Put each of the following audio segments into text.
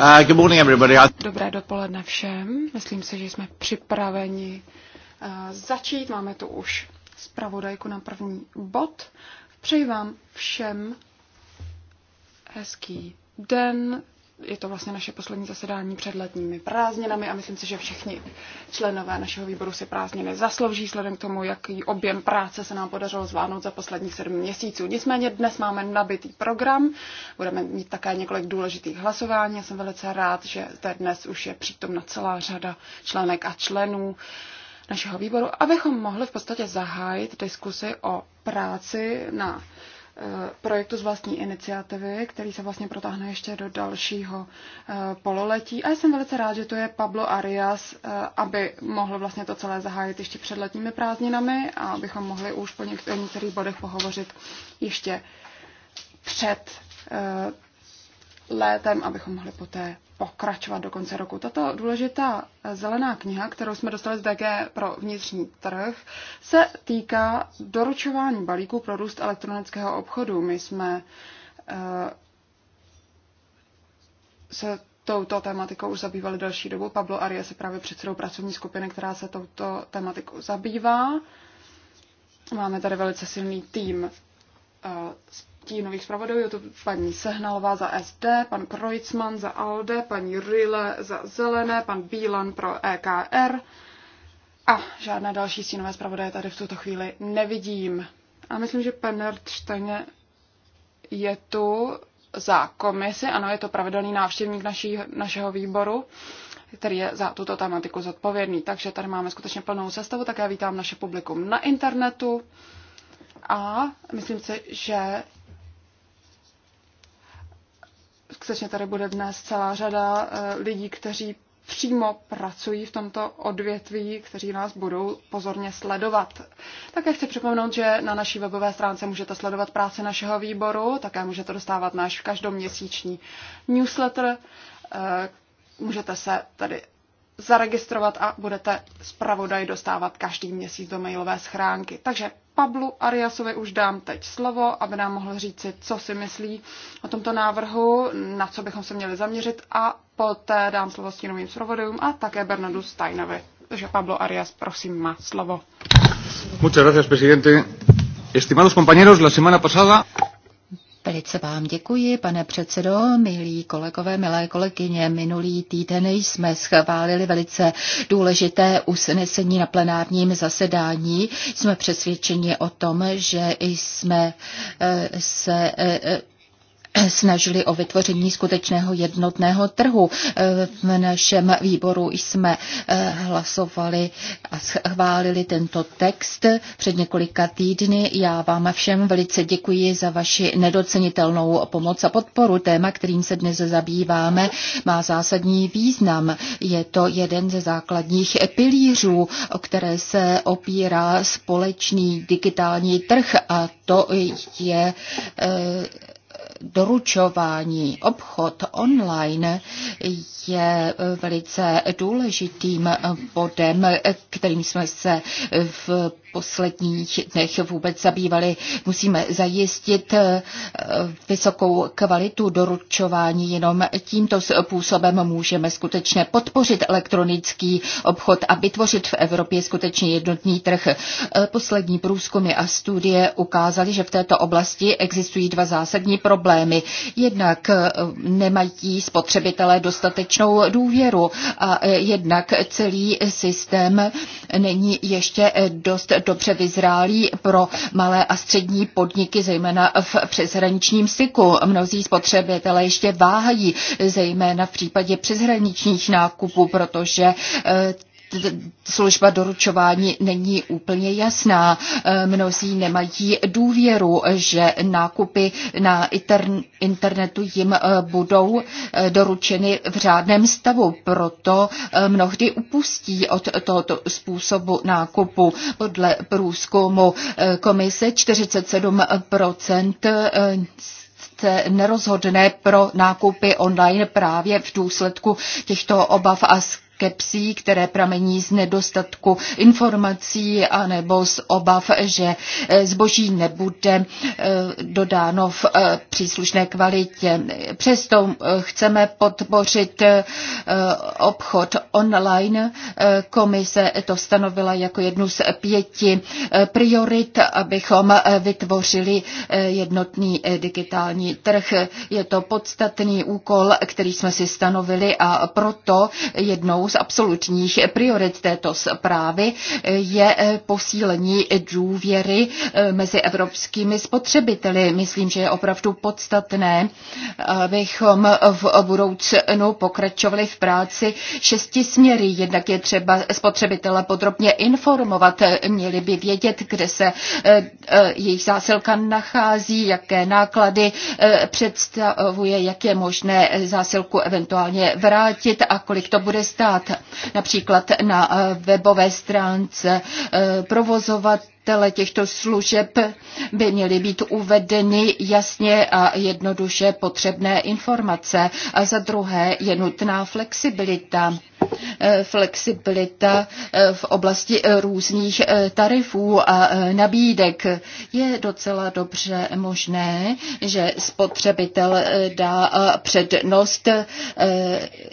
Uh, Dobré dopoledne všem. Myslím si, že jsme připraveni uh, začít. Máme tu už zpravodajku na první bod. Přeji vám všem hezký den, je to vlastně naše poslední zasedání před letními prázdninami a myslím si, že všichni členové našeho výboru si prázdniny zaslouží, vzhledem k tomu, jaký objem práce se nám podařilo zvládnout za posledních sedm měsíců. Nicméně dnes máme nabitý program, budeme mít také několik důležitých hlasování. Já jsem velice rád, že zde dnes už je přítomna celá řada členek a členů našeho výboru, abychom mohli v podstatě zahájit diskusy o práci na Eh, projektu z vlastní iniciativy, který se vlastně protáhne ještě do dalšího eh, pololetí. A jsem velice rád, že to je Pablo Arias, eh, aby mohl vlastně to celé zahájit ještě před letními prázdninami a abychom mohli už po některých bodech pohovořit ještě před létem, abychom mohli poté pokračovat do konce roku. Tato důležitá zelená kniha, kterou jsme dostali z DG pro vnitřní trh, se týká doručování balíků pro růst elektronického obchodu. My jsme eh, se touto tematikou už zabývali další dobu. Pablo Arias je právě předsedou pracovní skupiny, která se touto tematikou zabývá. Máme tady velice silný tým eh, stínových zpravodajů. Je to paní Sehnalová za SD, pan Krojcman za ALDE, paní Rille za Zelené, pan Bílan pro EKR. A žádné další stínové zpravodaje tady v tuto chvíli nevidím. A myslím, že pan Nerdštajne je tu za komisi. Ano, je to pravidelný návštěvník naší, našeho výboru který je za tuto tematiku zodpovědný. Takže tady máme skutečně plnou sestavu, já vítám naše publikum na internetu a myslím si, že skutečně tady bude dnes celá řada eh, lidí, kteří přímo pracují v tomto odvětví, kteří nás budou pozorně sledovat. Také chci připomenout, že na naší webové stránce můžete sledovat práci našeho výboru, také můžete dostávat náš každoměsíční newsletter, eh, můžete se tady zaregistrovat a budete zpravodaj dostávat každý měsíc do mailové schránky. Takže Pablu Ariasovi už dám teď slovo, aby nám mohl říci, co si myslí o tomto návrhu, na co bychom se měli zaměřit a poté dám slovo stínovým zpravodajům a také Bernardu Steinovi. Takže Pablo Arias, prosím, má slovo. Muchas gracias, presidente. Estimados compañeros, la semana pasada... Velice vám děkuji, pane předsedo, milí kolegové, milé kolegyně. Minulý týden jsme schválili velice důležité usnesení na plenárním zasedání. Jsme přesvědčeni o tom, že jsme eh, se eh, snažili o vytvoření skutečného jednotného trhu. V našem výboru jsme eh, hlasovali a schválili tento text před několika týdny. Já vám všem velice děkuji za vaši nedocenitelnou pomoc a podporu. Téma, kterým se dnes zabýváme, má zásadní význam. Je to jeden ze základních pilířů, o které se opírá společný digitální trh a to je eh, doručování, obchod online je velice důležitým bodem, kterým jsme se v posledních dnech vůbec zabývali. Musíme zajistit eh, vysokou kvalitu doručování. Jenom tímto způsobem můžeme skutečně podpořit elektronický obchod a vytvořit v Evropě skutečně jednotný trh. Eh, poslední průzkumy a studie ukázaly, že v této oblasti existují dva zásadní problémy. Jednak eh, nemají spotřebitelé dostatečnou důvěru a jednak celý systém není ještě dost dobře vyzrálý pro malé a střední podniky, zejména v přeshraničním styku. Mnozí spotřebitelé ještě váhají, zejména v případě přeshraničních nákupů, protože eh, služba doručování není úplně jasná. Eh, mnozí nemají důvěru, že nákupy na internetu jim eh, budou eh, doručeny v řádném stavu, proto mnohdy upustí od tohoto způsobu nákupu. Podle průzkumu komise 47 se nerozhodne pro nákupy online právě v důsledku těchto obav a skepsí, které pramení z nedostatku informací anebo z obav, že eh, zboží nebude eh, dodáno v eh, příslušné kvalitě. Přesto chceme podpořit obchod online. Komise to stanovila jako jednu z pěti priorit, abychom vytvořili jednotný digitální trh. Je to podstatný úkol, který jsme si stanovili a proto jednou z absolutních priorit této zprávy je eh, posílení důvěry eh, mezi evropskými spotřebiteli. Myslím, že je opravdu podstatné, abychom v budoucnu pokračovali v práci šesti směry. Jednak je třeba spotřebitele podrobně informovat, měli by vědět, kde se eh, jejich zásilka nachází, jaké náklady představuje, jak je možné zásilku eventuálně vrátit a kolik to bude stát například na eh, webové stránce eh, provozovat poskytovatele těchto služeb by měly být uvedeny jasně a jednoduše potřebné informace. A za druhé je nutná flexibilita eh, flexibilita eh, v oblasti eh, různých tarifů a nabídek. Je docela dobře možné, že spotřebitel dá přednost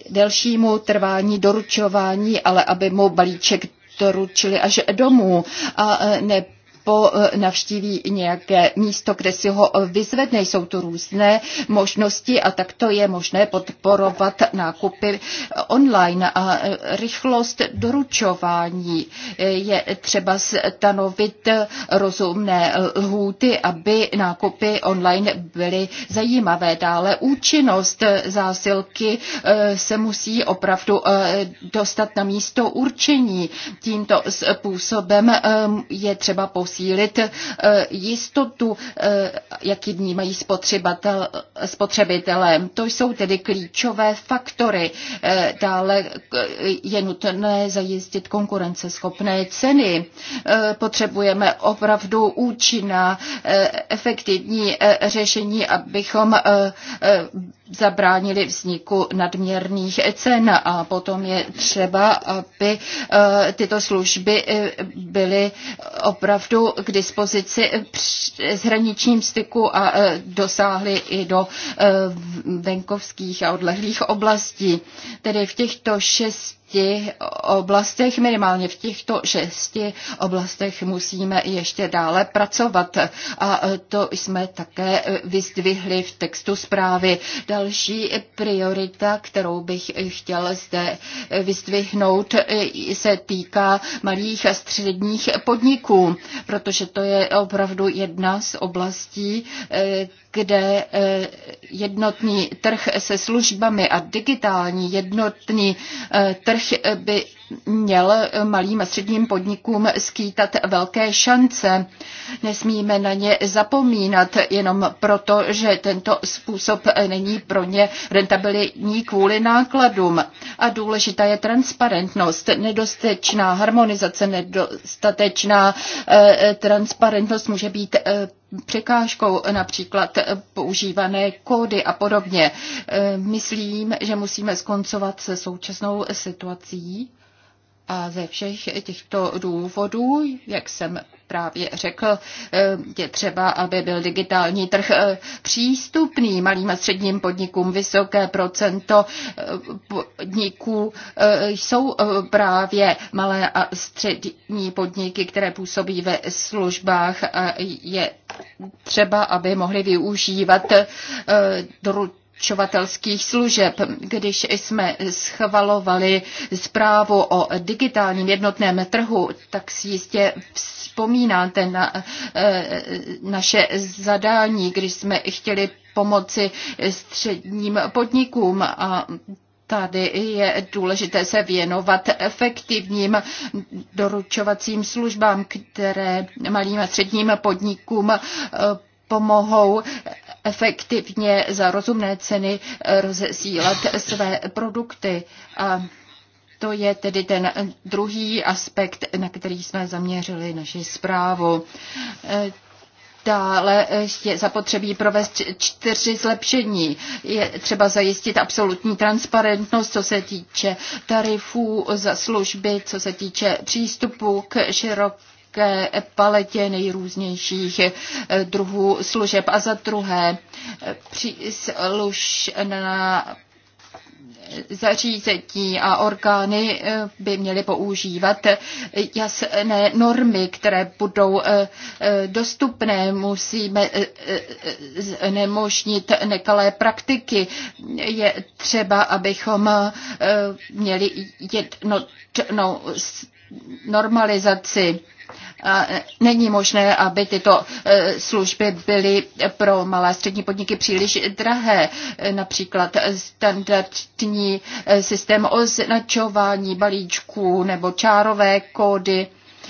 delšímu trvání doručování, ale aby mu balíček doručili až domů a e, ne po eh, navštíví nějaké místo, kde si ho eh, vyzvedne. Jsou tu různé možnosti a takto je možné podporovat nákupy eh, online a rychlost doručování. Je třeba stanovit rozumné lhůty, aby nákupy online byly zajímavé. Dále účinnost zásilky se musí opravdu dostat na místo určení. Tímto způsobem je třeba posílit posílit eh, jistotu, eh, jak ji mají spotřebitelé. To jsou tedy klíčové faktory. Eh, dále je nutné zajistit konkurenceschopné ceny. Potřebujeme opravdu účinná, efektivní řešení, abychom zabránili vzniku nadměrných cen a potom je třeba, aby eh, tyto služby eh, byly opravdu k dispozici s hraničním styku a eh, dosáhly i do venkovských a odlehlých oblastí. Tedy v těchto šest šesti oblastech, minimálně v těchto šesti oblastech musíme ještě dále pracovat. A to jsme také vyzdvihli v textu zprávy. Další priorita, kterou bych chtěl zde vyzdvihnout, se týká malých a středních podniků, protože to je opravdu jedna z oblastí, kde eh, jednotný trh se službami a digitální jednotný eh, trh by měl malým a středním podnikům skýtat velké šance. Nesmíme na ně zapomínat jenom proto, že tento způsob není pro ně rentabilní kvůli nákladům. A důležitá je transparentnost, nedostatečná harmonizace, nedostatečná eh, transparentnost může být eh, překážkou například používané kódy a podobně. Eh, myslím, že musíme skoncovat se současnou situací a ze všech těchto důvodů, jak jsem právě řekl, je třeba, aby byl digitální trh eh, přístupný malým a středním podnikům. Vysoké procento eh, podniků eh, jsou právě malé a střední podniky, které působí ve službách. Je třeba, aby mohli využívat pečovatelských služeb. Když jsme schvalovali zprávu o digitálním jednotném trhu, tak si jistě vzpomínáte na eh, naše zadání, když jsme chtěli pomoci středním podnikům a Tady je důležité se věnovat efektivním doručovacím službám, které malým a středním podnikům eh, pomohou efektivně za rozumné ceny eh, rozesílat své produkty. A to je tedy ten druhý aspekt, na který jsme zaměřili naši zprávu. Eh, dále eh, je zapotřebí provést čtyři zlepšení. Je třeba zajistit absolutní transparentnost, co se týče tarifů za služby, co se týče přístupu k široké široké paletě nejrůznějších eh, druhů služeb. A za druhé, eh, na eh, zařízení a orgány by měly používat jasné normy, které budou dostupné. Musíme nemožnit nekalé praktiky. Je třeba, abychom měli jednotnou normalizaci E, není možné, aby tyto e, služby byly pro malé střední podniky příliš drahé. E, například standardní systém označování balíčků nebo čárové kódy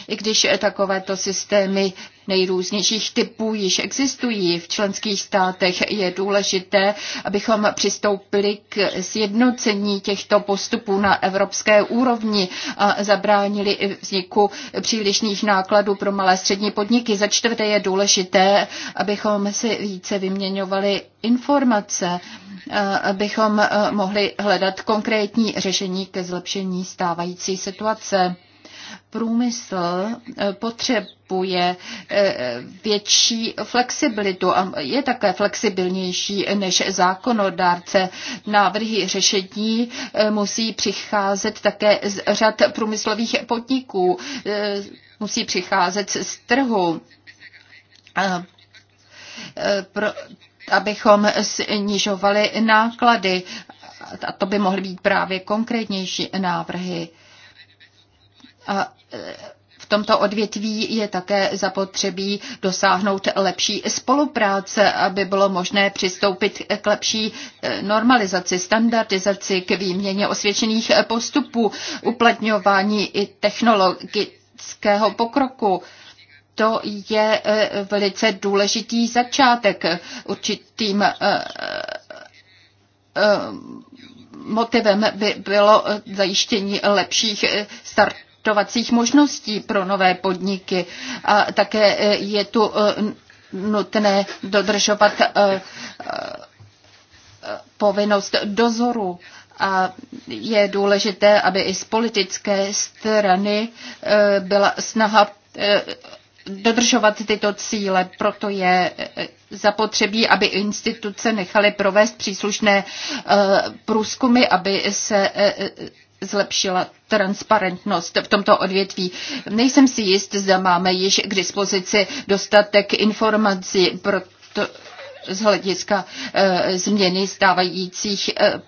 i když takovéto systémy nejrůznějších typů již existují v členských státech. Je důležité, abychom přistoupili k sjednocení těchto postupů na evropské úrovni a zabránili vzniku přílišných nákladů pro malé střední podniky. Za čtvrté je důležité, abychom si více vyměňovali informace, abychom mohli hledat konkrétní řešení ke zlepšení stávající situace průmysl eh, potřebuje eh, větší flexibilitu a je také flexibilnější než zákonodárce. Návrhy řešení eh, musí přicházet také z řad průmyslových podniků, musí přicházet z trhu. Pro, abychom snižovali náklady. A to by mohly být právě konkrétnější návrhy. A v tomto odvětví je také zapotřebí dosáhnout lepší spolupráce, aby bylo možné přistoupit k lepší eh, normalizaci, standardizaci, k výměně osvědčených postupů, uplatňování i technologického pokroku. To je eh, velice důležitý začátek určitým eh, motivem by bylo zajištění lepších start projektovacích možností pro nové podniky. A také e, je tu e, nutné dodržovat e, povinnost dozoru a je důležité, aby i z politické strany byla snaha dodržovat tyto cíle. Proto je zapotřebí, aby instituce nechaly provést příslušné průzkumy, aby se zlepšila transparentnost v tomto odvětví. Nejsem si jist, zda máme již k dispozici dostatek informací pro to, z hlediska e, změny stávajících e,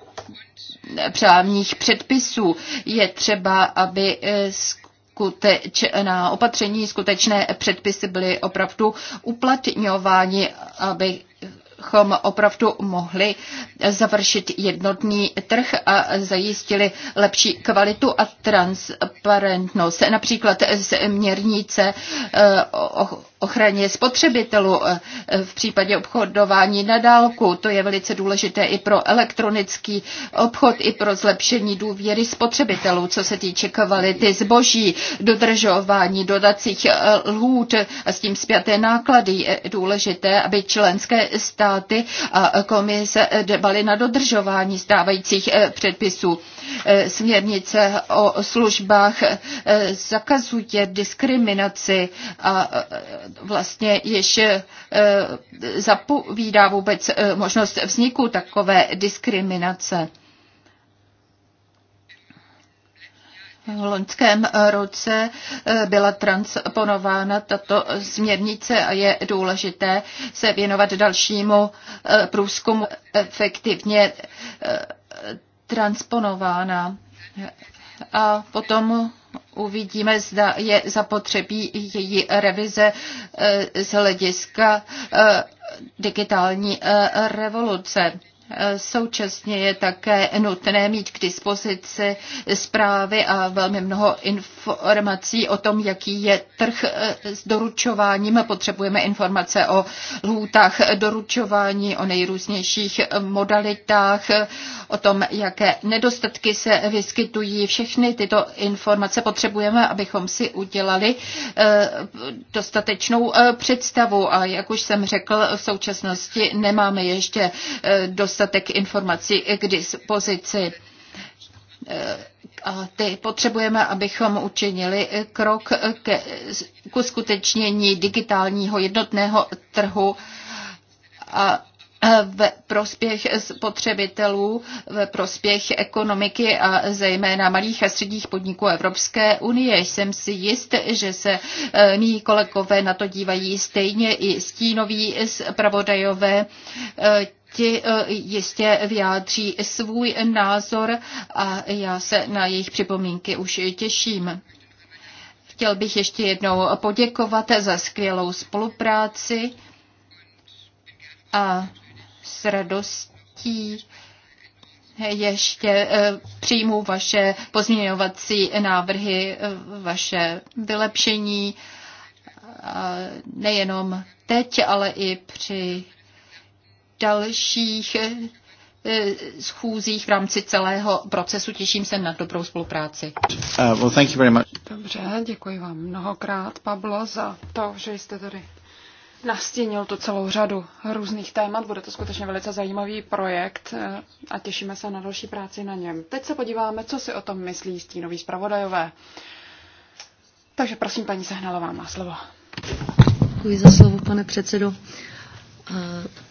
eh, přávních předpisů. Je třeba, aby e, skutečná opatření, skutečné předpisy byly opravdu uplatňovány, aby abychom opravdu mohli završit jednotný trh a zajistili lepší kvalitu a transparentnost. Například směrnice eh, ochraně spotřebitelů eh, eh, v případě obchodování na dálku. To je velice důležité i pro elektronický obchod, i pro zlepšení důvěry spotřebitelů, co se týče kvality zboží, dodržování dodacích eh, lhůt a s tím zpěté náklady. Je důležité, aby členské státy a komise dbaly na dodržování stávajících předpisů. Eh, směrnice o službách eh, zakazuje diskriminaci a eh, vlastně již zapovídá vůbec možnost vzniku takové diskriminace. V loňském roce byla transponována tato směrnice a je důležité se věnovat dalšímu průzkumu efektivně transponována. A potom uvidíme, zda je zapotřebí její revize eh, z hlediska eh, digitální eh, revoluce. Současně je také nutné mít k dispozici zprávy a velmi mnoho informací o tom, jaký je trh eh, s doručováním. Potřebujeme informace o lhůtách doručování, o nejrůznějších modalitách, o tom, jaké nedostatky se vyskytují. Všechny tyto informace potřebujeme, abychom si udělali eh, dostatečnou eh, představu. A jak už jsem řekl, v současnosti nemáme ještě dost dostatek informací k dispozici. A ty potřebujeme, abychom učinili krok ke, k uskutečnění digitálního jednotného trhu a ve prospěch spotřebitelů, ve prospěch ekonomiky a zejména malých a středních podniků Evropské unie. Jsem si jist, že se eh, mý kolegové na to dívají stejně i stínoví zpravodajové eh, ti eh, jistě vyjádří svůj názor a já se na jejich připomínky už těším. Chtěl bych ještě jednou poděkovat za skvělou spolupráci a s radostí ještě eh, přijmu vaše pozměňovací návrhy, eh, vaše vylepšení nejenom teď, ale i při dalších eh, eh, schůzích v rámci celého procesu. Těším se na dobrou spolupráci. Uh, well, thank you very much. Dobře, děkuji vám mnohokrát, Pablo, za to, že jste tady nastínil tu celou řadu různých témat. Bude to skutečně velice zajímavý projekt eh, a těšíme se na další práci na něm. Teď se podíváme, co si o tom myslí stínoví zpravodajové. Takže prosím, paní Sehnalová má slovo. Děkuji za slovo, pane předsedo.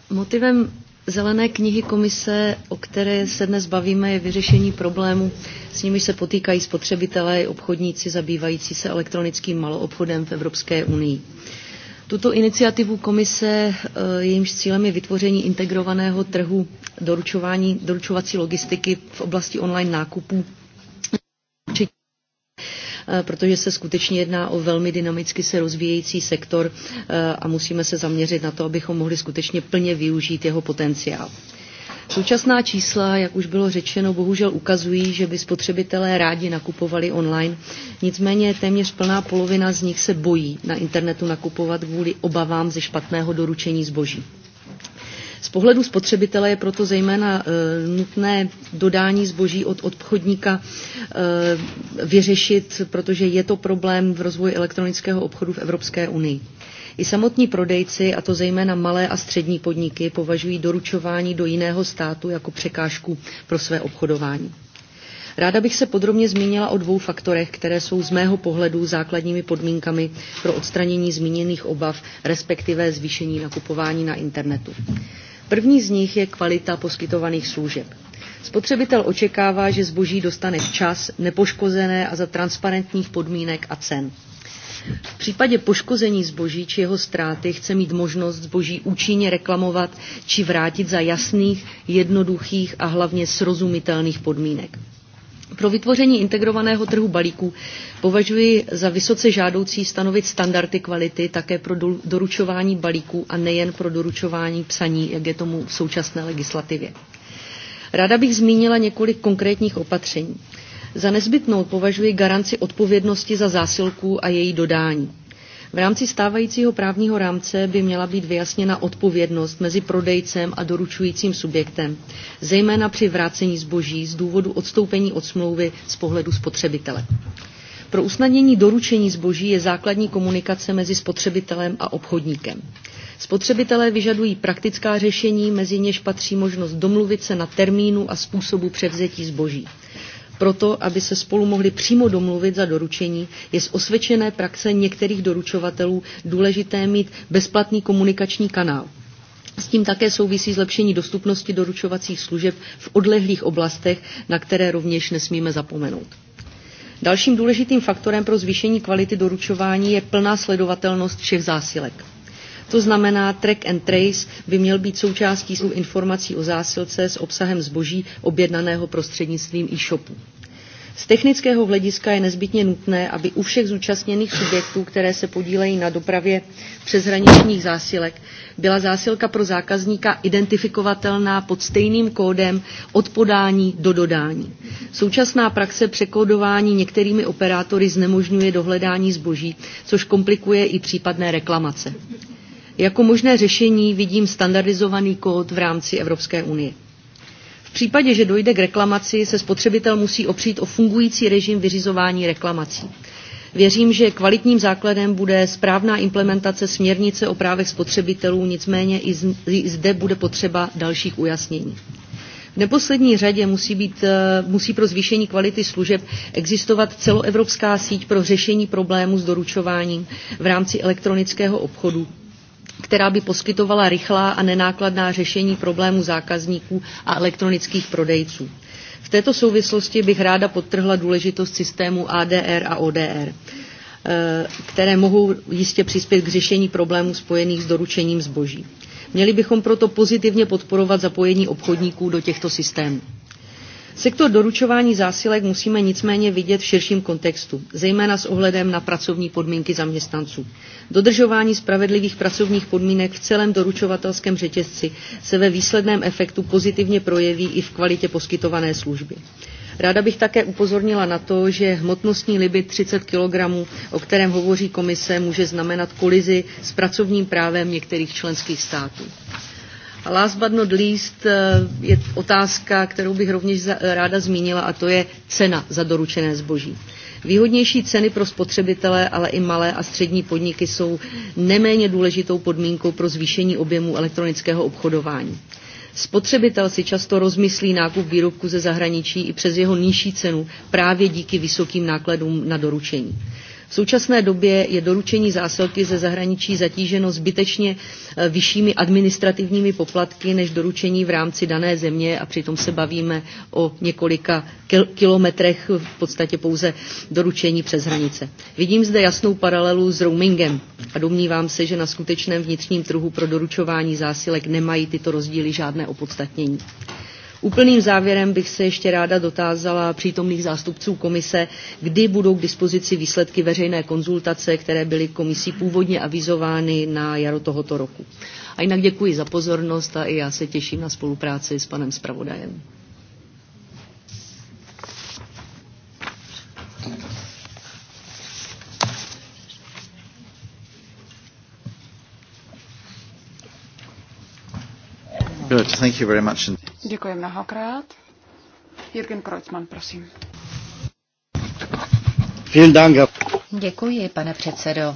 Motivem zelené knihy komise, o které se dnes bavíme, je vyřešení problémů, s nimiž se potýkají spotřebitelé i obchodníci zabývající se elektronickým maloobchodem v Evropské unii. Tuto iniciativu komise, e, jejímž cílem je vytvoření integrovaného trhu doručování, doručovací logistiky v oblasti online nákupů, Eh, protože se skutečně jedná o velmi dynamicky se rozvíjející sektor eh, a musíme se zaměřit na to, abychom mohli skutečně plně využít jeho potenciál. Současná čísla, jak už bylo řečeno, bohužel ukazují, že by spotřebitelé rádi nakupovali online. Nicméně téměř plná polovina z nich se bojí na internetu nakupovat kvůli obavám ze špatného doručení zboží. Z pohledu spotřebitele je proto zejména e, nutné dodání zboží od obchodníka e, vyřešit, protože je to problém v rozvoji elektronického obchodu v Evropské unii. I samotní prodejci, a to zejména malé a střední podniky, považují doručování do jiného státu jako překážku pro své obchodování. Ráda bych se podrobně zmínila o dvou faktorech, které jsou z mého pohledu základními podmínkami pro odstranění zmíněných obav, respektive zvýšení nakupování na internetu. První z nich je kvalita poskytovaných služeb. Spotřebitel očekává, že zboží dostane včas, nepoškozené a za transparentních podmínek a cen. V případě poškození zboží či jeho ztráty chce mít možnost zboží účinně reklamovat či vrátit za jasných, jednoduchých a hlavně srozumitelných podmínek. Pro vytvoření integrovaného trhu balíků považuji za vysoce žádoucí stanovit standardy kvality také pro doručování balíků a nejen pro doručování psaní, jak je tomu v současné legislativě. Ráda bych zmínila několik konkrétních opatření. Za nezbytnou považuji garanci odpovědnosti za zásilku a její dodání. V rámci stávajícího právního rámce by měla být vyjasněna odpovědnost mezi prodejcem a doručujícím subjektem, zejména při vrácení zboží z důvodu odstoupení od smlouvy z pohledu spotřebitele. Pro usnadnění doručení zboží je základní komunikace mezi spotřebitelem a obchodníkem. Spotřebitelé vyžadují praktická řešení, mezi něž patří možnost domluvit se na termínu a způsobu převzetí zboží. Proto, aby se spolu mohli přímo domluvit za doručení, je z osvědčené praxe některých doručovatelů důležité mít bezplatný komunikační kanál. S tím také souvisí zlepšení dostupnosti doručovacích služeb v odlehlých oblastech, na které rovněž nesmíme zapomenout. Dalším důležitým faktorem pro zvýšení kvality doručování je plná sledovatelnost všech zásilek. To znamená, track and trace by měl být součástí informací o zásilce s obsahem zboží objednaného prostřednictvím e-shopu. Z technického hlediska je nezbytně nutné, aby u všech zúčastněných subjektů, které se podílejí na dopravě přeshraničních zásilek, byla zásilka pro zákazníka identifikovatelná pod stejným kódem od podání do dodání. Současná praxe překódování některými operátory znemožňuje dohledání zboží, což komplikuje i případné reklamace. Jako možné řešení vidím standardizovaný kód v rámci Evropské unie. V případě, že dojde k reklamaci, se spotřebitel musí opřít o fungující režim vyřizování reklamací. Věřím, že kvalitním základem bude správná implementace směrnice o právech spotřebitelů, nicméně i zde bude potřeba dalších ujasnění. V neposlední řadě musí, být, eh, musí pro zvýšení kvality služeb existovat celoevropská síť pro řešení problému s doručováním v rámci elektronického obchodu, která by poskytovala rychlá a nenákladná řešení problémů zákazníků a elektronických prodejců. V této souvislosti bych ráda podtrhla důležitost systému ADR a ODR eh, které mohou jistě přispět k řešení problémů spojených s doručením zboží. Měli bychom proto pozitivně podporovat zapojení obchodníků do těchto systémů. Sektor doručování zásilek musíme nicméně vidět v širším kontextu, zejména s ohledem na pracovní podmínky zaměstnanců. Dodržování spravedlivých pracovních podmínek v celém doručovatelském řetězci se ve výsledném efektu pozitivně projeví i v kvalitě poskytované služby. Ráda bych také upozornila na to, že hmotnostní limit 30 kg, o kterém hovoří komise, může znamenat kolizi s pracovním právem některých členských států last but not least eh, je otázka, kterou bych rovněž ráda zmínila, a to je cena za doručené zboží. Výhodnější ceny pro spotřebitele, ale i malé a střední podniky jsou neméně důležitou podmínkou pro zvýšení objemu elektronického obchodování. Spotřebitel si často rozmyslí nákup výrobku ze zahraničí i přes jeho nižší cenu právě díky vysokým nákladům na doručení. V současné době je doručení zásilky ze zahraničí zatíženo zbytečně eh, vyššími administrativními poplatky než doručení v rámci dané země a přitom se bavíme o několika kilometrech v podstatě pouze doručení přes hranice. Vidím zde jasnou paralelu s roamingem a domnívám se, že na skutečném vnitřním trhu pro doručování zásilek nemají tyto rozdíly žádné opodstatnění. Úplným závěrem bych se ještě ráda dotázala přítomných zástupců komise, kdy budou k dispozici výsledky veřejné konzultace, které byly komisí původně avizovány na jaro tohoto roku. A jinak děkuji za pozornost a i já se těším na spolupráci s panem zpravodajem. Good, thank you very much. Děkuji mnohokrát. Jürgen Kreuzmann, prosím. Vielen Dank. Děkuji, pane předsedo.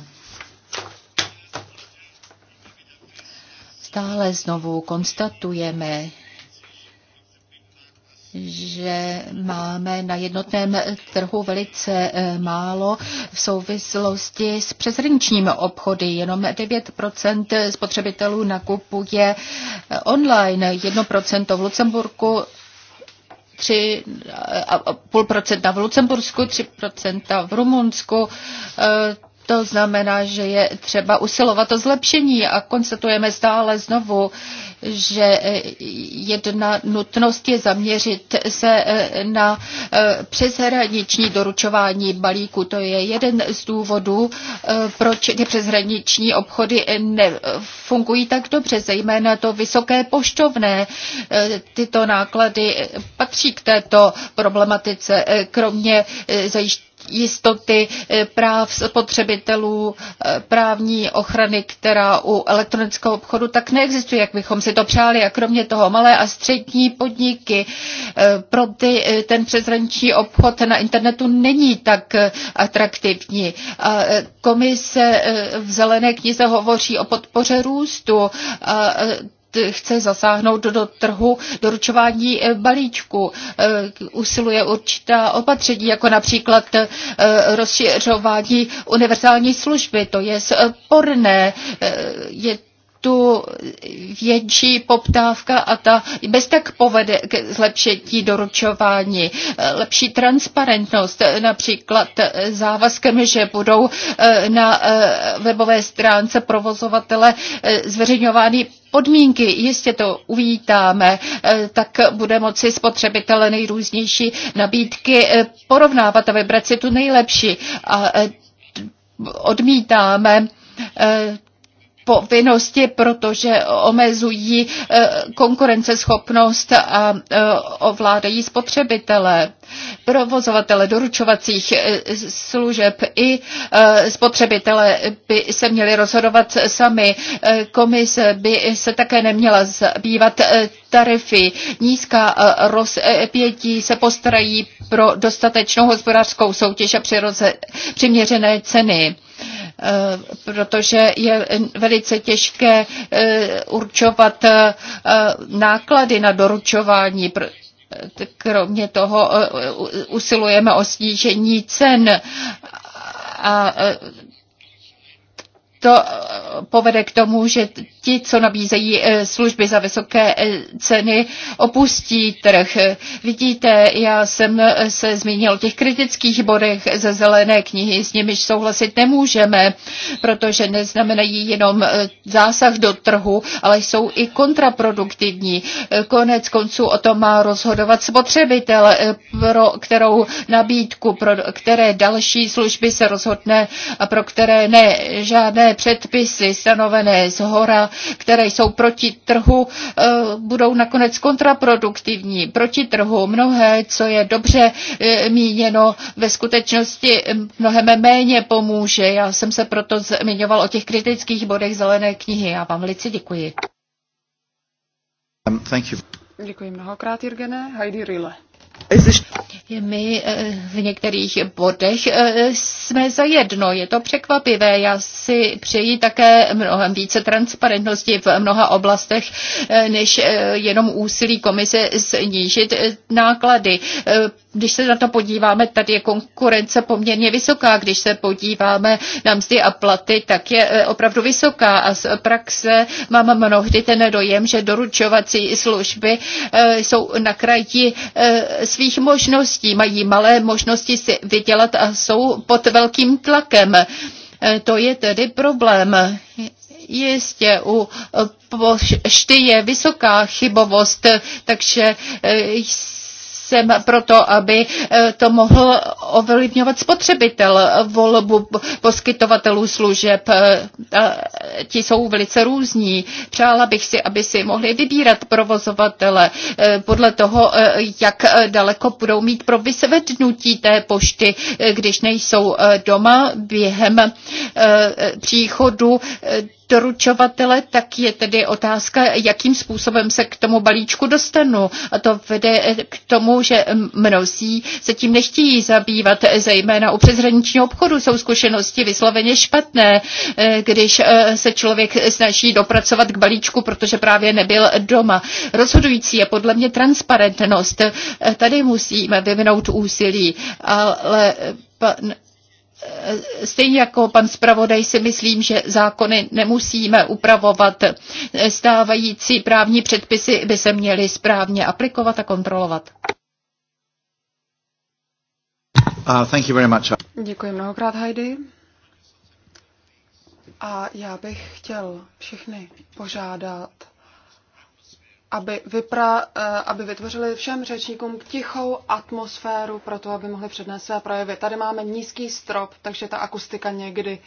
Stále znovu konstatujeme, že máme na jednotném trhu velice eh, málo v souvislosti s přeshraničními obchody. Jenom 9% spotřebitelů nakupuje eh, online, 1% v Lucemburku, 3,5% eh, v Lucembursku, 3% v Rumunsku. To znamená, že je třeba usilovat o zlepšení a konstatujeme stále znovu, že e, jedna nutnost je zaměřit se e, na e, přeshraniční doručování balíku. To je jeden z důvodů, proč ty přeshraniční obchody nefungují tak dobře, zejména to vysoké poštovné. Tyto náklady patří k této problematice, kromě zajištění jistoty eh, práv spotřebitelů, eh, právní ochrany, která u elektronického obchodu tak neexistuje, jak bychom si to přáli. A kromě toho malé a střední podniky, eh, pro ty ten přeshraniční obchod na internetu není tak atraktivní. A komise v zelené knize hovoří o podpoře růstu. A chce zasáhnout do trhu doručování eh, balíčku. Eh, usiluje určitá opatření, jako například eh, rozšiřování univerzální služby. To je sporné. Je tu větší poptávka a ta bez tak povede k zlepšení doručování, lepší transparentnost, například závazkem, že budou eh, na eh, webové stránce provozovatele eh, zveřejňovány podmínky, jistě to uvítáme, tak bude moci spotřebitele nejrůznější nabídky porovnávat a vybrat si tu nejlepší. A odmítáme povinnosti, protože omezují eh, konkurenceschopnost a eh, ovládají spotřebitele, provozovatele doručovacích eh, služeb i spotřebitele by se měli rozhodovat sami. Komise by se také neměla zabývat tarify. Nízká rozpětí se postarají pro dostatečnou hospodářskou soutěž a přiměřené ceny. Eh, protože je velice těžké eh, určovat eh, náklady na doručování. Kromě toho usilujeme o snížení cen a to povede k tomu, že ti, co nabízejí eh, služby za vysoké eh, ceny, opustí trh. Vidíte, já jsem eh, se zmínil o těch kritických bodech ze zelené knihy, s nimiž souhlasit nemůžeme, protože neznamenají jenom zásah do trhu, ale jsou i kontraproduktivní. Konec konců o tom má rozhodovat spotřebitel, pro kterou nabídku, pro které další služby se rozhodne a pro které ne. Žádné předpisy stanovené z hora které jsou proti trhu, eh, budou nakonec kontraproduktivní. Proti trhu mnohé, co je dobře eh, míněno, ve skutečnosti mnohem méně pomůže. Já jsem se proto zmiňoval o těch kritických bodech zelené knihy. Já vám velice děkuji. Um, thank you. Děkuji mnohokrát, Jirgene. Heidi Rille my eh, v některých bodech eh, jsme za jedno. Je to překvapivé. Já si přeji také mnohem více transparentnosti v mnoha oblastech, eh, než jenom úsilí komise snížit náklady když se na to podíváme, tady je konkurence poměrně vysoká. Když se podíváme na mzdy a platy, tak je eh, opravdu vysoká. A z praxe mám mnohdy ten dojem, že doručovací služby eh, jsou na kraji eh, svých možností, mají malé možnosti si vydělat a jsou pod velkým tlakem. To je tedy problém. Jistě u pošty je vysoká chybovost, takže jsem proto, aby eh, to mohl ovlivňovat spotřebitel volbu poskytovatelů služeb. Eh, ti jsou velice různí. Přála bych si, aby si mohli vybírat provozovatele eh, podle toho, jak daleko budou mít pro vysvednutí té pošty, když nejsou doma během příchodu doručovatele, tak je tedy otázka, jakým způsobem se k tomu balíčku dostanu. A to vede k tomu, že mnozí se tím nechtějí zabývat, zejména u přeshraničního obchodu jsou zkušenosti vysloveně špatné, eh, když eh, se člověk snaží dopracovat k balíčku, protože právě nebyl doma. Rozhodující je podle mě transparentnost. Eh, tady musíme vyvinout úsilí, ale pan Eh, stejně jako pan zpravodaj si myslím, že zákony nemusíme upravovat. Stávající právní předpisy by se měly správně aplikovat a kontrolovat. Uh, thank you very much. Děkuji mnohokrát, Heidi. A já bych chtěl všechny požádat, aby, vypra, eh, aby vytvořili všem řečníkům tichou atmosféru pro to, aby mohli přednést své projevy. Tady máme nízký strop, takže ta akustika někdy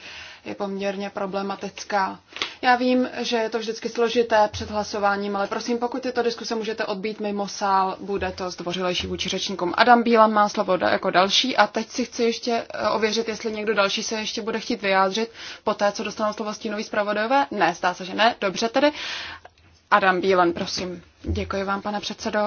je poměrně problematická. Já vím, že je to vždycky složité před hlasováním, ale prosím, pokud tyto diskuse můžete odbít mimo sál, bude to zdvořilejší vůči řečníkům. Adam Bílan má slovo jako další a teď si chci ještě eh, ověřit, jestli někdo další se ještě bude chtít vyjádřit po té, co dostanou slovo stínový zpravodajové. Ne, zdá se, že ne. Dobře tedy. Adam Bílen, prosím. Děkuji vám, pane předsedo.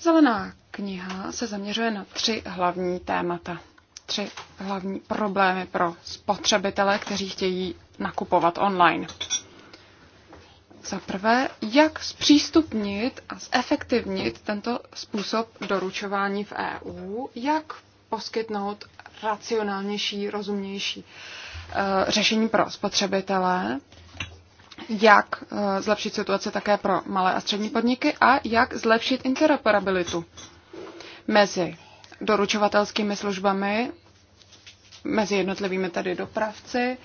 Zelená kniha se zaměřuje na tři hlavní témata. Tři hlavní problémy pro spotřebitele, kteří chtějí nakupovat online. Za prvé, jak zpřístupnit a zefektivnit tento způsob doručování v EU, jak poskytnout racionálnější, rozumnější eh, řešení pro spotřebitele, jak eh, zlepšit situaci také pro malé a střední podniky a jak zlepšit interoperabilitu mezi doručovatelskými službami, mezi jednotlivými tedy dopravci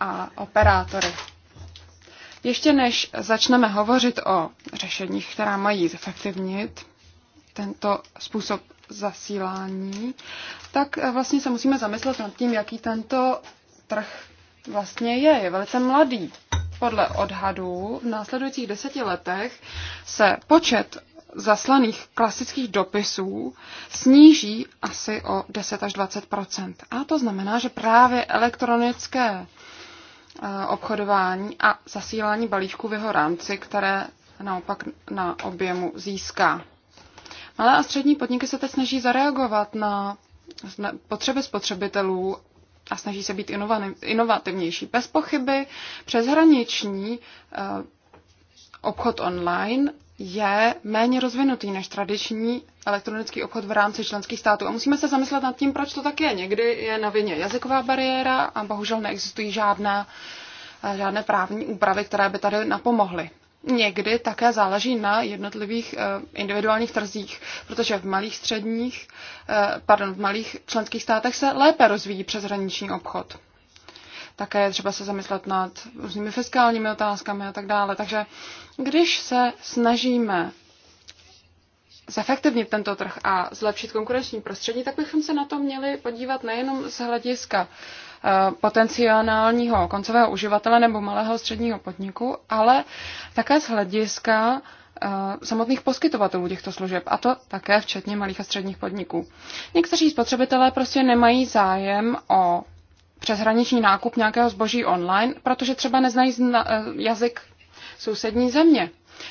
a operátory. Ještě než začneme hovořit o řešeních, která mají zefektivnit tento způsob zasílání, tak eh, vlastně se musíme zamyslet nad tím, jaký tento trh vlastně je. Je velice mladý podle odhadů v následujících deseti letech se počet zaslaných klasických dopisů sníží asi o 10 až 20 A to znamená, že právě elektronické eh, obchodování a zasílání balíčků v jeho rámci, které naopak na objemu získá. Malé a střední podniky se teď snaží zareagovat na potřeby spotřebitelů a snaží se být inovativnější. Bez pochyby přeshraniční eh, obchod online je méně rozvinutý než tradiční elektronický obchod v rámci členských států. A musíme se zamyslet nad tím, proč to tak je. Někdy je na vině jazyková bariéra a bohužel neexistují žádná, eh, žádné právní úpravy, které by tady napomohly někdy také záleží na jednotlivých eh, individuálních trzích, protože v malých středních, eh, pardon, v malých členských státech se lépe rozvíjí přeshraniční obchod. Také je třeba se zamyslet nad různými fiskálními otázkami a tak dále. Takže když se snažíme zefektivnit tento trh a zlepšit konkurenční prostředí, tak bychom se na to měli podívat nejenom z hlediska uh, Eh, potenciálního koncového uživatele nebo malého středního podniku, ale také z hlediska eh, samotných poskytovatelů těchto služeb, a to také včetně malých a středních podniků. Někteří spotřebitelé prostě nemají zájem o přeshraniční nákup nějakého zboží online, protože třeba neznají eh, jazyk sousední země.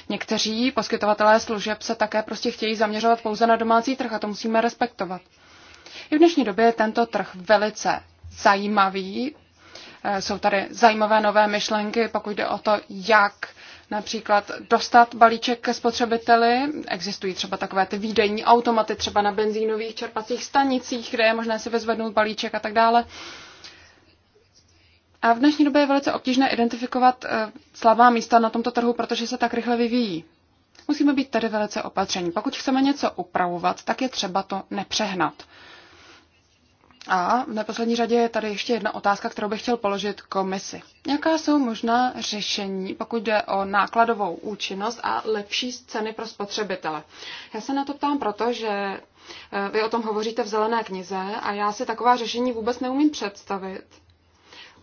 Někteří poskytovatelé služeb se také prostě chtějí zaměřovat pouze na domácí trh a to musíme respektovat. I v dnešní době je tento trh velice zajímavý. Eh, jsou tady zajímavé nové myšlenky, pokud jde o to, jak například dostat balíček ke spotřebiteli. Existují třeba takové ty výdejní automaty, třeba na benzínových čerpacích stanicích, kde je možné si vyzvednout balíček a tak dále. A v dnešní době je velice obtížné identifikovat eh, slabá místa na tomto trhu, protože se tak rychle vyvíjí. Musíme být tedy velice opatření. Pokud chceme něco upravovat, tak je třeba to nepřehnat. A v neposlední řadě je tady ještě jedna otázka, kterou bych chtěl položit komisi. Jaká jsou možná řešení, pokud jde o nákladovou účinnost a lepší ceny pro spotřebitele? Já se na to ptám proto, že eh, vy o tom hovoříte v zelené knize a já si taková řešení vůbec neumím představit.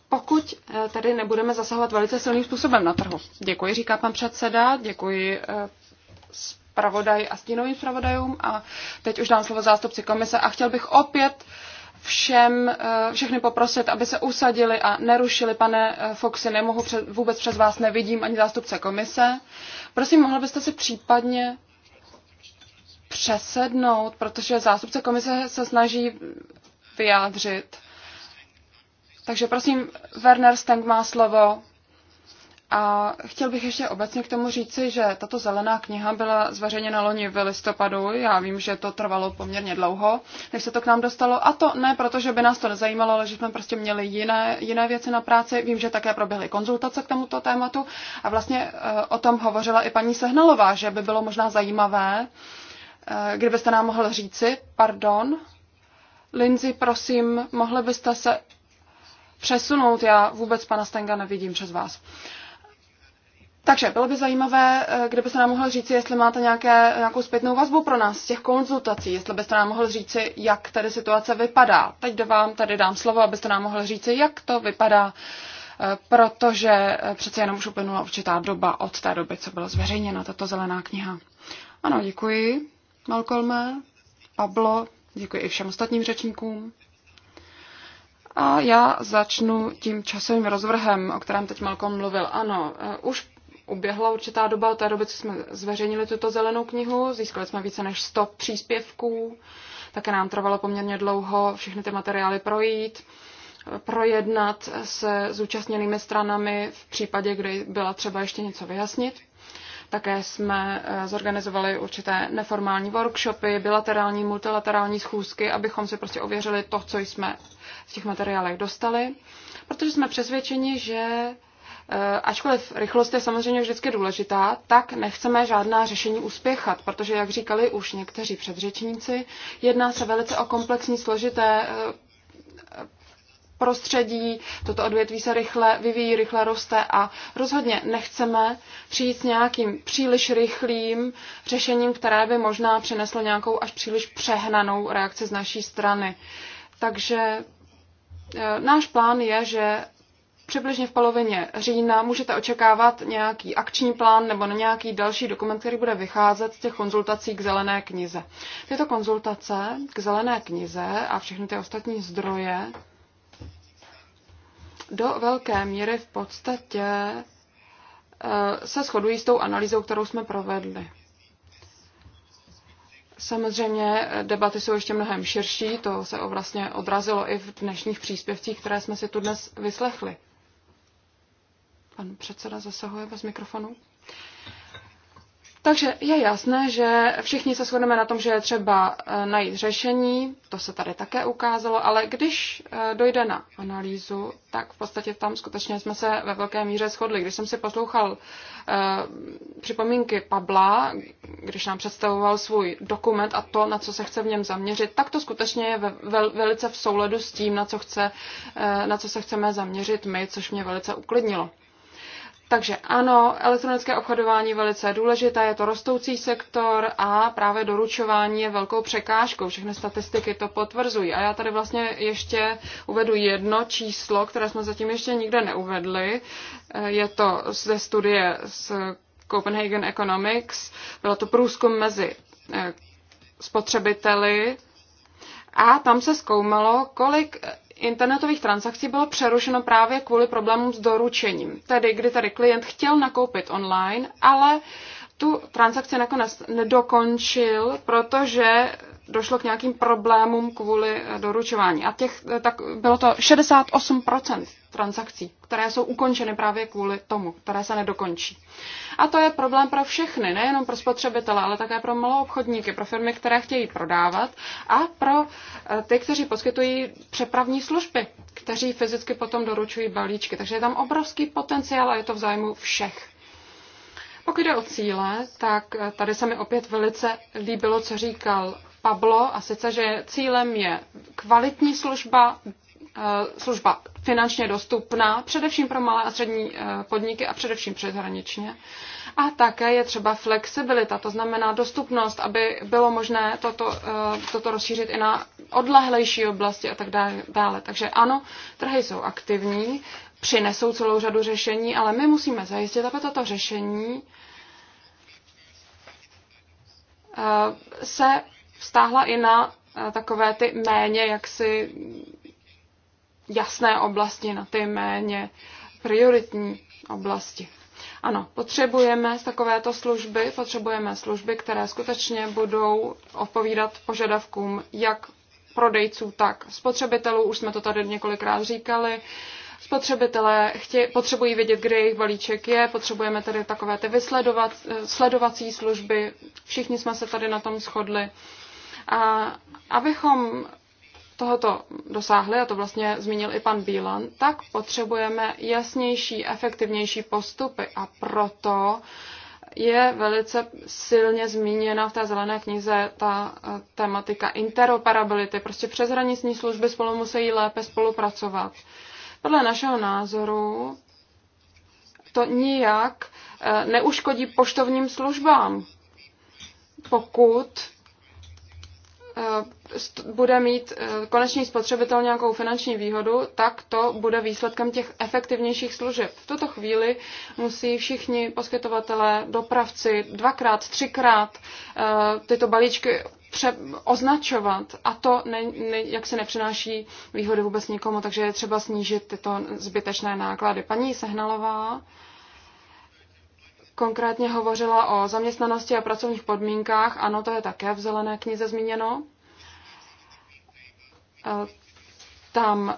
Pokud eh, tady nebudeme zasahovat velice silným způsobem na trhu. Děkuji, říká pan předseda, děkuji eh, zpravodaj a stínovým zpravodajům a teď už dám slovo zástupci komise a chtěl bych opět všem, eh, všechny poprosit, aby se usadili a nerušili. Pane eh, Foxy, nemohu před, vůbec přes vás nevidím ani zástupce komise. Prosím, mohla byste si případně přesednout, protože zástupce komise se snaží vyjádřit. Takže prosím, Werner Steng má slovo a chtěl bych ještě obecně k tomu říci, že tato zelená kniha byla zveřejněna loni v listopadu. Já vím, že to trvalo poměrně dlouho, než se to k nám dostalo. A to ne proto, že by nás to nezajímalo, ale že jsme prostě měli jiné, jiné věci na práci. Vím, že také proběhly konzultace k tomuto tématu. A vlastně eh, o tom hovořila i paní Sehnalová, že by bylo možná zajímavé, eh, kdybyste nám mohl říci, pardon, Lindsay, prosím, mohli byste se přesunout, já vůbec pana Stenga nevidím přes vás. Uh, takže bylo by zajímavé, eh, kdyby se nám mohl říci, jestli máte nějaké, nějakou zpětnou vazbu pro nás z těch konzultací, jestli byste nám mohl říci, jak tady situace vypadá. Teď do vám tady dám slovo, abyste nám mohl říci, jak to vypadá, eh, protože eh, přece jenom už uplynula určitá doba od té doby, co byla zveřejněna tato zelená kniha. Ano, děkuji, Malcolme, Pablo, děkuji i všem ostatním řečníkům. A já začnu tím časovým rozvrhem, o kterém teď Malcolm mluvil. Ano, už uběhla určitá doba od té doby, co jsme zveřejnili tuto zelenou knihu. Získali jsme více než 100 příspěvků. Také nám trvalo poměrně dlouho všechny ty materiály projít projednat se zúčastněnými stranami v případě, kdy byla třeba ještě něco vyjasnit. Také jsme eh, zorganizovali určité neformální workshopy, bilaterální, multilaterální schůzky, abychom si prostě ověřili to, co jsme v těch materiálech dostali, protože jsme přesvědčeni, že Eh, ačkoliv rychlost je samozřejmě vždycky důležitá, tak nechceme žádná řešení uspěchat, protože, jak říkali už někteří předřečníci, jedná se velice o komplexní, složité eh, prostředí, toto odvětví se rychle vyvíjí, rychle roste a rozhodně nechceme přijít s nějakým příliš rychlým řešením, které by možná přineslo nějakou až příliš přehnanou reakci z naší strany. Takže eh, náš plán je, že přibližně v polovině října můžete očekávat nějaký akční plán nebo nějaký další dokument, který bude vycházet z těch konzultací k zelené knize. Tyto konzultace k zelené knize a všechny ty ostatní zdroje do velké míry v podstatě eh, se shodují s tou analýzou, kterou jsme provedli. Samozřejmě eh, debaty jsou ještě mnohem širší, to se vlastně odrazilo i v dnešních příspěvcích, které jsme si tu dnes vyslechli. Pan předseda zasahuje bez mikrofonu. Takže je jasné, že všichni se shodneme na tom, že je třeba eh, najít řešení, to se tady také ukázalo, ale když eh, dojde na analýzu, tak v podstatě tam skutečně jsme se ve velké míře shodli. Když jsem si poslouchal eh, připomínky Pabla, když nám představoval svůj dokument a to, na co se chce v něm zaměřit, tak to skutečně je velice v souladu s tím, na co, chce, na co se chceme zaměřit my, což mě velice uklidnilo. Takže ano, elektronické obchodování je velice důležité, je to rostoucí sektor a právě doručování je velkou překážkou. Všechny statistiky to potvrzují. A já tady vlastně ještě uvedu jedno číslo, které jsme zatím ještě nikde neuvedli. Je to ze studie z Copenhagen Economics. Bylo to průzkum mezi eh, spotřebiteli a tam se zkoumalo, kolik internetových transakcí bylo přerušeno právě kvůli problémům s doručením. Tedy, kdy tady klient chtěl nakoupit online, ale tu transakci nakonec nedokončil, protože došlo k nějakým problémům kvůli eh, doručování. A těch, eh, tak bylo to 68% transakcí, které jsou ukončeny právě kvůli tomu, které se nedokončí. A to je problém pro všechny, nejenom pro spotřebitele, ale také pro malou obchodníky, pro firmy, které chtějí prodávat a pro eh, ty, kteří poskytují přepravní služby, kteří fyzicky potom doručují balíčky. Takže je tam obrovský potenciál a je to v zájmu všech. Pokud jde o cíle, tak tady se mi opět velice líbilo, co říkal Pablo, a sice, že cílem je kvalitní služba, eh, služba finančně dostupná, především pro malé a střední eh, podniky a především přeshraničně. A také je třeba flexibilita, to znamená dostupnost, aby bylo možné toto, eh, toto rozšířit i na odlehlejší oblasti a tak dále. Takže ano, trhy jsou aktivní, přinesou celou řadu řešení, ale my musíme zajistit, aby toto řešení se vztáhla i na eh, takové ty méně jaksi jasné oblasti, na ty méně prioritní oblasti. Ano, potřebujeme takovéto služby, potřebujeme služby, které skutečně budou odpovídat požadavkům jak prodejců, tak spotřebitelů. Už jsme to tady několikrát říkali. Spotřebitelé chtě, potřebují vědět, kde jejich balíček je, potřebujeme tady takové ty vysledovací eh, sledovací služby. Všichni jsme se tady na tom shodli. A abychom tohoto dosáhli, a to vlastně zmínil i pan Bílan, tak potřebujeme jasnější, efektivnější postupy a proto je velice silně zmíněna v té zelené knize ta eh, tematika interoperability. Prostě přeshraniční služby spolu musí lépe spolupracovat. Podle našeho názoru to nijak eh, neuškodí poštovním službám, pokud Eh, bude mít eh, konečný spotřebitel nějakou finanční výhodu, tak to bude výsledkem těch efektivnějších služeb. V tuto chvíli musí všichni poskytovatelé, dopravci dvakrát, třikrát eh, tyto balíčky označovat a to ne, ne, jak se nepřináší výhody vůbec nikomu, takže je třeba snížit tyto zbytečné náklady. Paní Sehnalová konkrétně hovořila o zaměstnanosti a pracovních podmínkách. Ano, to je také v zelené knize zmíněno. E, tam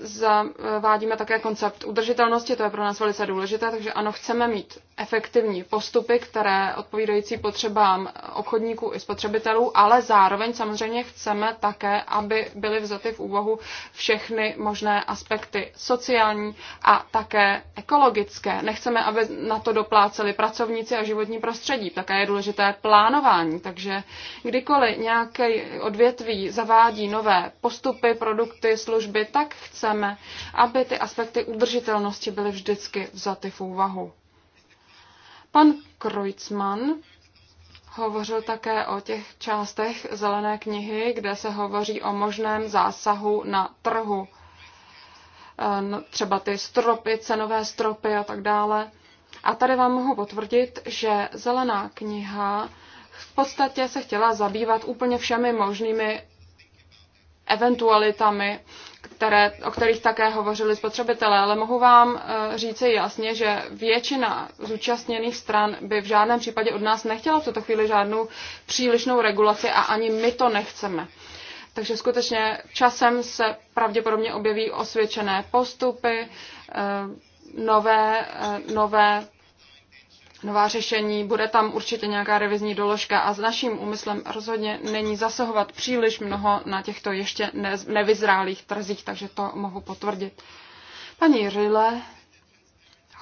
zavádíme také koncept udržitelnosti, to je pro nás velice důležité, takže ano, chceme mít efektivní postupy, které odpovídající potřebám obchodníků i spotřebitelů, ale zároveň samozřejmě chceme také, aby byly vzaty v úvahu všechny možné aspekty sociální a také ekologické. Nechceme, aby na to dopláceli pracovníci a životní prostředí. Také je důležité plánování, takže kdykoliv nějaké odvětví zavádí nové postupy, produkty, služby, tak chceme, aby ty aspekty udržitelnosti byly vždycky vzaty v úvahu. Pan Kreutzmann hovořil také o těch částech zelené knihy, kde se hovoří o možném zásahu na trhu. Eh, no, třeba ty stropy, cenové stropy a tak dále. A tady vám mohu potvrdit, že zelená kniha v podstatě se chtěla zabývat úplně všemi možnými eventualitami, které, o kterých také hovořili spotřebitelé, ale mohu vám eh, říci jasně, že většina zúčastněných stran by v žádném případě od nás nechtěla v tuto chvíli žádnou přílišnou regulaci a ani my to nechceme. Takže skutečně časem se pravděpodobně objeví osvědčené postupy, eh, nové, eh, nové nová řešení, bude tam určitě nějaká revizní doložka a s naším úmyslem rozhodně není zasahovat příliš mnoho na těchto ještě nevyzrálých trzích, takže to mohu potvrdit. Paní Rile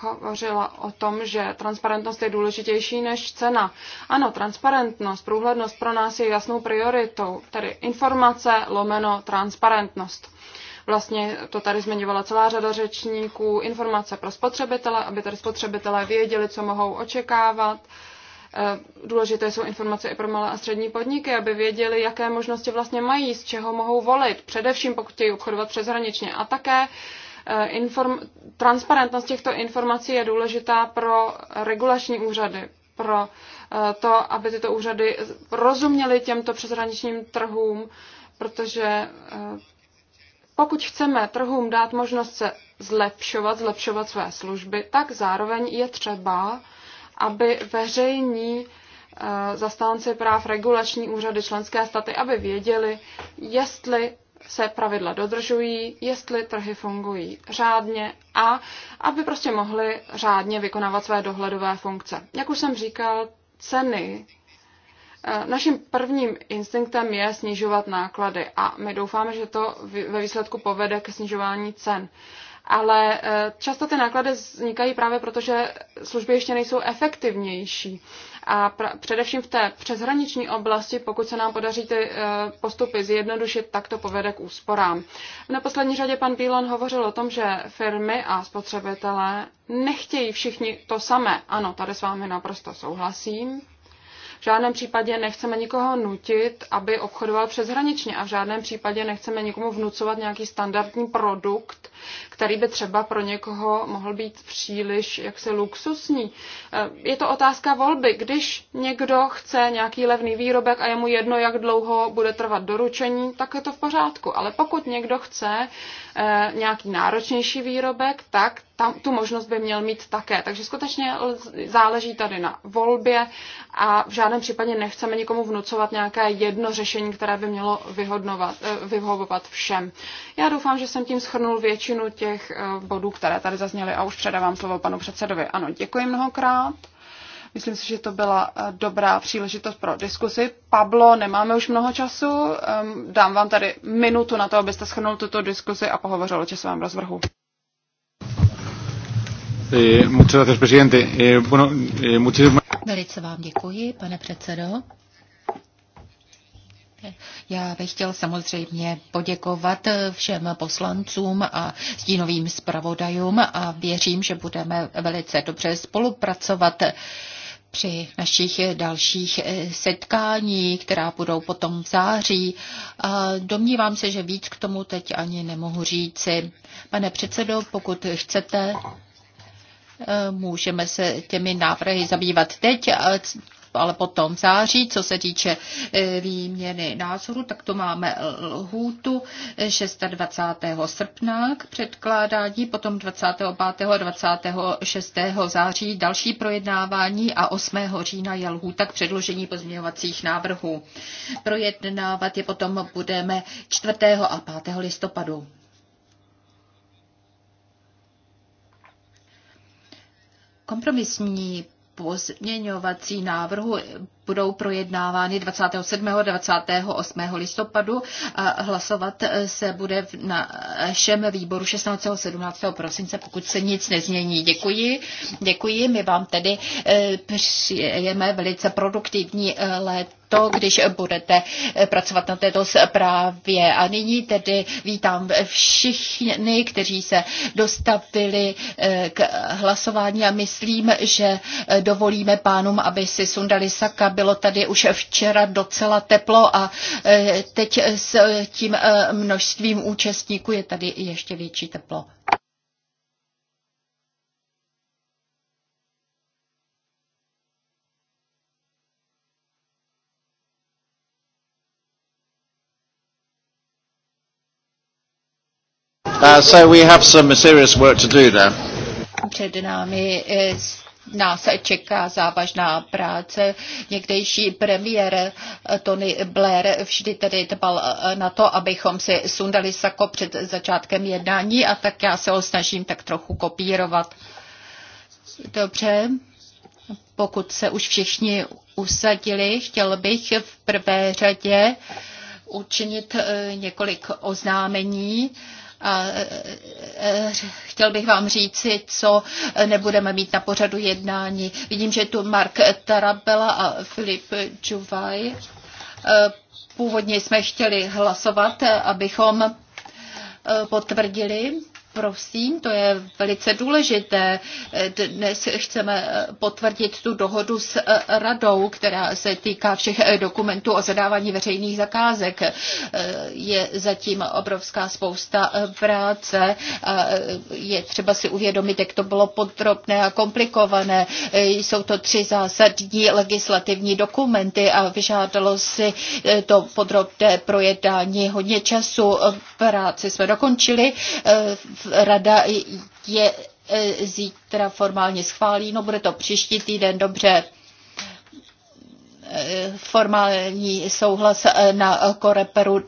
hovořila o tom, že transparentnost je důležitější než cena. Ano, transparentnost, průhlednost pro nás je jasnou prioritou, tedy informace lomeno transparentnost. Vlastně to tady zmiňovala celá řada řečníků. Informace pro spotřebitele, aby tady spotřebitelé věděli, co mohou očekávat. Eh, důležité jsou informace i pro malé a střední podniky, aby věděli, jaké možnosti vlastně mají, z čeho mohou volit, především pokud chtějí obchodovat přeshraničně. A také eh, inform- transparentnost těchto informací je důležitá pro regulační úřady, pro eh, to, aby tyto úřady rozuměly těmto přeshraničním trhům, protože pokud chceme trhům dát možnost se zlepšovat, zlepšovat své služby, tak zároveň je třeba, aby veřejní eh, zastánci práv regulační úřady členské státy, aby věděli, jestli se pravidla dodržují, jestli trhy fungují řádně a aby prostě mohli řádně vykonávat své dohledové funkce. Jak už jsem říkal, ceny Naším prvním instinktem je snižovat náklady a my doufáme, že to ve výsledku povede ke snižování cen. Ale eh, často ty náklady vznikají právě proto, že služby ještě nejsou efektivnější. A pra- především v té přeshraniční oblasti, pokud se nám podaří ty eh, postupy zjednodušit, tak to povede k úsporám. V neposlední řadě pan Bílon hovořil o tom, že firmy a spotřebitelé nechtějí všichni to samé. Ano, tady s vámi naprosto souhlasím v žádném případě nechceme nikoho nutit, aby obchodoval přeshraničně a v žádném případě nechceme nikomu vnucovat nějaký standardní produkt, který by třeba pro někoho mohl být příliš jaksi luxusní. Eh, je to otázka volby. Když někdo chce nějaký levný výrobek a je mu jedno, jak dlouho bude trvat doručení, tak je to v pořádku. Ale pokud někdo chce eh, nějaký náročnější výrobek, tak tam tu možnost by měl mít také. Takže skutečně záleží tady na volbě a v žádném případě nechceme nikomu vnucovat nějaké jedno řešení, které by mělo vyhodnovat, eh, vyhovovat všem. Já doufám, že jsem tím schrnul většinu většinu těch eh, bodů, které tady zazněly a už předávám slovo panu předsedovi. Ano, děkuji mnohokrát. Myslím si, že to byla eh, dobrá příležitost pro diskusi. Pablo, nemáme už mnoho času. Dám vám tady minutu na to, abyste schrnul tuto diskusi a pohovořil o časovém rozvrhu. Eh, Velice vám děkuji, pane předsedo. Já bych chtěl samozřejmě poděkovat všem poslancům a stínovým zpravodajům a věřím, že budeme velice dobře spolupracovat při našich dalších setkání, která budou potom v září. A domnívám se, že víc k tomu teď ani nemohu říci. Pane předsedo, pokud chcete, můžeme se těmi návrhy zabývat teď ale potom v září, co se týče e, výměny názoru, tak to máme lhůtu 26. E, srpna k předkládání, potom 25. a 26. září další projednávání a 8. října je lhůta k předložení pozměňovacích návrhů. Projednávat je potom budeme 4. a 5. listopadu. kompromisní pozměňovací návrhu budou projednávány 27. a 28. listopadu a hlasovat se bude v našem výboru 16. a 17. prosince, pokud se nic nezmění. Děkuji. Děkuji. My vám tedy eh, přijeme velice produktivní eh, léto to, když budete eh, pracovat na této zprávě. A nyní tedy vítám všichni, kteří se dostavili k hlasování a myslím, že dovolíme pánům, aby si sundali saka bylo tady už včera docela teplo a e, teď s tím e, množstvím účastníků je tady ještě větší teplo. Uh, so we have some serious work to do there. Před námi e, nás čeká závažná práce. Někdejší premiér Tony Blair vždy tedy dbal eh, na to, abychom si sundali sako před začátkem jednání a tak já se ho snažím tak trochu kopírovat. Dobře, pokud se už všichni usadili, chtěl bych v prvé řadě učinit eh, několik oznámení. A e, e, e, chtěl bych vám říci, co nebudeme mít na pořadu jednání. Vidím, že je tu Mark Tarabella a Filip Čuvaj. Původně jsme chtěli hlasovat, abychom potvrdili Prosím, to je velice důležité. Dnes chceme potvrdit tu dohodu s radou, která se týká všech dokumentů o zadávání veřejných zakázek. Je zatím obrovská spousta práce. Je třeba si uvědomit, jak to bylo podrobné a komplikované. Jsou to tři zásadní legislativní dokumenty a vyžádalo si to podrobné projednání hodně času. Práci jsme dokončili. V rada je e, zítra formálně schválí, no bude to příští týden, dobře formální souhlas eh, na Koreperu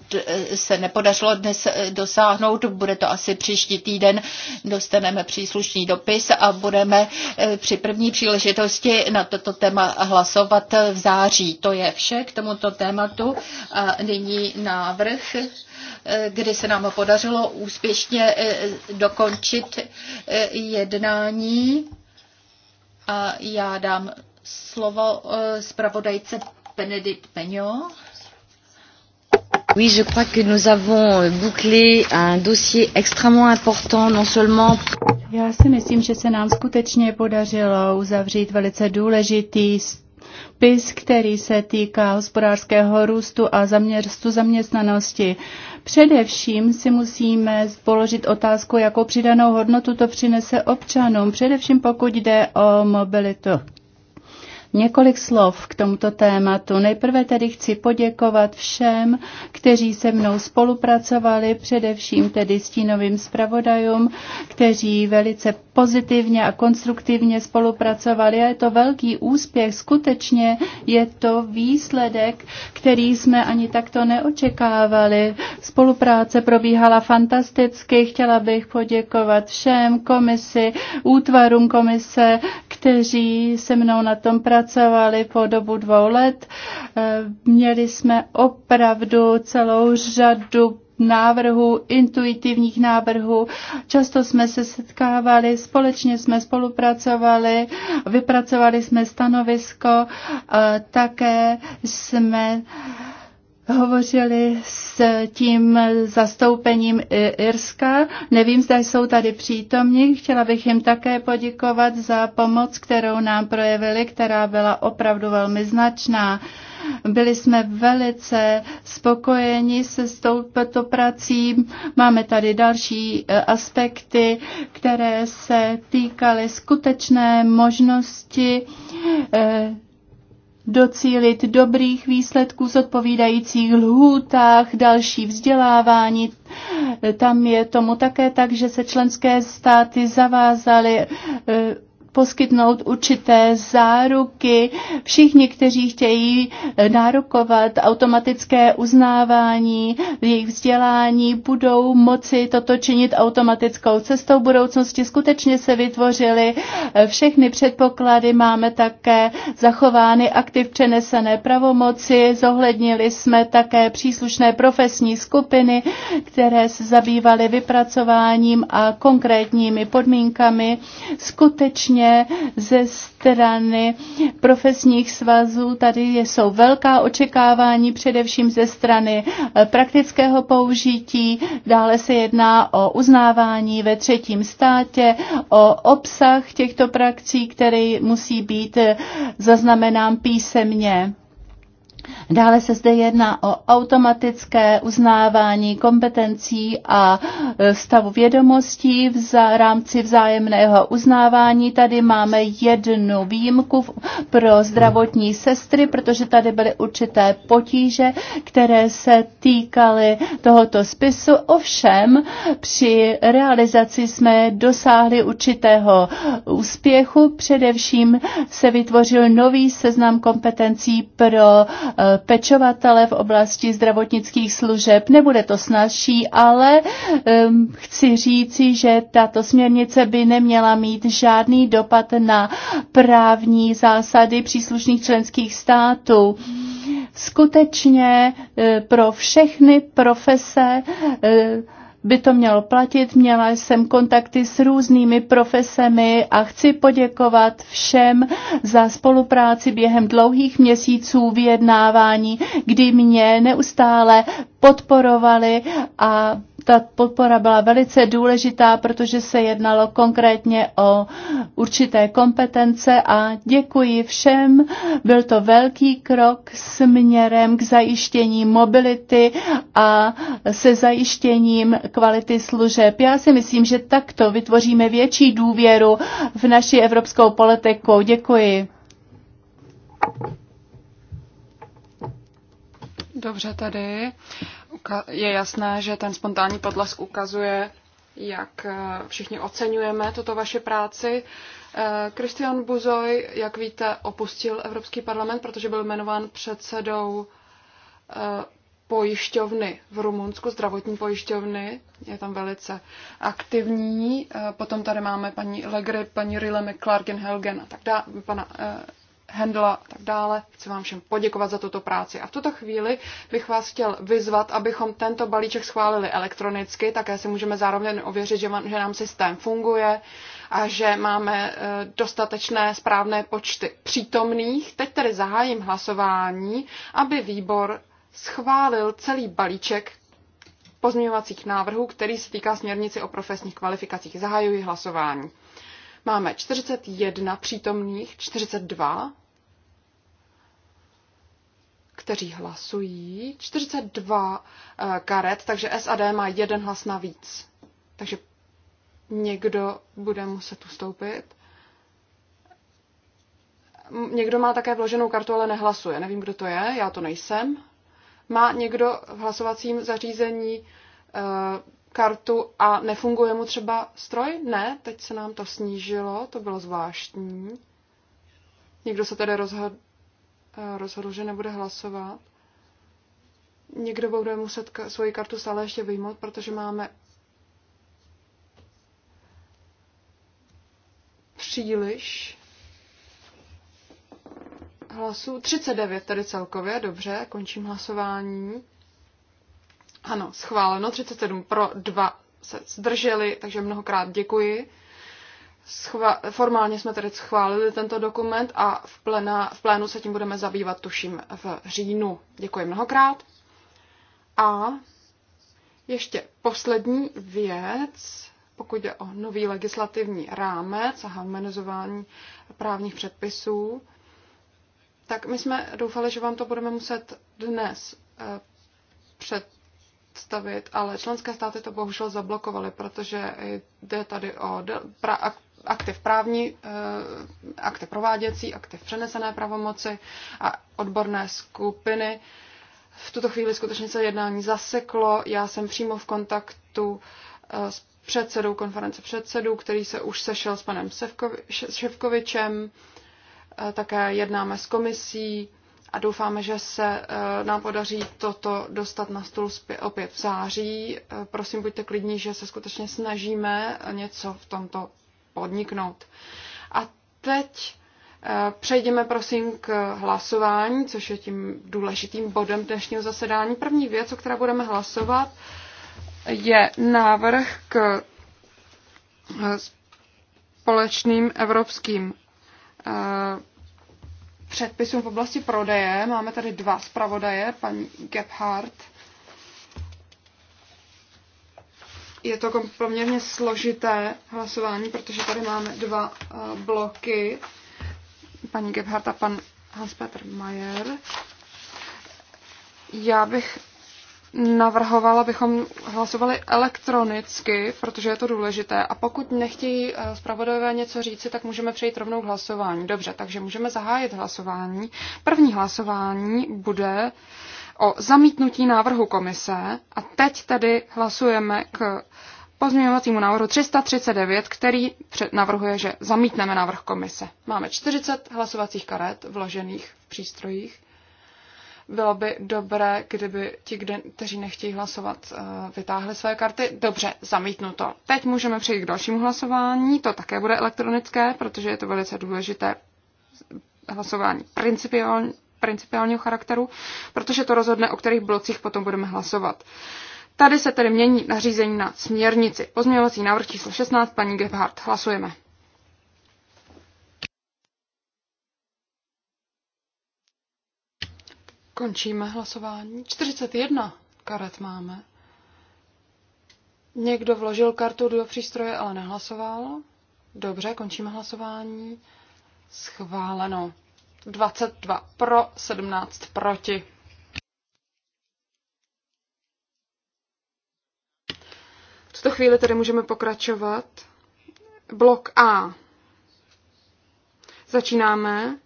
se nepodařilo dnes eh, dosáhnout. Bude to asi příští týden. Dostaneme příslušný dopis a budeme eh, při první příležitosti na toto téma hlasovat v září. To je vše k tomuto tématu. A nyní návrh kdy se nám podařilo úspěšně dokončit jednání. A já dám slovo eh, zpravodajce Benedikt Peňo. Oui, je crois que nous avons euh, bouclé un dossier extrêmement important, non seulement... Já si myslím, že se nám skutečně podařilo uzavřít velice důležitý PIS, který se týká hospodářského růstu a zaměrstu zaměstnanosti. Především si musíme položit otázku, jakou přidanou hodnotu to přinese občanům, především pokud jde o mobilitu. Několik slov k tomuto tématu. Nejprve tedy chci poděkovat všem, kteří se mnou spolupracovali, především tedy stínovým zpravodajům, kteří velice pozitivně a konstruktivně spolupracovali a je to velký úspěch. Skutečně je to výsledek, který jsme ani takto neočekávali. Spolupráce probíhala fantasticky. Chtěla bych poděkovat všem komisi, útvarům komise, kteří se mnou na tom pracovali po dobu dvou let. Eh, měli jsme opravdu celou řadu návrhů, intuitivních návrhů. Často jsme se setkávali, společně jsme spolupracovali, vypracovali jsme stanovisko, eh, také jsme hovořili s tím zastoupením Irska. Nevím, zda jsou tady přítomní. Chtěla bych jim také poděkovat za pomoc, kterou nám projevili, která byla opravdu velmi značná. Byli jsme velice spokojeni se s touto prací. Máme tady další e, aspekty, které se týkaly skutečné možnosti e, docílit dobrých výsledků z odpovídajících lhůtách, další vzdělávání. Tam je tomu také tak, že se členské státy zavázaly eh, poskytnout určité záruky. Všichni, kteří chtějí eh, nárokovat automatické uznávání jejich vzdělání, budou moci toto činit automatickou cestou budoucnosti. Skutečně se vytvořily eh, všechny předpoklady, máme také zachovány aktiv přenesené pravomoci, zohlednili jsme také příslušné profesní skupiny, které se zabývaly vypracováním a konkrétními podmínkami. Skutečně ze strany profesních svazů. Tady jsou velká očekávání, především ze strany eh, praktického použití. Dále se jedná o uznávání ve třetím státě, o obsah těchto praxí, který musí být eh, zaznamenán písemně. Dále se zde jedná o automatické uznávání kompetencí a e, stavu vědomostí v rámci vzájemného uznávání. Tady máme jednu výjimku pro zdravotní sestry, protože tady byly určité potíže, které se týkaly tohoto spisu. Ovšem při realizaci jsme dosáhli určitého úspěchu. Především se vytvořil nový seznam kompetencí pro Eh, pečovatele v oblasti zdravotnických služeb. Nebude to snažší, ale chci říci, že tato směrnice by neměla mít žádný dopad na právní zásady příslušných členských států skutečně eh, pro všechny profese eh, by to mělo platit. Měla jsem kontakty s různými profesemi a chci poděkovat všem za spolupráci během dlouhých měsíců vyjednávání, kdy mě neustále podporovali a ta podpora byla velice důležitá, protože se jednalo konkrétně o určité kompetence a děkuji všem. Byl to velký krok směrem k zajištění mobility a se zajištěním kvality služeb. Já si myslím, že takto vytvoříme větší důvěru v naši evropskou politiku. Děkuji. Dobře tady je jasné, že ten spontánní podlesk ukazuje, jak eh, všichni oceňujeme tuto vaši práci. Kristian eh, Buzoj, jak víte, opustil Evropský parlament, protože byl jmenován předsedou eh, pojišťovny v Rumunsku, zdravotní pojišťovny, je tam velice aktivní. Potom tady máme paní Legre, paní Rileme Clarkin Helgen a tak dále, pana Hendla a tak dále. Chci vám všem poděkovat za tuto práci. A v tuto chvíli bych vás chtěl vyzvat, abychom tento balíček schválili elektronicky, také si můžeme zároveň ověřit, že, že nám systém funguje a že máme e, dostatečné správné počty přítomných. Teď tedy zahájím hlasování, aby výbor schválil celý balíček pozměňovacích návrhů, který se týká směrnici o profesních kvalifikacích. Zahajuji hlasování. Máme 41 přítomných, 42, kteří hlasují, 42 eh, karet, takže SAD má jeden hlas navíc. Takže někdo bude muset ustoupit. Někdo má také vloženou kartu, ale nehlasuje. Nevím, kdo to je, já to nejsem. Má někdo v hlasovacím zařízení eh, kartu a nefunguje mu třeba stroj? Ne, teď se nám to snížilo, to bylo zvláštní. Někdo se tedy rozhodl, eh, rozhodl že nebude hlasovat. Někdo bude muset svoji kartu stále ještě vyjmout, protože máme příliš hlasů. 39 tady celkově, dobře, končím hlasování. Ano, schváleno 37 pro 2 se zdrželi, takže mnohokrát děkuji. Schva- formálně jsme tedy schválili tento dokument a v, plena, v plénu se tím budeme zabývat, tuším, v říjnu. Děkuji mnohokrát. A ještě poslední věc, pokud jde o nový legislativní rámec a harmonizování právních předpisů, tak my jsme doufali, že vám to budeme muset dnes eh, před představit, ale členské státy to bohužel zablokovaly, protože jde tady o pra- aktiv právní, eh, akty prováděcí, aktiv přenesené pravomoci a odborné skupiny. V tuto chvíli skutečně se jednání zaseklo. Já jsem přímo v kontaktu eh, s předsedou konference předsedů, který se už sešel s panem Ševkovičem. Eh, také jednáme s komisí a doufáme, že se eh, nám podaří toto dostat na stůl opět v září. Eh, prosím, buďte klidní, že se skutečně snažíme něco v tomto podniknout. A teď eh, přejdeme prosím k hlasování, což je tím důležitým bodem dnešního zasedání. První věc, o které budeme hlasovat, je návrh k společným evropským předpisům v oblasti prodeje. Máme tady dva zpravodaje, paní Gebhardt. Je to poměrně složité hlasování, protože tady máme dva eh, bloky, paní Gebhardt a pan Hans-Peter Mayer. Já bych navrhovala, abychom hlasovali elektronicky, protože je to důležité. A pokud nechtějí eh, zpravodajové něco říci, tak můžeme přejít rovnou k hlasování. Dobře, takže můžeme zahájit hlasování. První hlasování bude o zamítnutí návrhu komise a teď tedy hlasujeme k pozměňovacímu návrhu 339, který navrhuje, že zamítneme návrh komise. Máme 40 hlasovacích karet vložených v přístrojích. Bylo by dobré, kdyby ti, kteří nechtějí hlasovat, eh, vytáhli své karty. Dobře, zamítnuto. Teď můžeme přejít k dalšímu hlasování. To také bude elektronické, protože je to velice důležité hlasování principiální, principiálního charakteru, protože to rozhodne, o kterých blocích potom budeme hlasovat. Tady se tedy mění nařízení na směrnici. Pozměňovací návrh číslo 16, paní Gebhardt. Hlasujeme. Končíme hlasování. 41 karet máme. Někdo vložil kartu do přístroje, ale nehlasoval. Dobře, končíme hlasování. Schváleno. 22 pro, 17 proti. V tuto chvíli tedy můžeme pokračovat. Blok A. Začínáme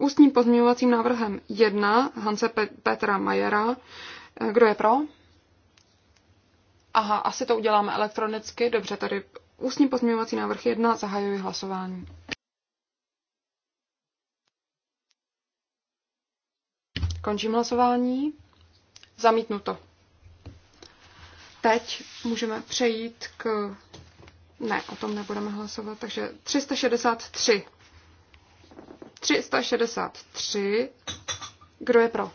ústním pozměňovacím návrhem 1 Hanse Petra Majera. Eh, kdo je pro? Aha, asi to uděláme elektronicky. Dobře, tady ústní pozměňovací návrh 1 zahajuji hlasování. Končím hlasování. Zamítnuto. Teď můžeme přejít k... Ne, o tom nebudeme hlasovat, takže 363. 363. Kdo je pro?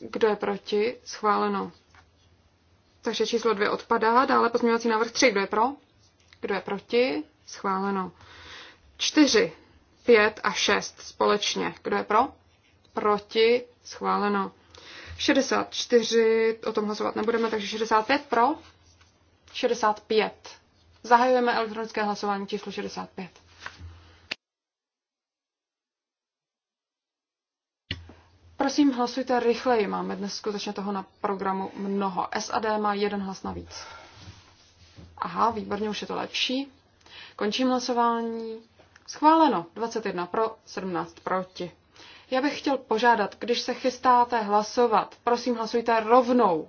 Kdo je proti? Schváleno. Takže číslo 2 odpadá. Dále pozměňovací návrh 3. Kdo je pro? Kdo je proti? Schváleno. 4, 5 a 6 společně. Kdo je pro? Proti? Schváleno. 64, o tom hlasovat nebudeme, takže 65 pro. 65. Zahajujeme elektronické hlasování číslo 65. Prosím, hlasujte rychleji. Máme dnes skutečně toho na programu mnoho. SAD má jeden hlas navíc. Aha, výborně, už je to lepší. Končím hlasování. Schváleno. 21 pro, 17 proti. Já bych chtěl požádat, když se chystáte hlasovat, prosím hlasujte rovnou.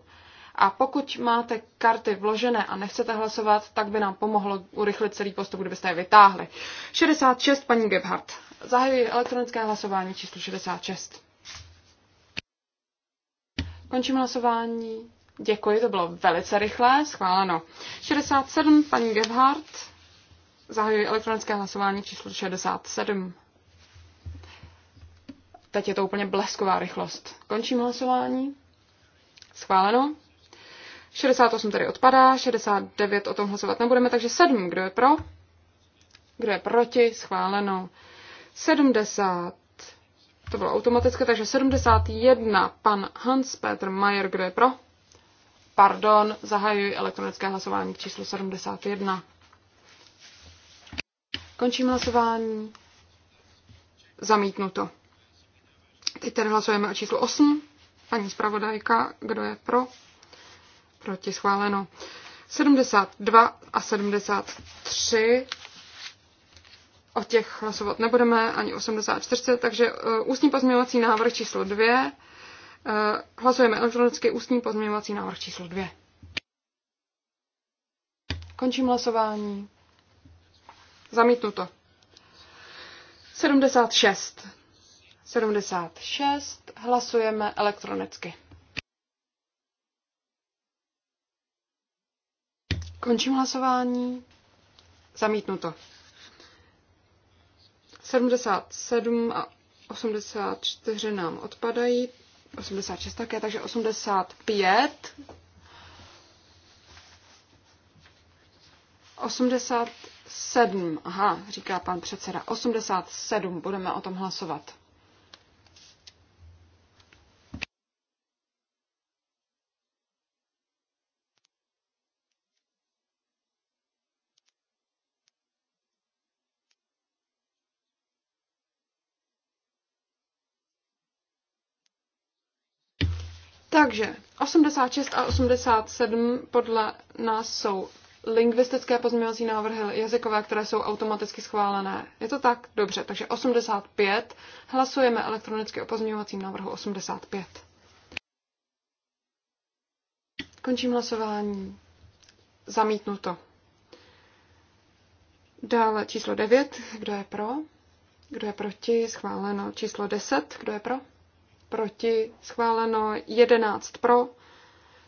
A pokud máte karty vložené a nechcete hlasovat, tak by nám pomohlo urychlit celý postup, kdybyste je vytáhli. 66, paní Gebhardt. Zahajuji elektronické hlasování číslo 66. Končím hlasování. Děkuji, to bylo velice rychlé, schváleno. 67, paní Gebhardt. Zahajuji elektronické hlasování číslo 67. Teď je to úplně blesková rychlost. Končím hlasování. Schváleno. 68 tady odpadá, 69 o tom hlasovat nebudeme, takže 7. Kdo je pro? Kdo je proti? Schváleno. 70 to bylo automatické, takže 71 pan Hans-Peter Mayer, kdo je pro? Pardon, zahajuji elektronické hlasování číslo 71. Končím hlasování. Zamítnuto. Teď tady hlasujeme o číslo 8. Paní zpravodajka, kdo je pro? Proti schváleno. 72 a 73 o těch hlasovat nebudeme, ani 84, takže eh, ústní pozměňovací návrh číslo 2. Eh, hlasujeme elektronicky ústní pozměňovací návrh číslo 2. Končím hlasování. Zamítnuto. 76. 76. Hlasujeme elektronicky. Končím hlasování. Zamítnuto. 77 a 84 nám odpadají, 86 také, takže 85. 87, aha, říká pan předseda, 87, budeme o tom hlasovat. Takže 86 a 87 podle nás jsou lingvistické pozměňovací návrhy jazykové, které jsou automaticky schválené. Je to tak? Dobře, takže 85. Hlasujeme elektronicky o pozměňovacím návrhu 85. Končím hlasování. Zamítnuto. Dále číslo 9. Kdo je pro? Kdo je proti? Schváleno. Číslo 10. Kdo je pro? proti schváleno 11 pro,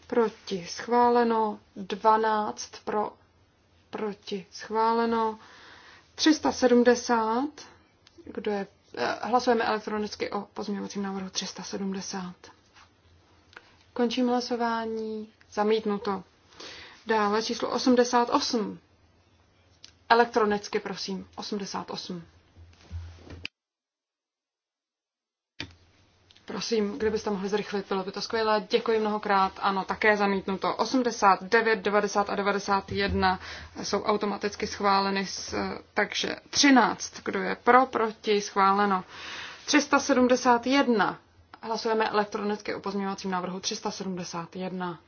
proti schváleno 12 pro, proti schváleno 370, kdo je, eh, hlasujeme elektronicky o pozměňovacím návrhu 370. Končím hlasování, zamítnuto. Dále číslo 88. Elektronicky, prosím, 88. prosím, kdybyste mohli zrychlit, bylo by to skvělé. Děkuji mnohokrát. Ano, také zamítnuto. 89, 90 a 91 jsou automaticky schváleny, s, takže 13, kdo je pro, proti, schváleno. 371. Hlasujeme elektronicky o pozměňovacím návrhu 371.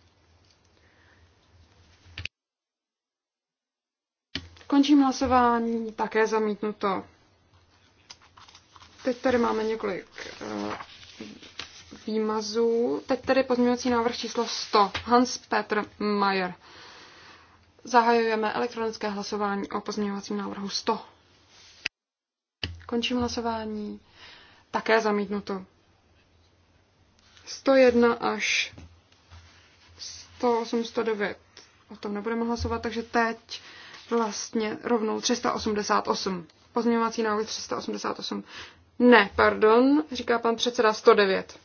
Končím hlasování, také zamítnuto. Teď tady máme několik eh, výmazu. Teď tedy pozměňovací návrh číslo 100. Hans Petr Mayer. Zahajujeme elektronické hlasování o pozměňovacím návrhu 100. Končím hlasování. Také zamítnuto. 101 až 108, 109. O tom nebudeme hlasovat, takže teď vlastně rovnou 388. Pozměňovací návrh 388. Ne, pardon, říká pan předseda 109.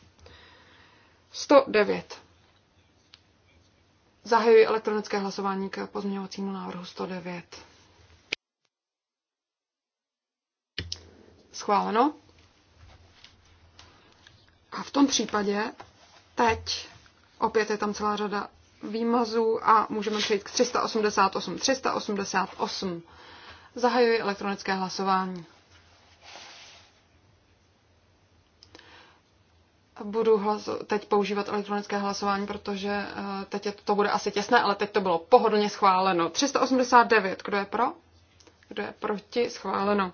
109. Zahajuji elektronické hlasování k pozměňovacímu návrhu 109. Schváleno. A v tom případě teď opět je tam celá řada výmazů a můžeme přejít k 388. 388. Zahajuji elektronické hlasování. budu hlaso- teď používat elektronické hlasování, protože eh, teď je, to bude asi těsné, ale teď to bylo pohodlně schváleno. 389, kdo je pro? Kdo je proti? Schváleno.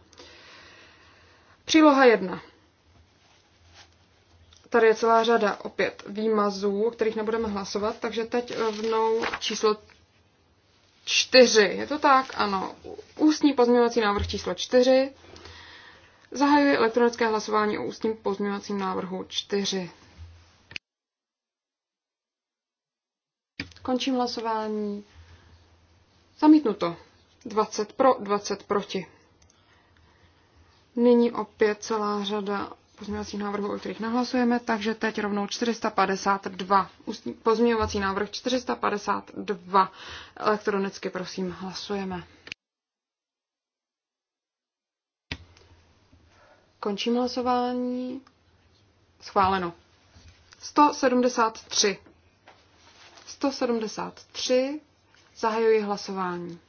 Příloha 1. Tady je celá řada opět výmazů, o kterých nebudeme hlasovat, takže teď rovnou číslo 4. Je to tak? Ano. Ústní pozměňovací návrh číslo 4. Zahajuji elektronické hlasování o ústním pozměňovacím návrhu 4. Končím hlasování. Zamítnuto. 20 pro, 20 proti. Nyní opět celá řada pozměňovacích návrhů, o kterých nehlasujeme, takže teď rovnou 452. Pozměňovací návrh 452. Elektronicky, prosím, hlasujeme. Končím hlasování. Schváleno. 173. 173. Zahajuji hlasování.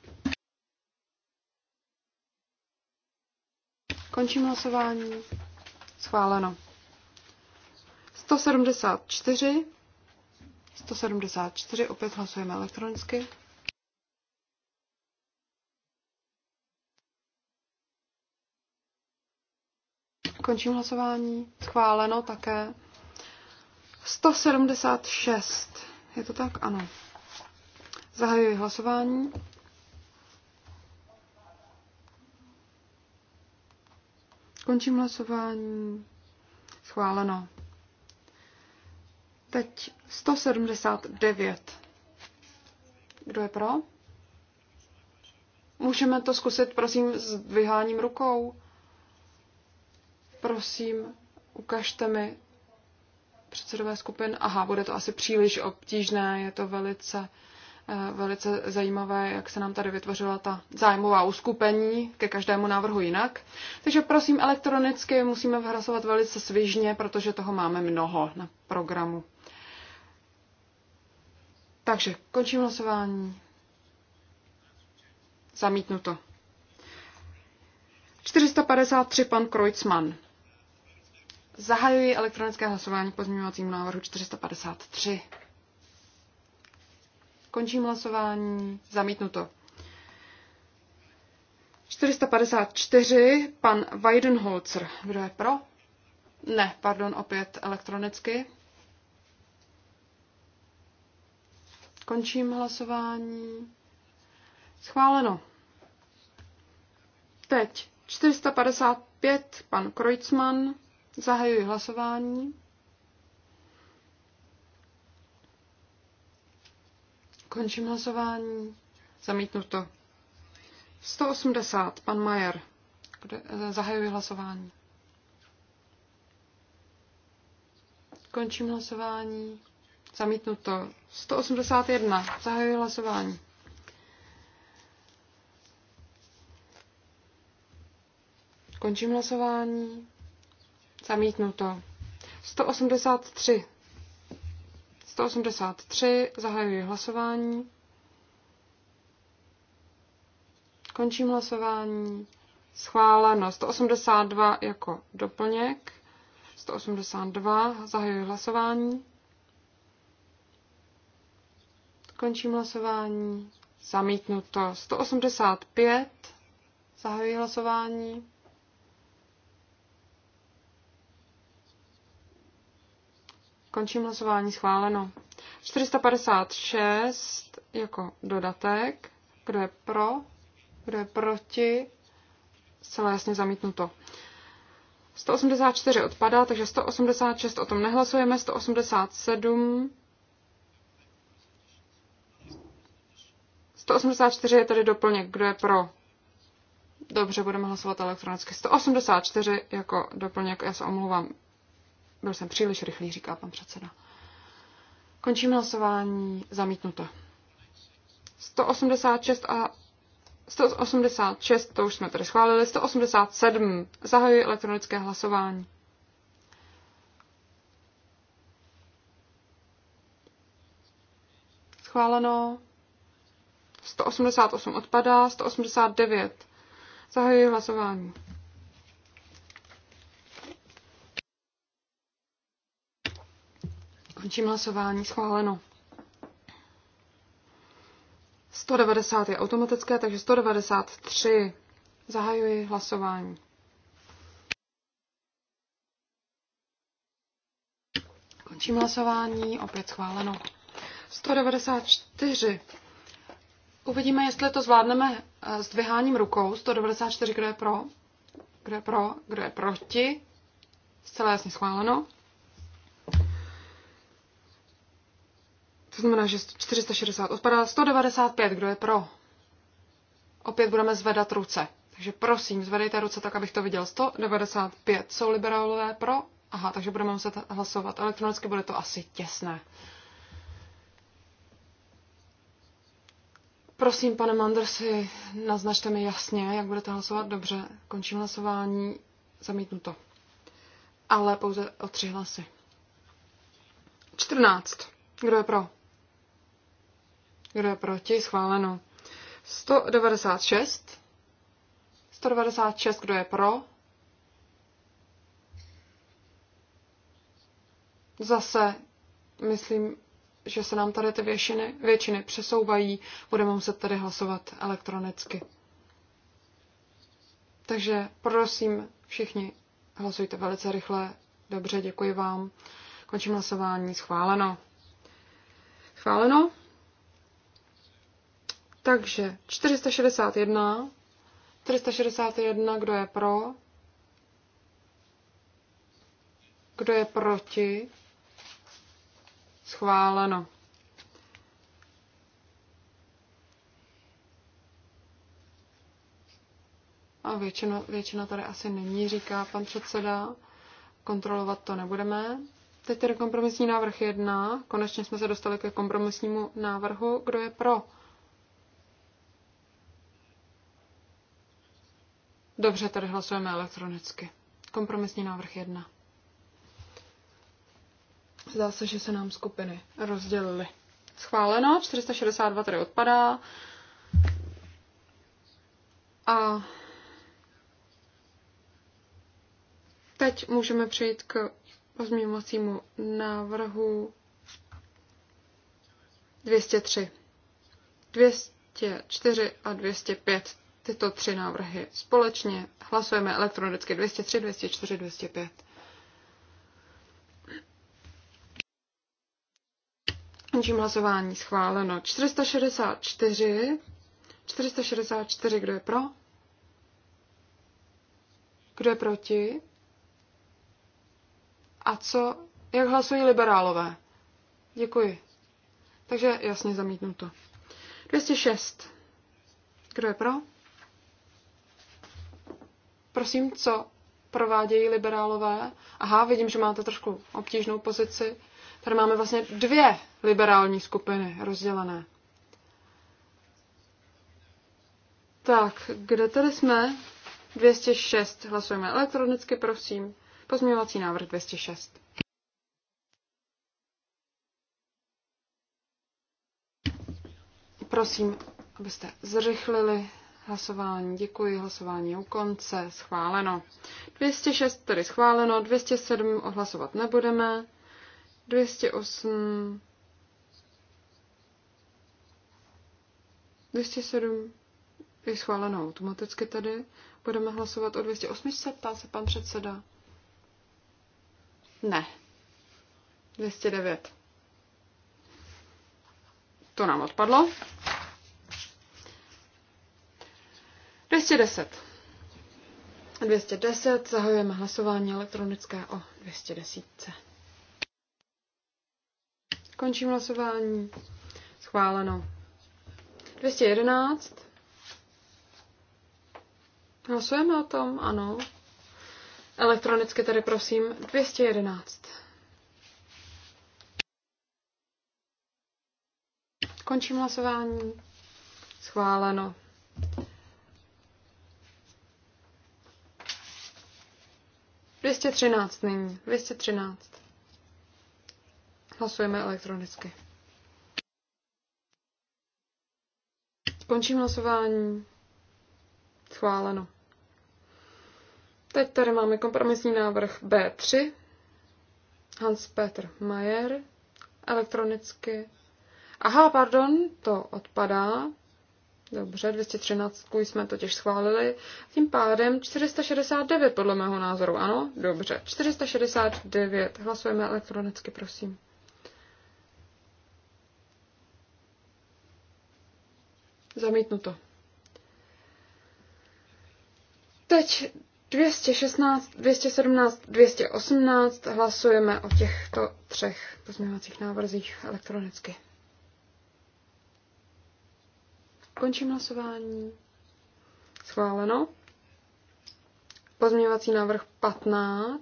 Končím hlasování. Schváleno. 174. 174. Opět hlasujeme elektronicky. Končím hlasování. Schváleno také. 176. Je to tak? Ano. Zahajuji hlasování. Končím hlasování. Schváleno. Teď 179. Kdo je pro? Můžeme to zkusit, prosím, s vyháním rukou. Prosím, ukažte mi předsedové skupin. Aha, bude to asi příliš obtížné, je to velice, eh, velice zajímavé, jak se nám tady vytvořila ta zájmová uskupení ke každému návrhu jinak. Takže prosím, elektronicky musíme hlasovat velice svižně, protože toho máme mnoho na programu. Takže končím hlasování. Zamítnuto. 453 pan Kreutzmann. Zahajuji elektronické hlasování k pozměňovacímu návrhu 453. Končím hlasování. Zamítnuto. 454. Pan Weidenholzer. Kdo je pro? Ne, pardon, opět elektronicky. Končím hlasování. Schváleno. Teď 455, pan Kreutzmann. Zahajuji hlasování. Končím hlasování. Zamítnuto. 180. Pan Majer. Eh, zahajuji hlasování. Končím hlasování. Zamítnuto. 181. Zahajuji hlasování. Končím hlasování. Zamítnuto. 183. 183. Zahajuji hlasování. Končím hlasování. Schváleno 182 jako doplněk. 182. Zahajuji hlasování. Končím hlasování. Zamítnuto 185. Zahajuji hlasování. Končím hlasování schváleno. 456 jako dodatek. Kdo je pro? Kdo je proti? Zcela jasně zamítnuto. 184 odpadá, takže 186 o tom nehlasujeme. 187 184 je tady doplněk. Kdo je pro? Dobře, budeme hlasovat elektronicky. 184 jako doplněk, já se omlouvám. Byl jsem příliš rychlý, říká pan předseda. Končím hlasování zamítnuto. 186 a 186, to už jsme tady schválili, 187. Zahajuji elektronické hlasování. Schváleno. 188 odpadá, 189. Zahajuji hlasování. Končím hlasování. Schváleno. 190 je automatické, takže 193. Zahajuji hlasování. Končím hlasování, opět schváleno. 194. Uvidíme, jestli to zvládneme eh, s dvěháním rukou. 194, kdo je pro, kdo je pro, kdo je proti. Zcela jasně schváleno. To znamená, že 460 odpadá. 195, kdo je pro? Opět budeme zvedat ruce. Takže prosím, zvedejte ruce tak, abych to viděl. 195 jsou liberálové pro? Aha, takže budeme muset hlasovat. Elektronicky bude to asi těsné. Prosím, pane Mandersi, naznačte mi jasně, jak budete hlasovat. Dobře, končím hlasování, zamítnu to. Ale pouze o tři hlasy. 14. Kdo je pro? Kdo je proti? Schváleno. 196. 196. Kdo je pro? Zase, myslím, že se nám tady ty většiny, většiny přesouvají. Budeme muset tady hlasovat elektronicky. Takže prosím, všichni hlasujte velice rychle. Dobře, děkuji vám. Končím hlasování. Schváleno. Schváleno. Takže 461, 461, kdo je pro, kdo je proti, schváleno. A většina, většina tady asi není, říká pan předseda. Kontrolovat to nebudeme. Teď tedy kompromisní návrh 1. Konečně jsme se dostali ke kompromisnímu návrhu. Kdo je pro? Dobře, tady hlasujeme elektronicky. Kompromisní návrh 1. Zdá se, že se nám skupiny rozdělily. Schváleno, 462 tady odpadá. A teď můžeme přejít k pozměňovacímu návrhu 203. 204 a 205 tyto tři návrhy společně. Hlasujeme elektronicky 203, 204, 205. Končím hlasování schváleno. 464. 464, kdo je pro? Kdo je proti? A co? Jak hlasují liberálové? Děkuji. Takže jasně zamítnuto. 206. Kdo je pro? Prosím, co provádějí liberálové? Aha, vidím, že máte trošku obtížnou pozici. Tady máme vlastně dvě liberální skupiny rozdělené. Tak, kde tady jsme? 206. Hlasujeme elektronicky, prosím. Pozměňovací návrh 206. Prosím, abyste zrychlili Hlasování, děkuji, hlasování u konce, schváleno. 206 tedy schváleno, 207 ohlasovat nebudeme, 208, 207 je schváleno automaticky tady, budeme hlasovat o 208, ptá se pan předseda. Ne. 209. To nám odpadlo. 210. 210. Zahajujeme hlasování elektronické o 210. Končím hlasování. Schváleno. 211. Hlasujeme o tom, ano. Elektronicky tady prosím 211. Končím hlasování. Schváleno. 213 nyní. 213. Hlasujeme elektronicky. Končím hlasování. Schváleno. Teď tady máme kompromisní návrh B3. Hans-Peter Mayer. Elektronicky. Aha, pardon, to odpadá. Dobře, 213 jsme totiž schválili. Tím pádem 469 podle mého názoru, ano? Dobře, 469. Hlasujeme elektronicky, prosím. Zamítnuto. Teď 216, 217, 218 hlasujeme o těchto třech pozměňovacích návrzích elektronicky. Končím hlasování. Schváleno. Pozměňovací návrh 15.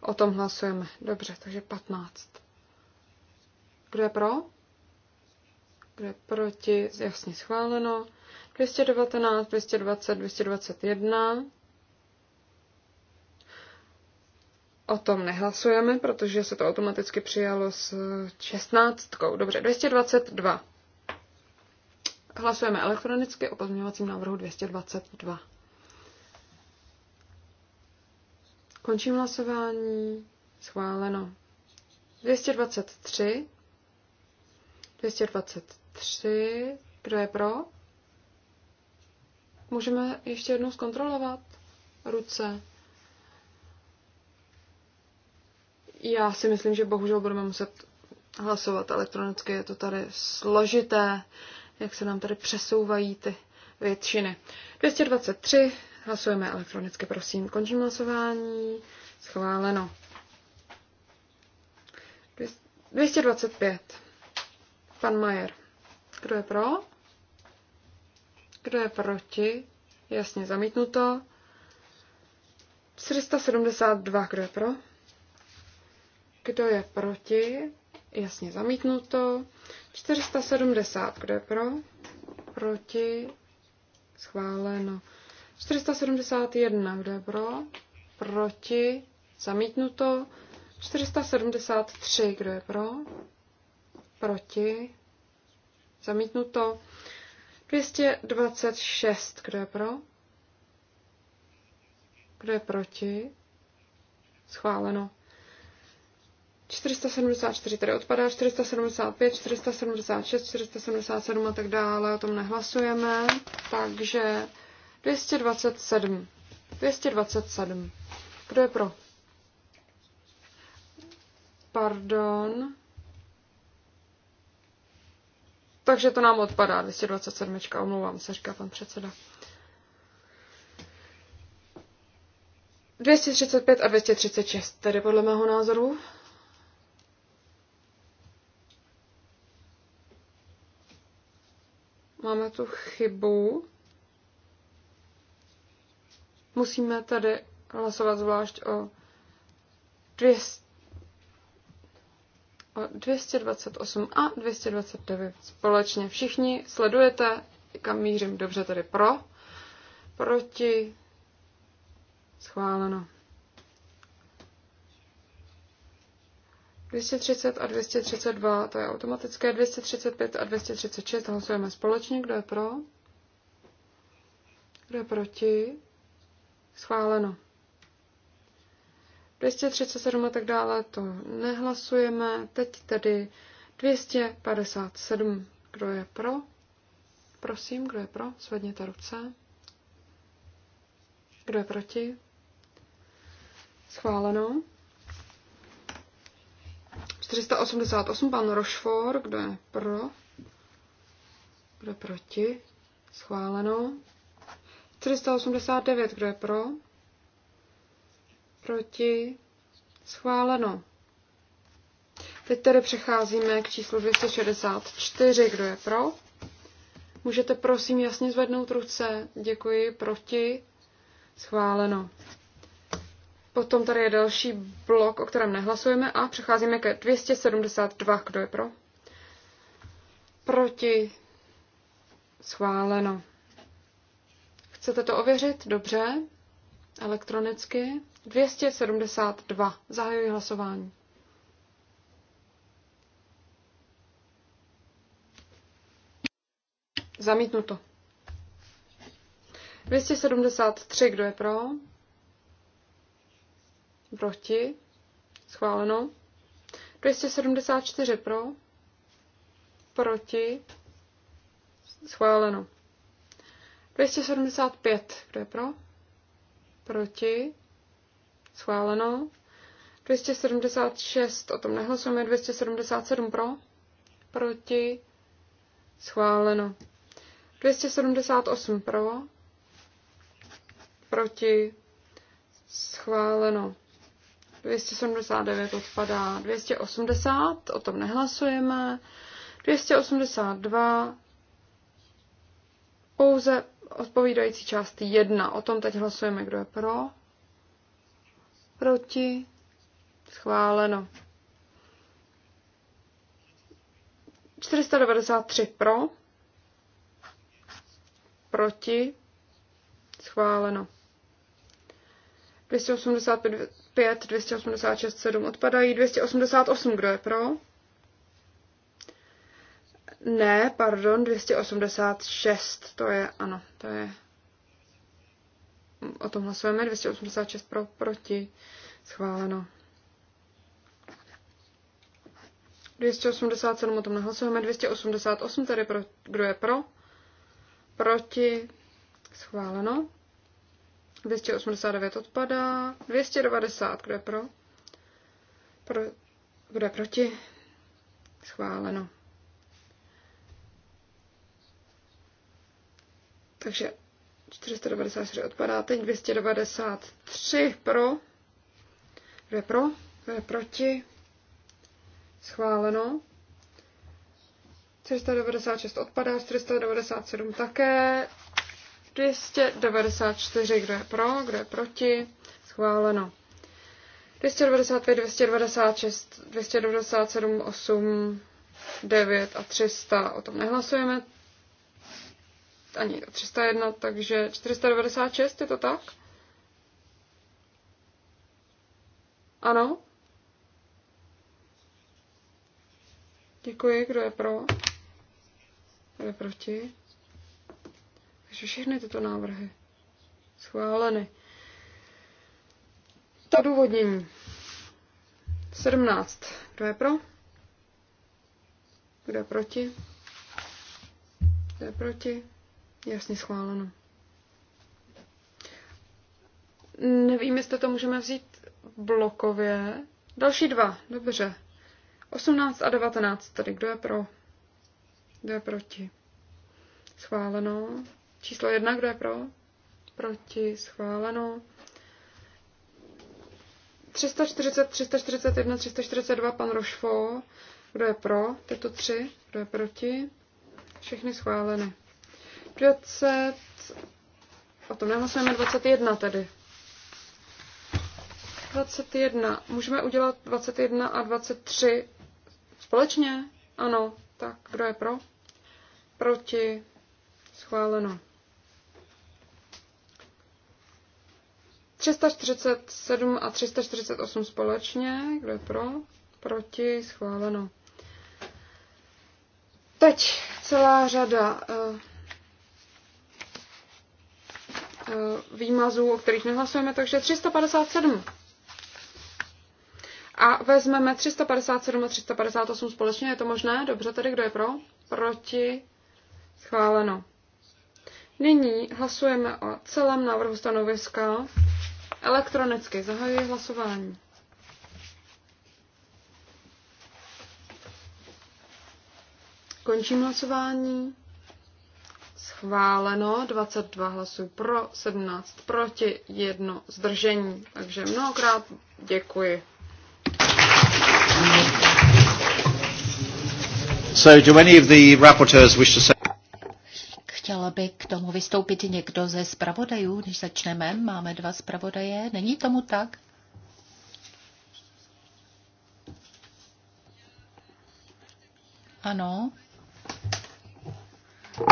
O tom hlasujeme. Dobře, takže 15. Kdo je pro? Kdo je proti? Jasně schváleno. 219, 220, 221. O tom nehlasujeme, protože se to automaticky přijalo s 16. Dobře, 222. Hlasujeme elektronicky o pozměňovacím návrhu 222. Končím hlasování. Schváleno. 223. 223. Kdo je pro? Můžeme ještě jednou zkontrolovat ruce. Já si myslím, že bohužel budeme muset hlasovat elektronicky. Je to tady složité jak se nám tady přesouvají ty většiny. 223, hlasujeme elektronicky, prosím. Končím hlasování, schváleno. 225, pan Majer. Kdo je pro? Kdo je proti? Jasně zamítnuto. 472, kdo je pro? Kdo je proti? Jasně zamítnuto. 470, kdo je pro? Proti? Schváleno. 471, kdo je pro? Proti? Zamítnuto. 473, kdo je pro? Proti? Zamítnuto. 226, kdo je pro? Kdo je proti? Schváleno. 474 tady odpadá, 475, 476, 477 a tak dále, o tom nehlasujeme, takže 227. 227. Kdo je pro? Pardon. Takže to nám odpadá, 227, omlouvám se, říká pan předseda. 235 a 236, tedy podle mého názoru Máme tu chybu. Musíme tady hlasovat zvlášť o 200 o 228 a 229 společně. Všichni sledujete, kam mířím. Dobře, tady pro, proti, schváleno. 230 a 232, to je automatické, 235 a 236 hlasujeme společně, kdo je pro, kdo je proti, schváleno. 237 a tak dále, to nehlasujeme, teď tedy 257, kdo je pro, prosím, kdo je pro, Svedněte ruce, kdo je proti, schváleno. 488, pan Rochefort, kdo je pro? Kdo je proti? Schváleno. 489, kdo je pro? Proti? Schváleno. Teď tedy přecházíme k číslu 264, kdo je pro? Můžete prosím jasně zvednout ruce. Děkuji, proti? Schváleno. Potom tady je další blok, o kterém nehlasujeme a přecházíme ke 272. Kdo je pro? Proti. Schváleno. Chcete to ověřit? Dobře. Elektronicky. 272. Zahajuji hlasování. Zamítnuto. 273. Kdo je pro? proti, schváleno. 274 pro, proti, schváleno. 275, kdo je pro, proti, schváleno. 276, o tom nehlasujeme, 277 pro, proti, schváleno. 278 pro, proti, schváleno. 279 odpadá. 280, o tom nehlasujeme. 282, pouze odpovídající část 1. O tom teď hlasujeme, kdo je pro. Proti. Schváleno. 493 pro. Proti. Schváleno. 285 5, 286, 7 odpadají. 288, kdo je pro? Ne, pardon, 286, to je, ano, to je. O tom hlasujeme, 286 pro, proti, schváleno. 287 o tom nehlasujeme, 288 tedy pro, kdo je pro, proti, schváleno. 289 odpadá. 290, kdo je pro? pro kdo je proti? Schváleno. Takže 493 odpadá. Teď 293 pro. Kdo je pro? Kdo je proti? Schváleno. 496 odpadá, 497 také. 294, kdo je pro, kdo je proti, schváleno. 295, 296, 297, 8, 9 a 300, o tom nehlasujeme. Ani 301, takže 496, je to tak? Ano? Děkuji, kdo je pro? Kdo je proti? Takže všechny tyto návrhy schváleny. Ta důvodnění. 17. Kdo je pro? Kdo je proti? Kdo je proti? Jasně schváleno. Nevím, jestli to můžeme vzít blokově. Další dva, dobře. 18 a 19 Tady Kdo je pro? Kdo je proti? Schváleno. Číslo jedna, kdo je pro? Proti, schváleno. 340, 341, 342, pan Rošfo. Kdo je pro? Tyto tři. Kdo je proti? Všechny schváleny. 500, o tom nehlasujeme 21 tedy. 21. Můžeme udělat 21 a 23 společně? Ano. Tak, kdo je pro? Proti. Schváleno. 347 a 348 společně. Kdo je pro? Proti? Schváleno. Teď celá řada uh, uh, výmazů, o kterých nehlasujeme, takže 357. A vezmeme 357 a 358 společně, je to možné? Dobře, tedy kdo je pro? Proti? Schváleno. Nyní hlasujeme o celém návrhu stanoviska Elektronicky zahajuji hlasování. Končím hlasování. Schváleno 22 hlasů pro, 17 proti, 1 zdržení. Takže mnohokrát děkuji. So do any of the rapporteurs wish to say Chtěla by k tomu vystoupit někdo ze zpravodajů, než začneme. Máme dva zpravodaje. Není tomu tak? Ano,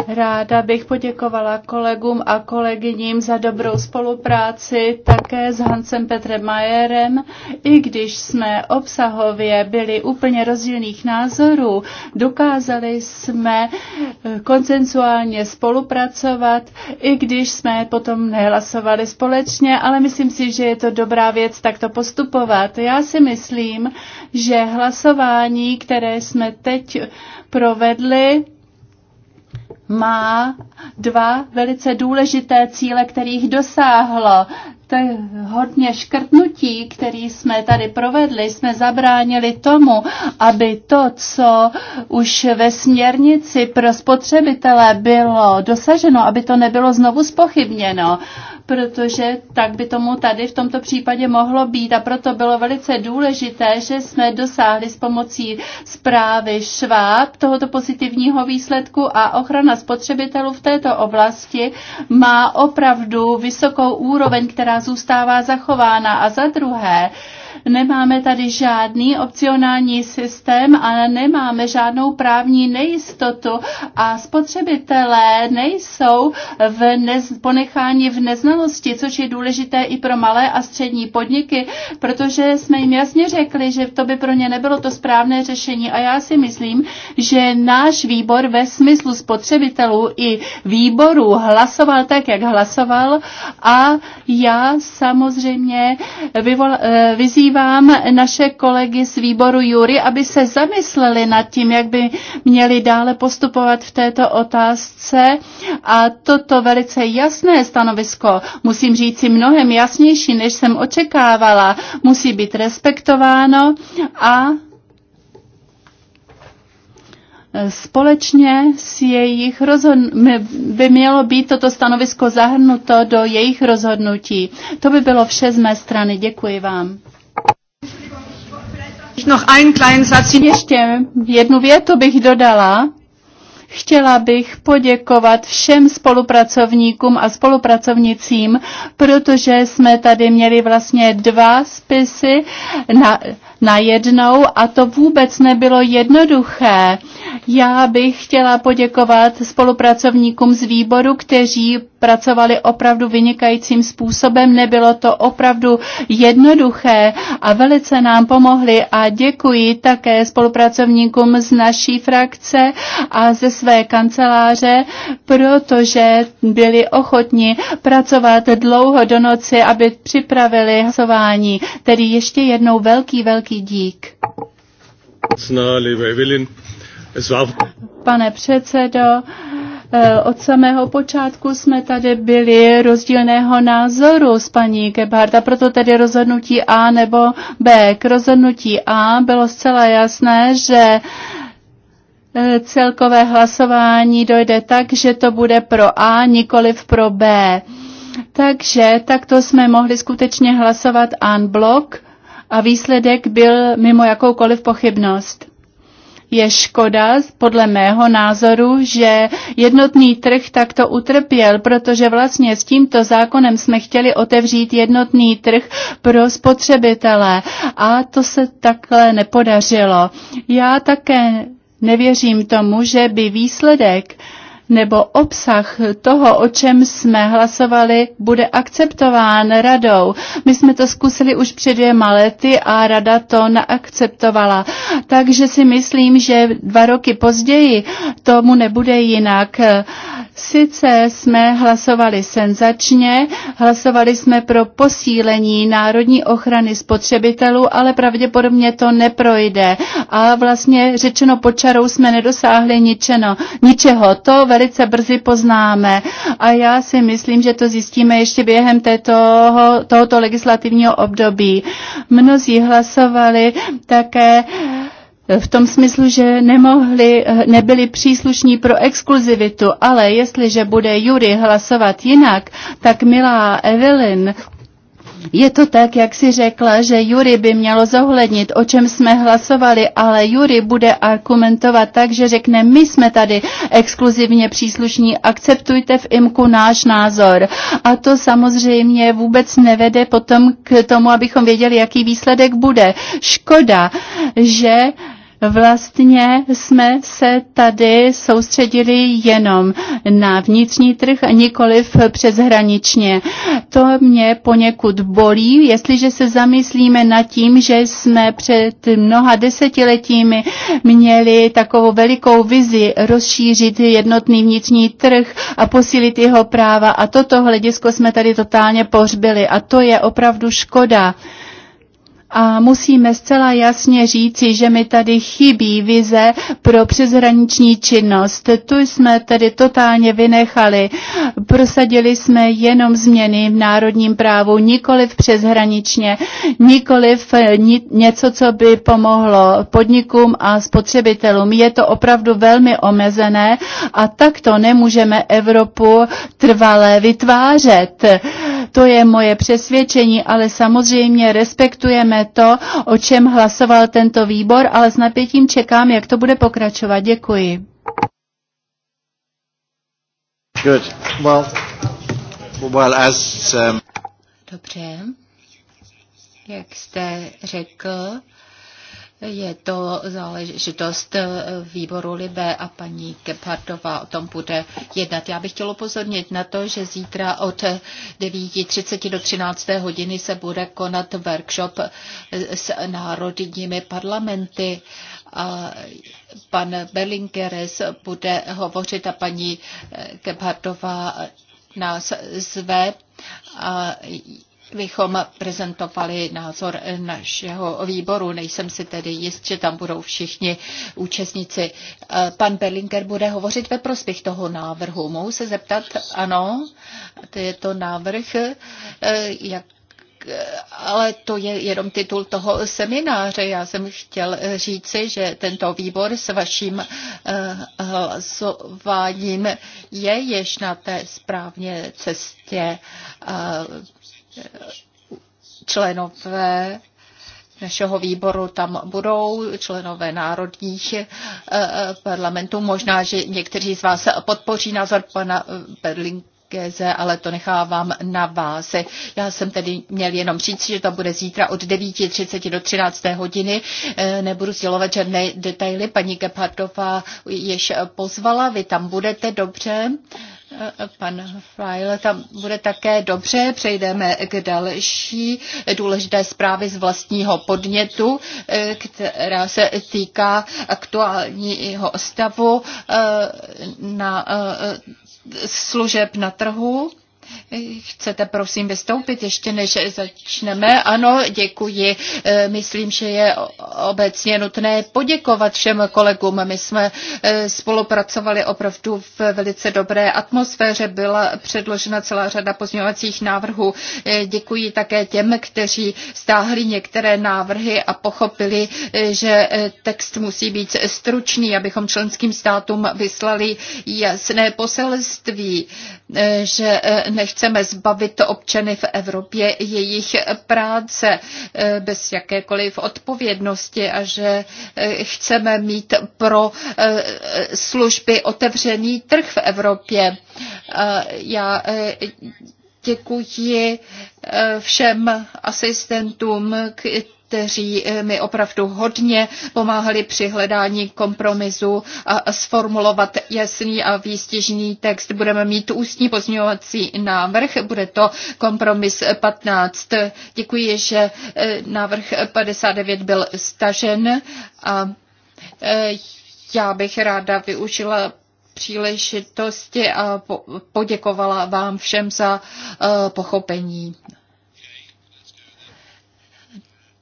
Ráda bych poděkovala kolegům a kolegyním za dobrou spolupráci také s Hansem Petrem Majerem. I když jsme obsahově byli úplně rozdílných názorů, dokázali jsme eh, koncensuálně spolupracovat, i když jsme potom nehlasovali společně, ale myslím si, že je to dobrá věc takto postupovat. Já si myslím, že hlasování, které jsme teď provedli, má dva velice důležité cíle, kterých dosáhlo. To je hodně škrtnutí, který jsme tady provedli, jsme zabránili tomu, aby to, co už ve směrnici pro spotřebitele bylo dosaženo, aby to nebylo znovu spochybněno protože tak by tomu tady v tomto případě mohlo být. A proto bylo velice důležité, že jsme dosáhli s pomocí zprávy Šváb tohoto pozitivního výsledku a ochrana spotřebitelů v této oblasti má opravdu vysokou úroveň, která zůstává zachována. A za druhé, Nemáme tady žádný opcionální systém a nemáme žádnou právní nejistotu a spotřebitelé nejsou v nez, ponechání v neznalosti, což je důležité i pro malé a střední podniky, protože jsme jim jasně řekli, že to by pro ně nebylo to správné řešení a já si myslím, že náš výbor ve smyslu spotřebitelů i výboru hlasoval tak, jak hlasoval a já samozřejmě vyvol, eh, vyzývám vyzývám naše kolegy z výboru Jury, aby se zamysleli nad tím, jak by měli dále postupovat v této otázce. A toto velice jasné stanovisko, musím říct, si mnohem jasnější, než jsem očekávala, musí být respektováno a společně s jejich rozhodn- by mělo být toto stanovisko zahrnuto do jejich rozhodnutí. To by bylo vše z mé strany. Děkuji vám noch einen kleinen Satz. Ještě jednu větu bych dodala. Chtěla bych poděkovat všem spolupracovníkům a spolupracovnicím, protože jsme tady měli vlastně dva spisy na najednou a to vůbec nebylo jednoduché. Já bych chtěla poděkovat spolupracovníkům z výboru, kteří pracovali opravdu vynikajícím způsobem. Nebylo to opravdu jednoduché a velice nám pomohli a děkuji také spolupracovníkům z naší frakce a ze své kanceláře, protože byli ochotni pracovat dlouho do noci, aby připravili hlasování. Tedy ještě jednou velký, velký Velký dík. Pane předsedo, eh, od samého počátku jsme tady byli rozdílného názoru s paní Gebhardt a proto tedy rozhodnutí A nebo B. K rozhodnutí A bylo zcela jasné, že eh, celkové hlasování dojde tak, že to bude pro A, nikoliv pro B. Takže takto jsme mohli skutečně hlasovat en bloc a výsledek byl mimo jakoukoliv pochybnost. Je škoda, podle mého názoru, že jednotný trh takto utrpěl, protože vlastně s tímto zákonem jsme chtěli otevřít jednotný trh pro spotřebitele a to se takhle nepodařilo. Já také nevěřím tomu, že by výsledek uh, nebo obsah toho, o čem jsme hlasovali, bude akceptován radou. My jsme to zkusili už před dvěma lety a rada to neakceptovala. Takže si myslím, že dva roky později tomu nebude jinak. Sice jsme hlasovali senzačně, hlasovali jsme pro posílení národní ochrany spotřebitelů, ale pravděpodobně to neprojde. A vlastně řečeno počarou jsme nedosáhli ničeno, ničeho. To velice brzy poznáme a já si myslím, že to zjistíme ještě během této, tohoto legislativního období. Mnozí hlasovali také v tom smyslu, že nemohli, nebyli příslušní pro exkluzivitu, ale jestliže bude Jury hlasovat jinak, tak milá Evelyn, je to tak, jak si řekla, že Jury by mělo zohlednit, o čem jsme hlasovali, ale Jury bude argumentovat tak, že řekne, my jsme tady exkluzivně příslušní, akceptujte v IMKU náš názor. A to samozřejmě vůbec nevede potom k tomu, abychom věděli, jaký výsledek bude. Škoda, že Vlastně jsme se tady soustředili jenom na vnitřní trh a nikoliv přeshraničně. To mě poněkud bolí, jestliže se zamyslíme nad tím, že jsme před mnoha desetiletími měli takovou velikou vizi rozšířit jednotný vnitřní trh a posílit jeho práva a toto hledisko jsme tady totálně pohřbili a to je opravdu škoda a musíme zcela jasně říci, že mi tady chybí vize pro přeshraniční činnost. Tu jsme tedy totálně vynechali. Prosadili jsme jenom změny v národním právu, nikoliv přeshraničně, nikoliv eh, ni- něco, co by pomohlo podnikům a spotřebitelům. Je to opravdu velmi omezené a takto nemůžeme Evropu trvalé vytvářet. To je moje přesvědčení, ale samozřejmě respektujeme to, o čem hlasoval tento výbor, ale s napětím čekám, jak to bude pokračovat. Děkuji. Good. Well, well as, um... Dobře. Jak jste řekl, je to záležitost eh, výboru Libe a paní Gebhardová o tom bude jednat. Já bych chtěla upozornit na to, že zítra od 9.30 do 13. hodiny se bude konat workshop eh, s národními parlamenty a pan Berlingeres bude hovořit a paní eh, Gebhardová nás zve a bychom prezentovali názor našeho výboru. Nejsem si tedy jist, že tam budou všichni účastníci. Pan Berlinger bude hovořit ve prospěch toho návrhu. Mohu se zeptat, ano, to je to návrh, eh, jak ale to je jenom titul toho semináře. Já jsem chtěl říci, že tento výbor s vaším eh, hlasováním je již na té správně cestě. Eh, členové našeho výboru tam budou členové národních eh, parlamentů. Možná, že někteří z vás podpoří názor pana Berlin ale to nechávám na vás. Já jsem tedy měl jenom říct, že to bude zítra od 9.30 do 13. hodiny. Eh, nebudu sdělovat žádné detaily. Paní Gebhardová jež pozvala, vy tam budete dobře. Pan Frail, tam bude také dobře. Přejdeme k další důležité zprávy z vlastního podnětu, eh, která se týká aktuálního stavu eh, na eh, služeb na trhu. Eh, chcete prosím vystoupit ještě než začneme? Ano, děkuji. Eh, myslím, že je obecně nutné poděkovat všem kolegům. My jsme eh, spolupracovali opravdu v velice dobré atmosféře. Byla předložena celá řada pozměňovacích návrhů. Děkuji také těm, kteří stáhli některé návrhy a pochopili, že text musí být stručný, abychom členským státům vyslali jasné poselství že eh, nechceme zbavit občany v Evropě jejich práce eh, bez jakékoliv odpovědnosti a že eh, chceme mít pro služby otevřený trh v Evropě. Já děkuji všem asistentům, kteří eh, mi opravdu hodně pomáhali při hledání kompromisu a sformulovat jasný a výstižný text. Budeme mít ústní pozměňovací návrh, bude to kompromis 15. Děkuji, že eh, návrh 59 byl stažen a eh, já bych ráda využila příležitosti a poděkovala vám všem za pochopení.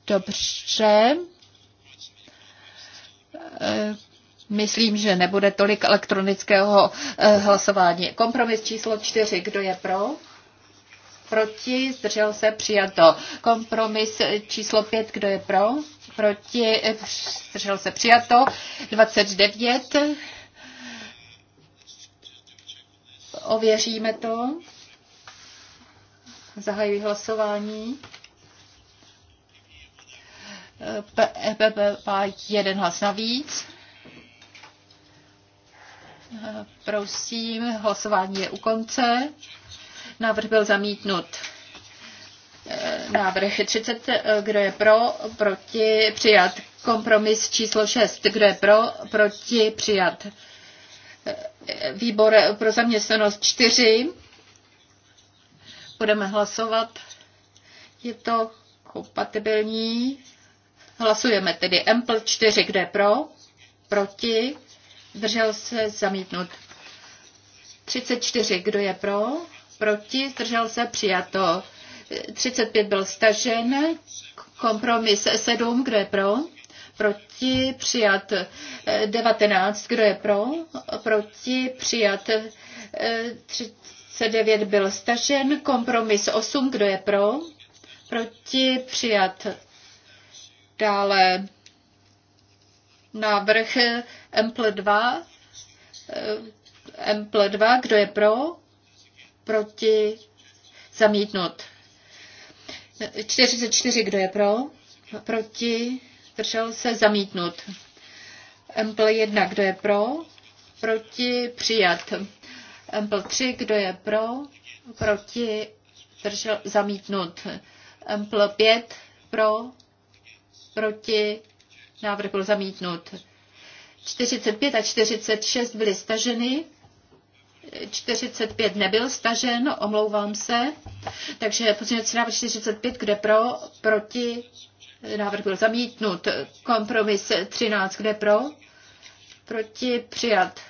Dobře. Eh, myslím, že nebude tolik elektronického eh, hlasování. Kompromis číslo čtyři. Kdo je pro? Proti? Zdržel se? Přijato. Kompromis eh, číslo pět. Kdo je pro? Proti? Zdržel se? Přijato. 29. Ověříme to. Zahajuji hlasování. EPP má jeden hlas navíc. Prosím, hlasování je u konce. Návrh byl zamítnut. Návrh 30, kdo je pro, proti, přijat. Kompromis číslo 6, kdo je pro, proti, přijat. Výbor pro zaměstnanost 4. Budeme hlasovat. Je to kompatibilní Hlasujeme tedy Ample 4, kde pro, proti, zdržel se zamítnut. 34, kdo je pro, proti, zdržel se přijato. 35 byl stažen, kompromis 7, kdo je pro, proti, přijat 19, kdo je pro, proti, přijat 39 byl stažen, kompromis 8, kdo je pro, proti, přijat Dále návrh Ample 2. Ample eh, 2, kdo je pro? Proti? Zamítnut. 44, kdo je pro? Proti? Držel se zamítnut. Ample 1, kdo je pro? Proti? Přijat. Ample 3, kdo je pro? Proti? Držel zamítnut. Ample 5, pro? proti, návrh byl zamítnut. 45 a 46 byly staženy, 45 nebyl stažen, omlouvám se. Takže pozměňovací návrh 45, kde pro, proti, návrh byl zamítnut. Kompromis 13, kde pro, proti, přijat.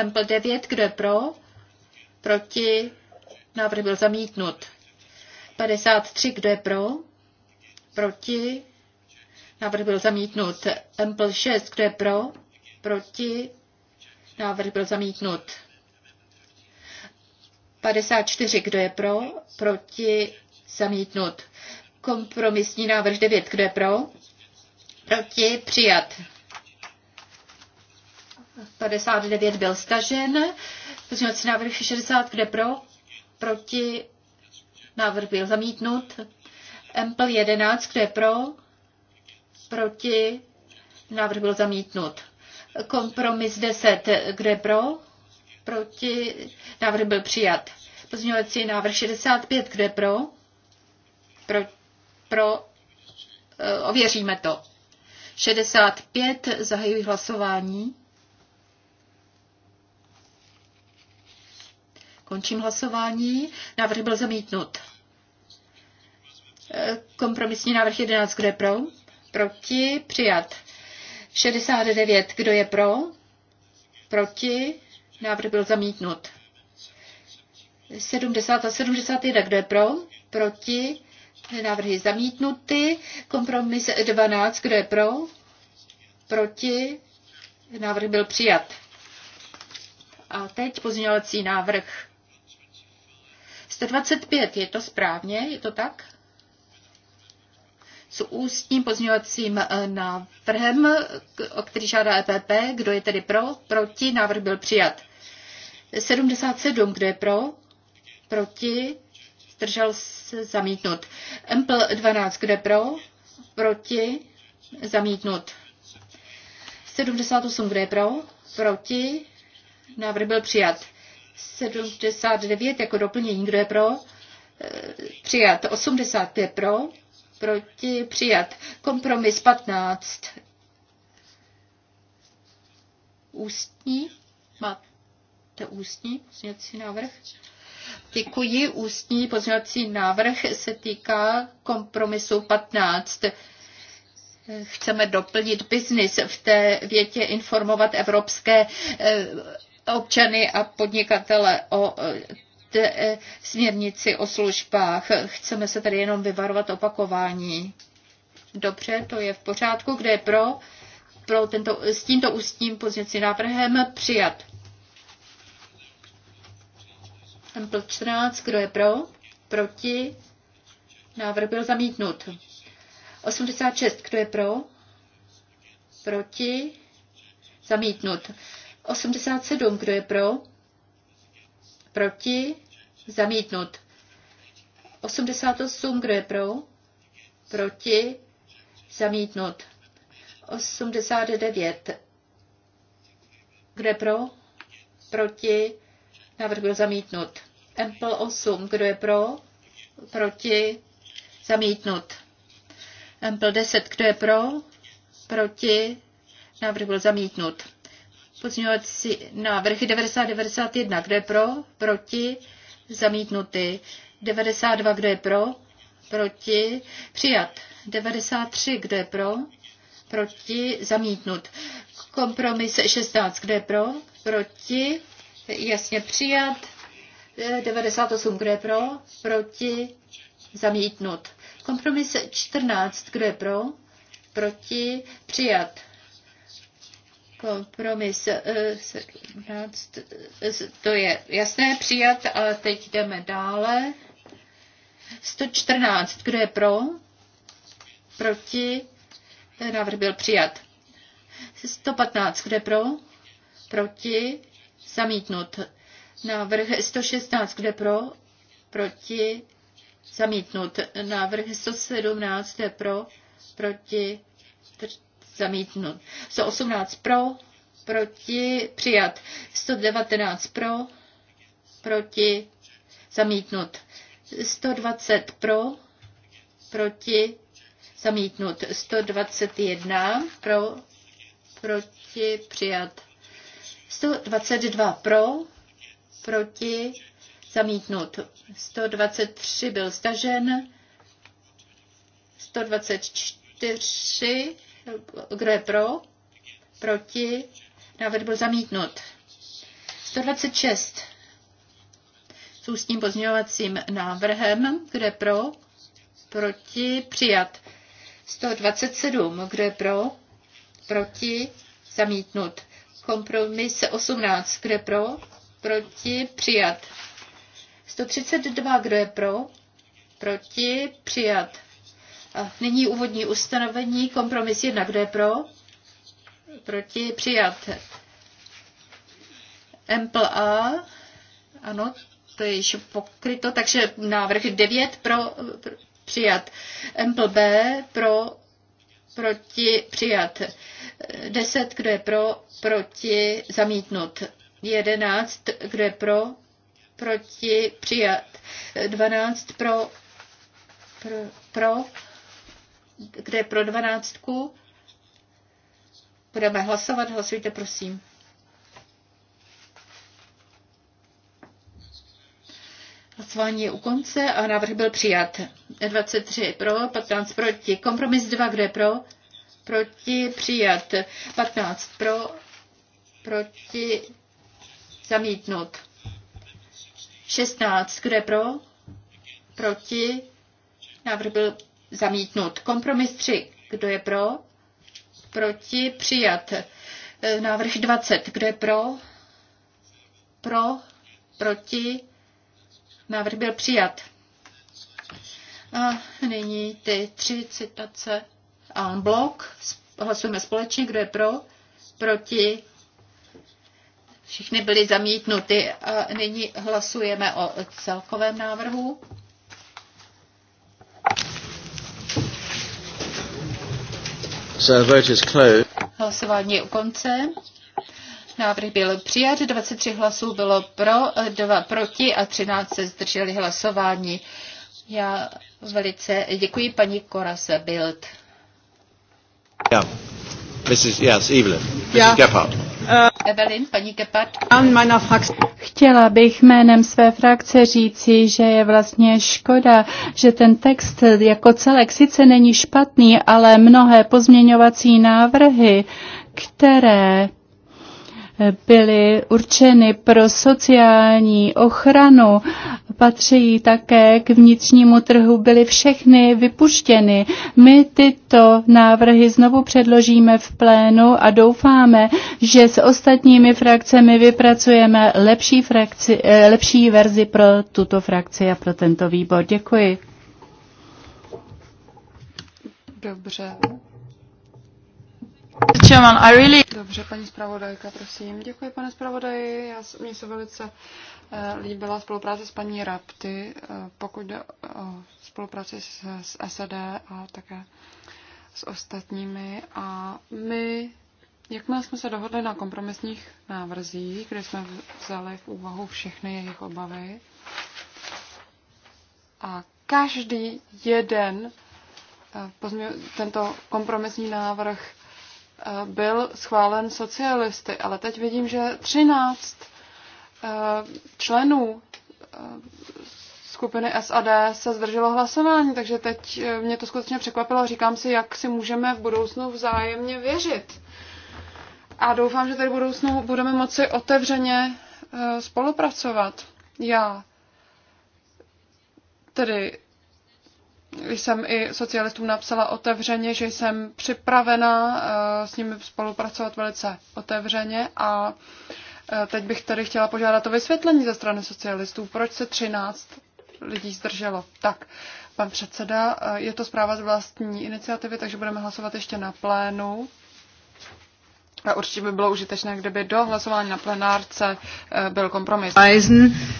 Ample 9, kde pro? Proti? Návrh byl zamítnut. 53, kdo je pro? Proti? Návrh byl zamítnut. Ample 6, kdo je pro? Proti? Návrh byl zamítnut. 54, kdo je pro? Proti? Zamítnut. Kompromisní návrh 9, kdo je pro? Proti? Přijat. 59 byl stažen. Pozměňovací návrh 60, kde pro? proti, návrh byl zamítnut. Empl 11, kdo je pro, proti, návrh byl zamítnut. Kompromis 10, kdo je pro, proti, návrh byl přijat. Pozměňovací návrh 65, kdo je pro, pro, pro eh, ověříme to. 65, zahajuji hlasování. Končím hlasování. Návrh byl zamítnut. Eh, kompromisní návrh 11. Kdo je pro? Proti? Přijat. 69. Kdo je pro? Proti? Návrh byl zamítnut. 70 a 71. Kdo je pro? Proti? Návrhy zamítnuty. Kompromis 12. Kdo je pro? Proti? Návrh byl přijat. A teď pozměňovací návrh 125, je to správně, je to tak? S ústním pozměňovacím eh, návrhem, o který žádá EPP, kdo je tedy pro, proti, návrh byl přijat. 77, kdo je pro, proti, zdržel se zamítnut. Mpl 12, kdo je pro, proti, zamítnut. 78, je pro, proti, návrh byl přijat. 79 jako doplnění. Kdo je pro? E, přijat. 85 pro? Proti? Přijat. Kompromis 15. Ústní? Máte ústní pozměnací návrh? Děkuji. Ústní pozměnací návrh se týká kompromisu 15 chceme doplnit biznis v té větě informovat evropské e, občany a podnikatele o e, e, směrnici o službách. Chceme se tady jenom vyvarovat opakování. Dobře, to je v pořádku. Kde je pro? pro tento, s tímto ústním pozměcím návrhem přijat. Ample 14, kdo je pro? Proti? Návrh byl zamítnut. 86, kdo je pro? Proti? Zamítnut. 87. Kdo je pro? Proti? Zamítnut. 88. Kdo je pro? Proti? Zamítnut. 89. Kdo je pro? Proti? Návrh byl zamítnut. Empl 8. Kdo je pro? Proti? Zamítnut. Empl 10. Kdo je pro? Proti? Návrh byl zamítnut. Pozměňovací návrhy 90-91, kdo je pro, proti, zamítnuty. 92, kdo je pro, proti, přijat. 93, kdo je pro, proti, zamítnut. Kompromis 16, kdo je pro, proti, jasně přijat. 98, kdo je pro, proti, zamítnut. Kompromis 14, kdo je pro, proti, přijat. Kompromis eh, eh, to je jasné přijat, ale teď jdeme dále. 114, kdo je pro? Proti? Návrh byl přijat. 115, kdo je pro? Proti? Zamítnut. Návrh 116, kde pro? Proti? Zamítnut. Návrh 117, kde pro? Proti? zamítnut. 118 pro, proti, přijat. 119 pro, proti, zamítnut. 120 pro, proti, zamítnut. 121 pro, proti, přijat. 122 pro, proti, zamítnut. 123 byl stažen, 124 kdo je pro? Proti? Návrh byl zamítnut. 126. S ústním pozměňovacím návrhem. Kdo je pro? Proti? Přijat. 127. Kdo je pro? Proti? Zamítnut. Kompromis 18. Kdo je pro? Proti? Přijat. 132. Kdo je pro? Proti? Přijat. Nyní úvodní ustanovení, kompromis 1, kde pro? Proti přijat. Ample A, ano, to je již pokryto, takže návrh 9 pro, pro přijat. Ample B pro, proti přijat. 10, kdo je pro, proti zamítnut. 11, kdo je pro, proti přijat. 12 pro, pro, pro kde je pro dvanáctku? Budeme hlasovat. Hlasujte, prosím. Hlasování je u konce a návrh byl přijat. 23 pro, 15 proti. Kompromis 2, kdo je pro? Proti přijat. 15 pro, proti zamítnut. 16, kdo je pro? Proti. Návrh byl zamítnut. Kompromis 3. Kdo je pro? Proti přijat. E, návrh 20. Kdo je pro? Pro? Proti? Návrh byl přijat. A nyní ty tři citace en blok. Hlasujeme společně, kdo je pro, proti. Všichni byly zamítnuty a nyní hlasujeme o celkovém návrhu. So vote is closed. Hlasování je u konce. Návrh byl přijat, 23 hlasů bylo pro, 2 proti a 13 se zdrželi hlasování. Já velice děkuji paní Koras Bild. Yeah. Mrs. Yes, Evelyn. Mrs. Yeah. Gephardt. Uh... Evelyn, paní Chtěla bych jménem své frakce říci, že je vlastně škoda, že ten text jako celek sice není špatný, ale mnohé pozměňovací návrhy, které byly určeny pro sociální ochranu, patří také k vnitřnímu trhu, byly všechny vypuštěny. My tyto návrhy znovu předložíme v plénu a doufáme, že s ostatními frakcemi vypracujeme lepší, frakci, eh, lepší verzi pro tuto frakci a pro tento výbor. Děkuji. Dobře. Dobře, paní zpravodajka, prosím. Děkuji, pane zpravodaji. Já, mně se velice eh, líbila spolupráce s paní Rapty, eh, pokud jde o spolupráci s, s SED a také s ostatními. A my, jakmile jsme se dohodli na kompromisních návrzích, kde jsme vzali v úvahu všechny jejich obavy, a každý jeden eh, pozměl, tento kompromisní návrh Eh, byl schválen socialisty, ale teď vidím, že 13 eh, členů eh, skupiny SAD se zdrželo hlasování, takže teď mě to skutečně překvapilo. Říkám si, jak si můžeme v budoucnu vzájemně věřit. A doufám, že tady v budoucnu budeme moci otevřeně spolupracovat. Já tedy jsem i socialistům napsala otevřeně, že jsem připravena eh, s nimi spolupracovat velice otevřeně a eh, teď bych tady chtěla požádat o vysvětlení ze strany socialistů, proč se 13 lidí zdrželo. Tak, pan předseda, eh, je to zpráva z vlastní iniciativy, takže budeme hlasovat ještě na plénu. A určitě by bylo užitečné, kdyby do hlasování na plenárce eh, byl kompromis.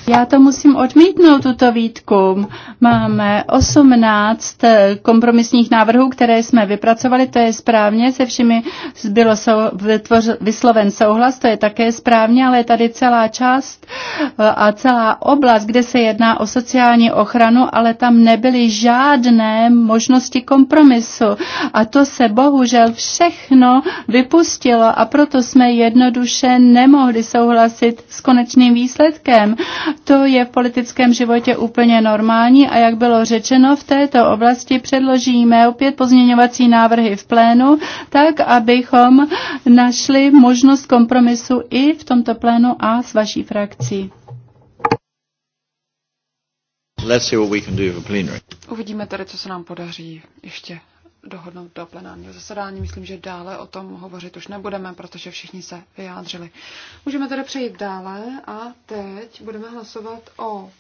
Já to musím odmítnout, tuto výtku. Máme 18 eh, kompromisních návrhů, které jsme vypracovali, to je správně, se všemi bylo sou, vytvoř, vysloven souhlas, to je také správně, ale je tady celá část eh, a celá oblast, kde se jedná o sociální ochranu, ale tam nebyly žádné možnosti kompromisu. A to se bohužel všechno vypustilo a proto jsme jednoduše nemohli souhlasit s konečným výsledkem. To je v politickém životě úplně normální a jak bylo řečeno, v této oblasti předložíme opět pozměňovací návrhy v plénu, tak abychom našli možnost kompromisu i v tomto plénu a s vaší frakcí. Let's see what we can do for plenary. Uvidíme tady, co se nám podaří ještě dohodnout do plenárního zasedání. Myslím, že dále o tom hovořit už nebudeme, protože všichni se vyjádřili. Můžeme tedy přejít dále a teď budeme hlasovat o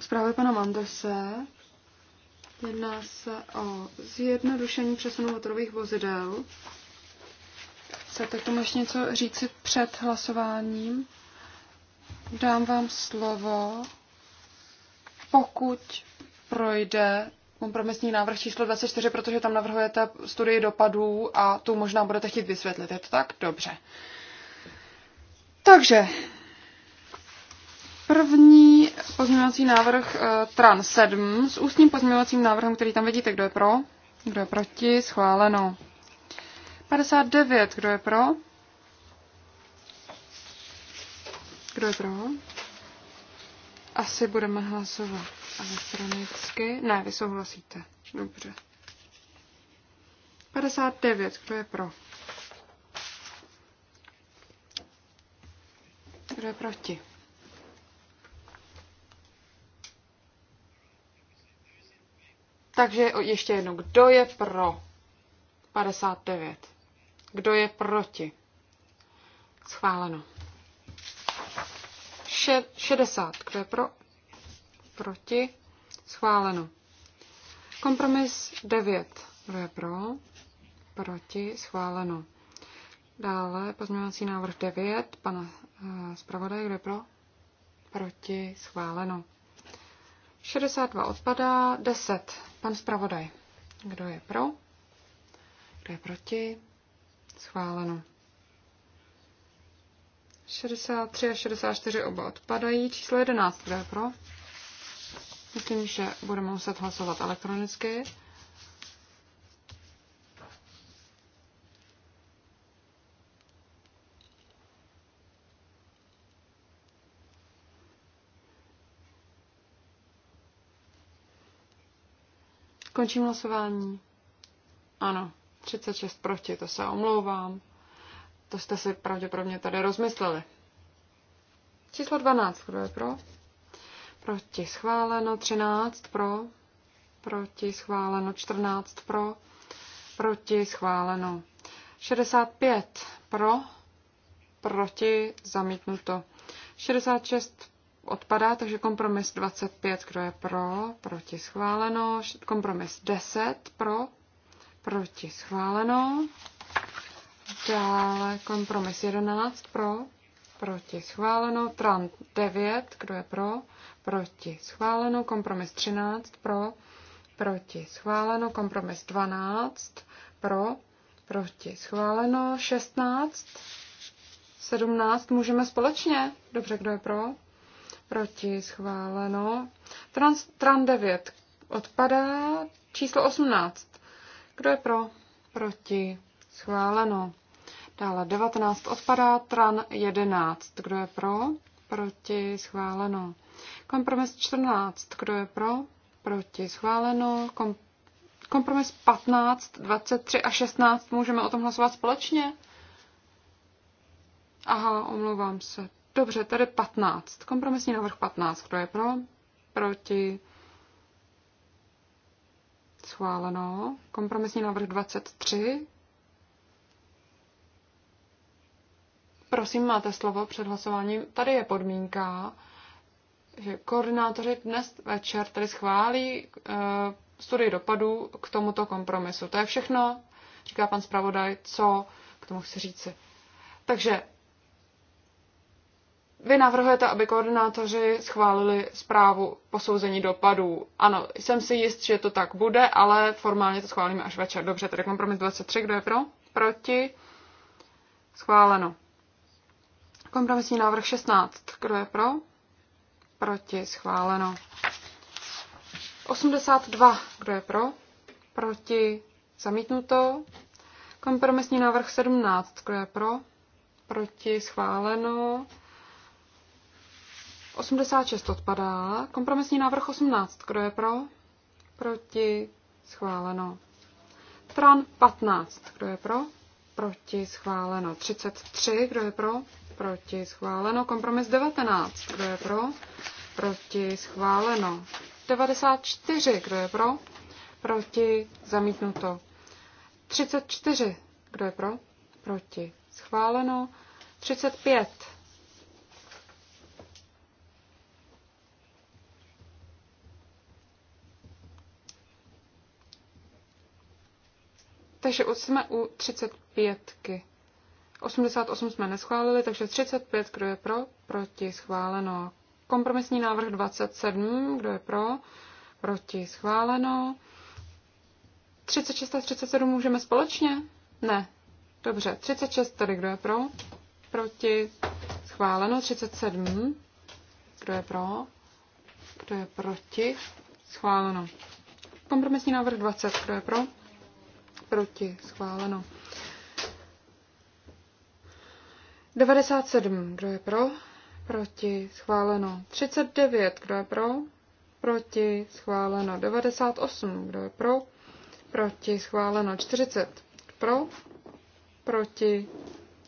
zprávě pana Mandese. Jedná se o zjednodušení přesunu motorových vozidel. Chcete k tomu ještě něco říci před hlasováním? Dám vám slovo pokud projde kompromisní návrh číslo 24, protože tam navrhujete studii dopadů a tu možná budete chtít vysvětlit. Je to tak? Dobře. Takže první pozměňovací návrh uh, TRAN 7 s ústním pozměňovacím návrhem, který tam vidíte, kdo je pro, kdo je proti, schváleno. 59, kdo je pro? Kdo je pro? asi budeme hlasovat elektronicky. Ne, vy souhlasíte. Dobře. 59, kdo je pro? Kdo je proti? Takže ještě jednou, kdo je pro? 59. Kdo je proti? Schváleno. 60. Kdo je pro? Proti? Schváleno. Kompromis 9. Kdo je pro? Proti? Schváleno. Dále pozměňovací návrh 9 pana eh, zpravodaje. Kdo je pro? Proti? Schváleno. 62 odpadá. 10. Pan zpravodaj. Kdo je pro? Kdo je proti? Schváleno. 63 a 64 oba odpadají. Číslo 11, kdo je pro? Myslím, že budeme muset hlasovat elektronicky. Končím hlasování. Ano, 36 proti, to se omlouvám. To jste si pravděpodobně tady rozmysleli. Číslo 12, kdo je pro? Proti schváleno 13 pro, proti schváleno 14 pro, proti schváleno 65 pro, proti zamítnuto. 66 odpadá, takže kompromis 25, kdo je pro, proti schváleno, kompromis 10 pro, proti schváleno, Dále kompromis 11 pro, proti schváleno. Tran 9, kdo je pro, proti schváleno. Kompromis 13 pro, proti schváleno. Kompromis 12 pro, proti schváleno. 16, 17 můžeme společně. Dobře, kdo je pro? Proti schváleno. Trans, tran 9 odpadá. Číslo 18. Kdo je pro? Proti Schváleno. Dále 19 odpadá, tran 11. Kdo je pro? Proti schváleno. Kompromis 14. Kdo je pro? Proti schváleno. Kom- kompromis 15, 23 a 16. Můžeme o tom hlasovat společně? Aha, omlouvám se. Dobře, tady 15. Kompromisní návrh 15. Kdo je pro? Proti schváleno. Kompromisní návrh 23. Prosím, máte slovo před hlasováním. Tady je podmínka, že koordinátoři dnes večer tady schválí uh, studii dopadů k tomuto kompromisu. To je všechno, říká pan zpravodaj, co k tomu chci říci. Takže vy navrhujete, aby koordinátoři schválili zprávu posouzení dopadů. Ano, jsem si jist, že to tak bude, ale formálně to schválíme až večer. Dobře, tedy kompromis 23, kdo je pro? Proti? Schváleno. Kompromisní návrh 16. Kdo je pro? Proti. Schváleno. 82. Kdo je pro? Proti. Zamítnuto. Kompromisní návrh 17. Kdo je pro? Proti. Schváleno. 86 odpadá. Kompromisní návrh 18. Kdo je pro? Proti. Schváleno. Tran 15. Kdo je pro? Proti. Schváleno. 33. Kdo je pro? Proti schváleno. Kompromis 19. Kdo je pro? Proti schváleno. 94. Kdo je pro? Proti zamítnuto. 34. Kdo je pro? Proti schváleno. 35. Takže jsme u 35. 88 jsme neschválili, takže 35, kdo je pro, proti, schváleno. Kompromisní návrh 27, kdo je pro, proti, schváleno. 36 a 37 můžeme společně? Ne. Dobře, 36 tady, kdo je pro, proti, schváleno. 37, kdo je pro, kdo je proti, schváleno. Kompromisní návrh 20, kdo je pro, proti, schváleno. 97, kdo je pro? Proti, schváleno. 39, kdo je pro? Proti, schváleno. 98, kdo je pro? Proti, schváleno. 40, pro? Proti,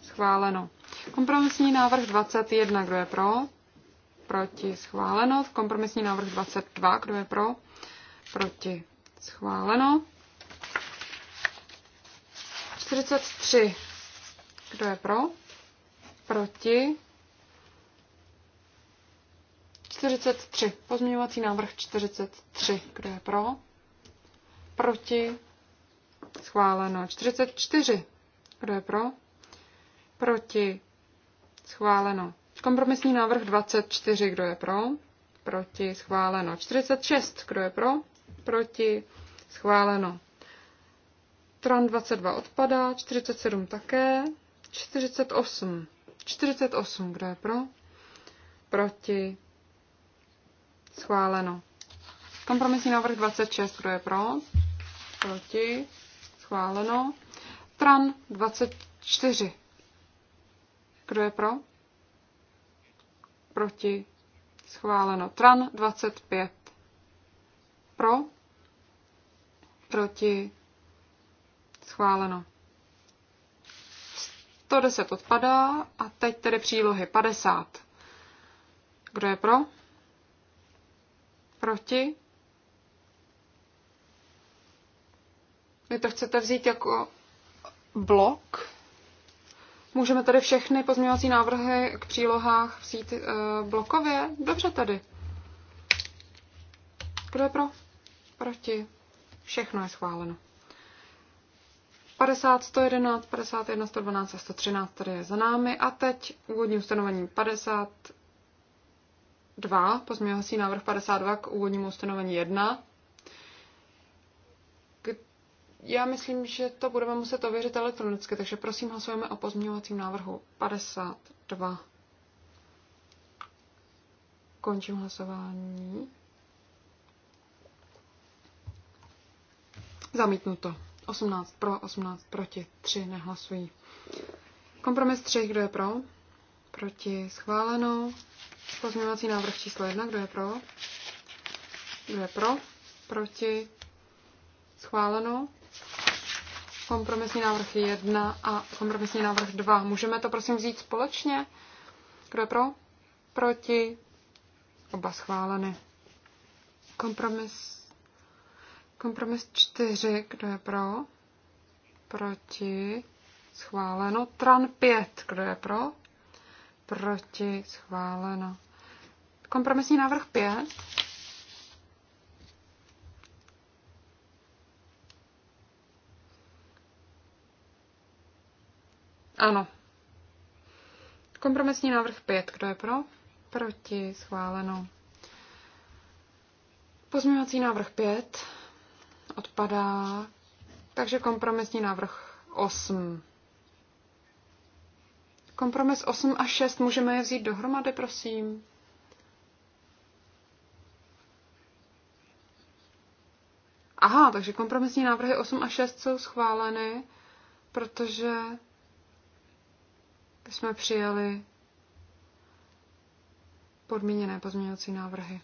schváleno. Kompromisní návrh 21, kdo je pro? Proti, schváleno. Kompromisní návrh 22, kdo je pro? Proti, schváleno. 43, kdo je pro? proti, 43. Pozměňovací návrh 43. Kdo je pro? Proti? Schváleno. 44. Kdo je pro? Proti? Schváleno. Kompromisní návrh 24. Kdo je pro? Proti? Schváleno. 46. Kdo je pro? Proti? Schváleno. Tran 22 odpadá, 47 také, 48. 48, kdo je pro? Proti? Schváleno. Kompromisní návrh 26, kdo je pro? Proti? Schváleno. Tran 24. Kdo je pro? Proti? Schváleno. Tran 25. Pro? Proti? Schváleno. 110 odpadá a teď tedy přílohy 50. Kdo je pro? Proti? Vy to chcete vzít jako blok? Můžeme tady všechny pozměňovací návrhy k přílohách vzít e, blokově? Dobře tady. Kdo je pro? Proti? Všechno je schváleno. 50, 111, 51, 112 a 113 tady je za námi. A teď úvodní ustanovení 52, pozměňovací návrh 52 k úvodnímu ustanovení 1. Já myslím, že to budeme muset ověřit elektronicky, takže prosím hlasujeme o pozměňovacím návrhu 52. Končím hlasování. Zamítnuto. 18 pro, 18 proti, 3 nehlasují. Kompromis 3, kdo je pro? Proti schváleno. Pozměňovací návrh číslo 1, kdo je pro? Kdo je pro? Proti schváleno. Kompromisní návrh 1 a kompromisní návrh 2. Můžeme to prosím vzít společně? Kdo je pro? Proti? Oba schváleny. Kompromis Kompromis 4, kdo je pro? Proti? Schváleno. Tran 5, kdo je pro? Proti? Schváleno. Kompromisní návrh 5. Ano. Kompromisní návrh 5. Kdo je pro? Proti. Schváleno. Pozměňovací návrh 5 odpadá. Takže kompromisní návrh 8. Kompromis 8 a 6 můžeme je vzít dohromady, prosím. Aha, takže kompromisní návrhy 8 a 6 jsou schváleny, protože jsme přijali podmíněné pozměňovací návrhy.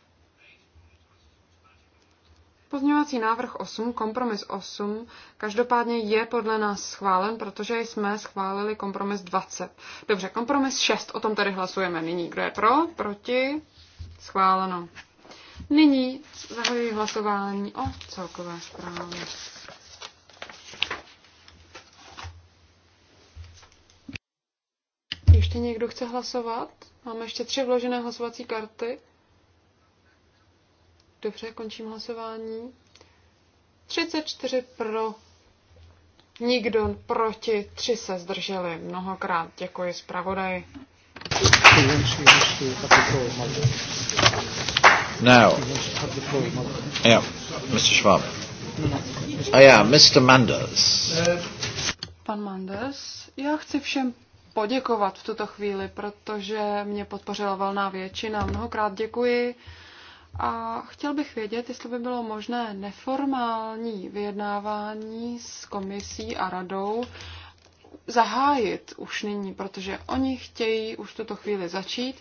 Pozměňovací návrh 8, kompromis 8, každopádně je podle nás schválen, protože jsme schválili kompromis 20. Dobře, kompromis 6, o tom tady hlasujeme nyní. Kdo je pro, proti, schváleno. Nyní zahajuji hlasování o celkové zprávě. Ještě někdo chce hlasovat? Máme ještě tři vložené hlasovací karty. Dobře, končím hlasování. 34 pro, nikdo proti, tři se zdrželi. Mnohokrát děkuji zpravodaji. Now, yeah, Mr. Schwab. Oh yeah, Mr. Manders. Pan Manders, já chci všem poděkovat v tuto chvíli, protože mě podpořila valná většina. Mnohokrát děkuji. A chtěl bych vědět, jestli by bylo možné neformální vyjednávání s komisí a radou zahájit už nyní, protože oni chtějí už tuto chvíli začít.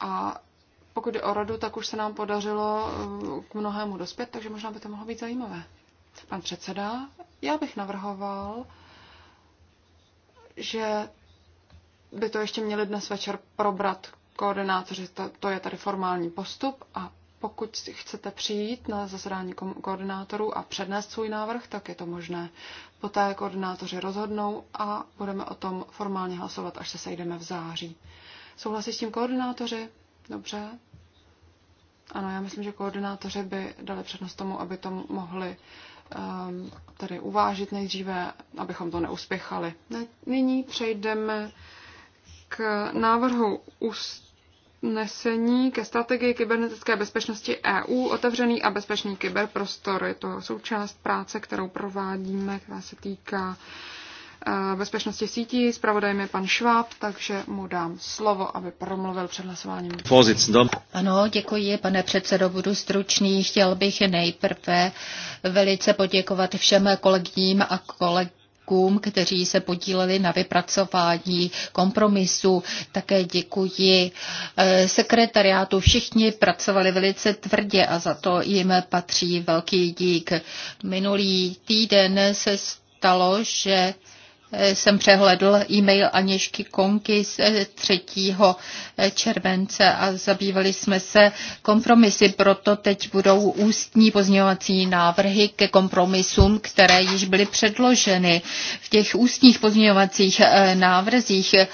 A pokud je o radu, tak už se nám podařilo eh, k mnohému dospět, takže možná by to mohlo být zajímavé. Pan předseda, já bych navrhoval, že by to ještě měli dnes večer probrat koordinátoři, to, to je tady formální postup a pokud chcete přijít na zasedání koordinátorů a přednést svůj návrh, tak je to možné. Poté koordinátoři rozhodnou a budeme o tom formálně hlasovat, až se sejdeme v září. Souhlasí s tím koordinátoři? Dobře. Ano, já myslím, že koordinátoři by dali přednost tomu, aby to mohli um, ehm, tady uvážit nejdříve, abychom to neuspěchali. Nyní přejdeme k návrhu úst usnesení ke strategii kybernetické bezpečnosti EU, otevřený a bezpečný kyberprostor. Je to součást práce, kterou provádíme, která se týká eh, bezpečnosti sítí. Spravodajem je pan Šváb, takže mu dám slovo, aby promluvil před hlasováním. Ano, děkuji, pane předsedo, budu stručný. Chtěl bych nejprve velice poděkovat všem kolegím a kolegům kolegům, kteří se podíleli na vypracování kompromisu. Také děkuji eh, sekretariátu. Všichni pracovali velice tvrdě a za to jim patří velký dík. Minulý týden se stalo, že jsem přehledl e-mail Aněšky Konky z 3. července a zabývali jsme se kompromisy, proto teď budou ústní pozměňovací návrhy ke kompromisům, které již byly předloženy. V těch ústních pozměňovacích eh, návrzích eh,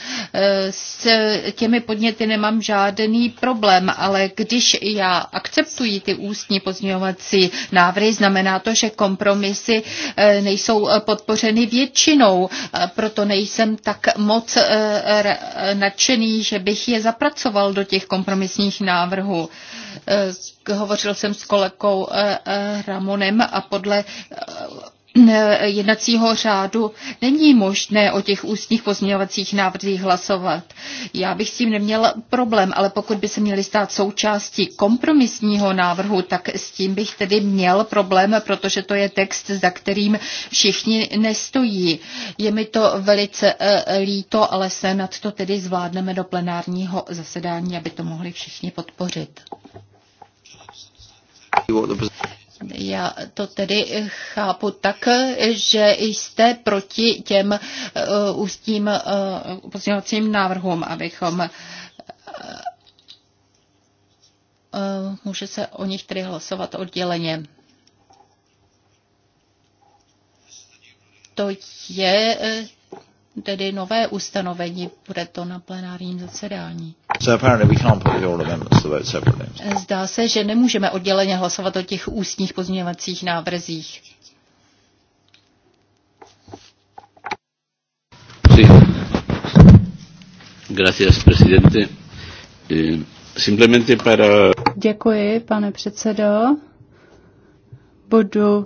s těmi podněty nemám žádný problém, ale když já akceptuji ty ústní pozměňovací návrhy, znamená to, že kompromisy eh, nejsou podpořeny většinou proto nejsem tak moc e, nadšený, že bych je zapracoval do těch kompromisních návrhů. E, hovořil jsem s kolegou e, Ramonem a podle Eh, jednacího řádu není možné o těch ústních pozměňovacích návrzích hlasovat. Já bych s tím neměl problém, ale pokud by se měly stát součástí kompromisního návrhu, tak s tím bych tedy měl problém, protože to je text, za kterým všichni nestojí. Je mi to velice eh, líto, ale se nad to tedy zvládneme do plenárního zasedání, aby to mohli všichni podpořit. Já to tedy chápu tak, že jste proti těm uh, eh, eh, pozdělacím návrhům, abychom eh, může se o nich tedy hlasovat odděleně. To je tedy nové ustanovení, bude to na plenárním zasedání. Zdá se, že nemůžeme odděleně hlasovat o těch ústních pozměňovacích návrzích. Eh, Děkuji, pane předsedo. Budu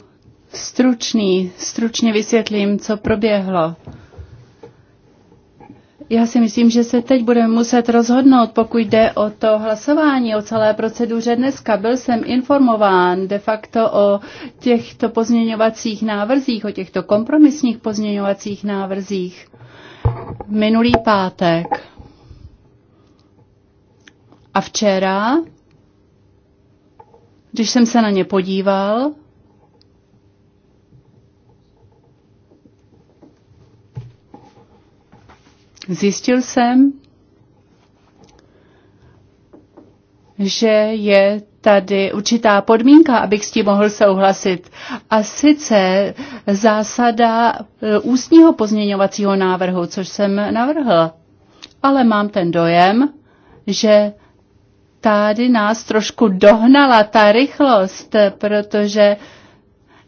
stručný, stručně vysvětlím, co proběhlo. Já si myslím, že se teď budeme muset rozhodnout, pokud jde o to hlasování, o celé proceduře dneska. Byl jsem informován de facto o těchto pozměňovacích návrzích, o těchto kompromisních pozměňovacích návrzích minulý pátek. A včera, když jsem se na ně podíval, Zjistil jsem, že je tady určitá podmínka, abych s tím mohl souhlasit. A sice zásada e, ústního pozměňovacího návrhu, což jsem navrhl. Ale mám ten dojem, že tady nás trošku dohnala ta rychlost, protože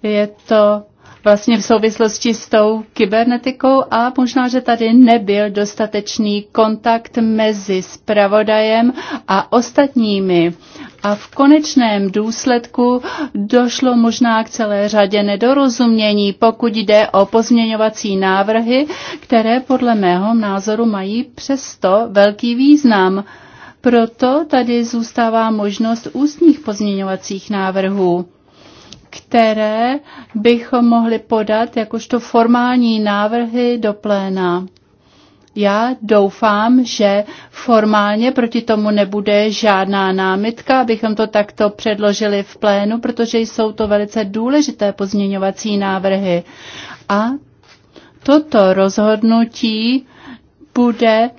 je to vlastně v souvislosti s tou kybernetikou a možná, že tady nebyl dostatečný kontakt mezi spravodajem a ostatními. A v konečném důsledku došlo možná k celé řadě nedorozumění, pokud jde o pozměňovací návrhy, které podle mého názoru mají přesto velký význam. Proto tady zůstává možnost ústních pozměňovacích návrhů které bychom mohli podat jakožto formální návrhy do pléna. Já doufám, že formálně proti tomu nebude žádná námitka, abychom to takto předložili v plénu, protože jsou to velice důležité pozměňovací návrhy. A toto rozhodnutí bude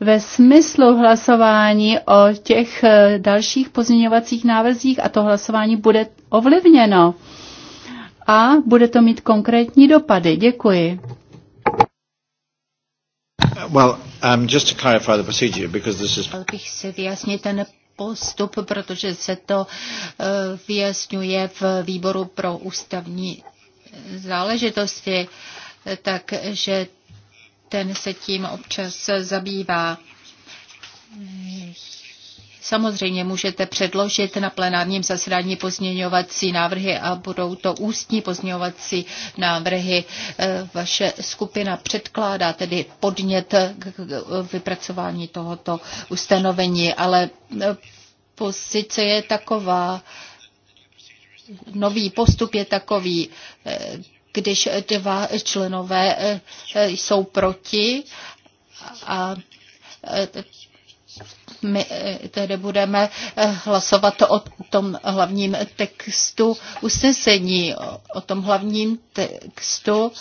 ve smyslu hlasování o těch eh, dalších pozměňovacích návrzích a to hlasování bude ovlivněno. A bude to mít konkrétní dopady. Děkuji. Well, um, just to clarify the procedure, because this is... Bych si vyjasnit ten postup, protože se to eh, vyjasňuje v výboru pro ústavní záležitosti, takže ten se tím občas zabývá. Samozřejmě můžete předložit na plenárním zasedání pozměňovací návrhy a budou to ústní pozměňovací návrhy. Vaše skupina předkládá tedy podnět k vypracování tohoto ustanovení, ale pozice je taková, nový postup je takový, když dva členové eh, eh, jsou proti a eh, my tedy budeme hlasovat o tom hlavním textu usnesení, o tom hlavním textu.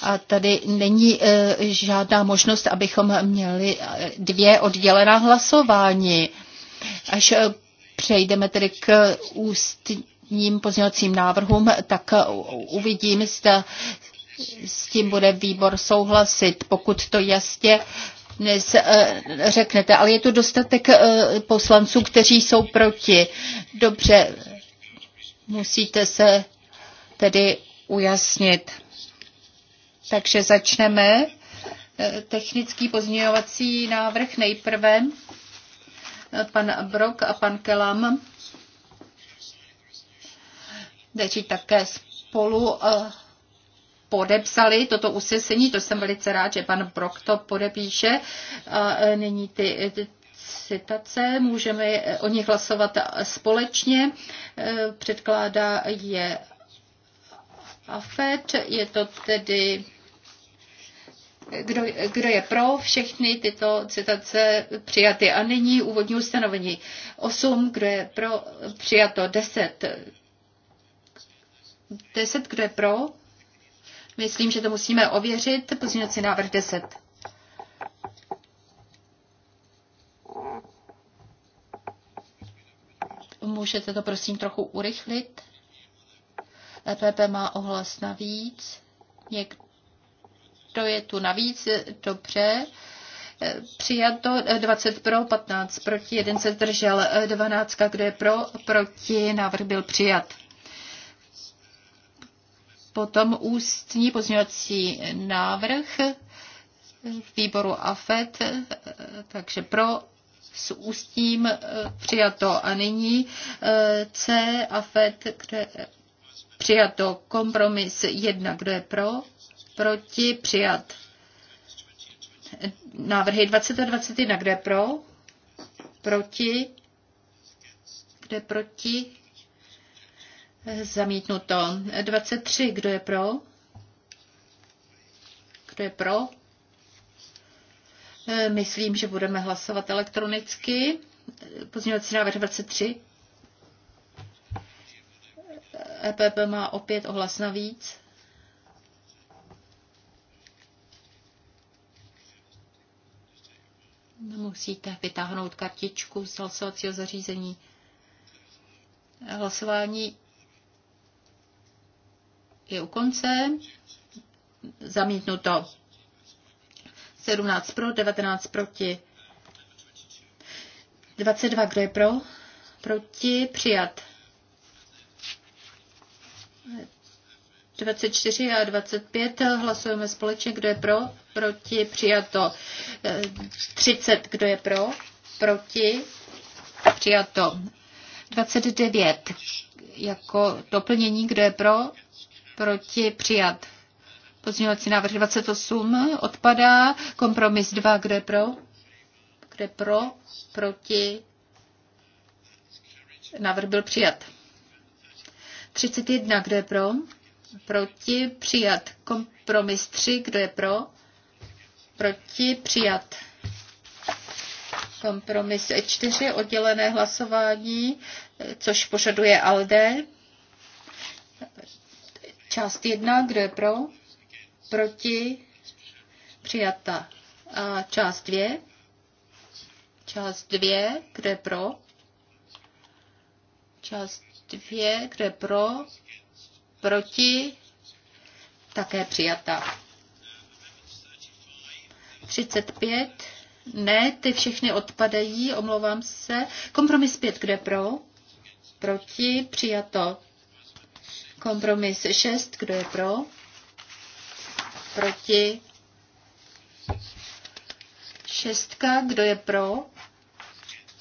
A tady není žádná možnost, abychom měli dvě oddělená hlasování. Až přejdeme tedy k ústní ostatním pozměňovacím návrhům, tak uvidím, zda s tím bude výbor souhlasit, pokud to jasně dnes eh, řeknete. Ale je tu dostatek eh, poslanců, kteří jsou proti. Dobře, musíte se tedy ujasnit. Takže začneme. Eh, technický pozměňovací návrh nejprve. Pan Brok a pan Kelam kteří také spolu eh, podepsali toto usnesení. To jsem velice rád, že pan Brok to podepíše. A eh, nyní ty, ty citace, můžeme o nich hlasovat společně. Eh, předkládá je AFET, je to tedy kdo, kdo je pro všechny tyto citace přijaty. A nyní úvodní ustanovení 8, kdo je pro přijato 10, 10, kdo je pro? Myslím, že to musíme ověřit. Pozměňovací návrh 10. Můžete to prosím trochu urychlit? EPP má ohlas navíc. Někdo je tu navíc, dobře. E, přijato 20 e, pro, 15 proti, 1 se zdržel, 12, e, kdo je pro, proti, návrh byl přijat. Potom ústní pozměňovací návrh výboru AFET, takže pro s ústím eh, přijato. A nyní eh, C AFET, kde přijato kompromis 1, kdo je pro, proti, přijat. Návrhy 20 a 21, kde pro, proti, kde proti, Zamítnuto. 23. Kdo je pro? Kdo je pro? Eh, myslím, že budeme hlasovat elektronicky. Pozměňovací návrh 23. EPP má opět ohlas navíc. Musíte vytáhnout kartičku z hlasovacího zařízení. Hlasování je u konce. Zamítnuto. 17 pro, 19 proti. 22, kdo je pro? Proti, přijat. 24 a 25 hlasujeme společně, kdo je pro, proti, přijato. 30, kdo je pro, proti, přijato. 29 jako doplnění, kdo je pro, proti přijat. Pozměňovací návrh 28 odpadá. Kompromis 2, kde pro? Kde pro? Proti? Návrh byl přijat. 31, kdo je pro? Proti? Přijat. Kompromis 3, kdo je pro? Proti? Přijat. Kompromis 4, oddělené hlasování, což požaduje ALDE. Část jedna, kdo je pro? Proti? Přijata. A část dvě? Část dvě, kde je pro? Část dvě, kde je pro? Proti? Také přijata. 35. Ne, ty všechny odpadají, omlouvám se. Kompromis 5, kde pro? Proti, přijato. Kompromis 6, kdo je pro? Proti? Šestka, kdo je pro?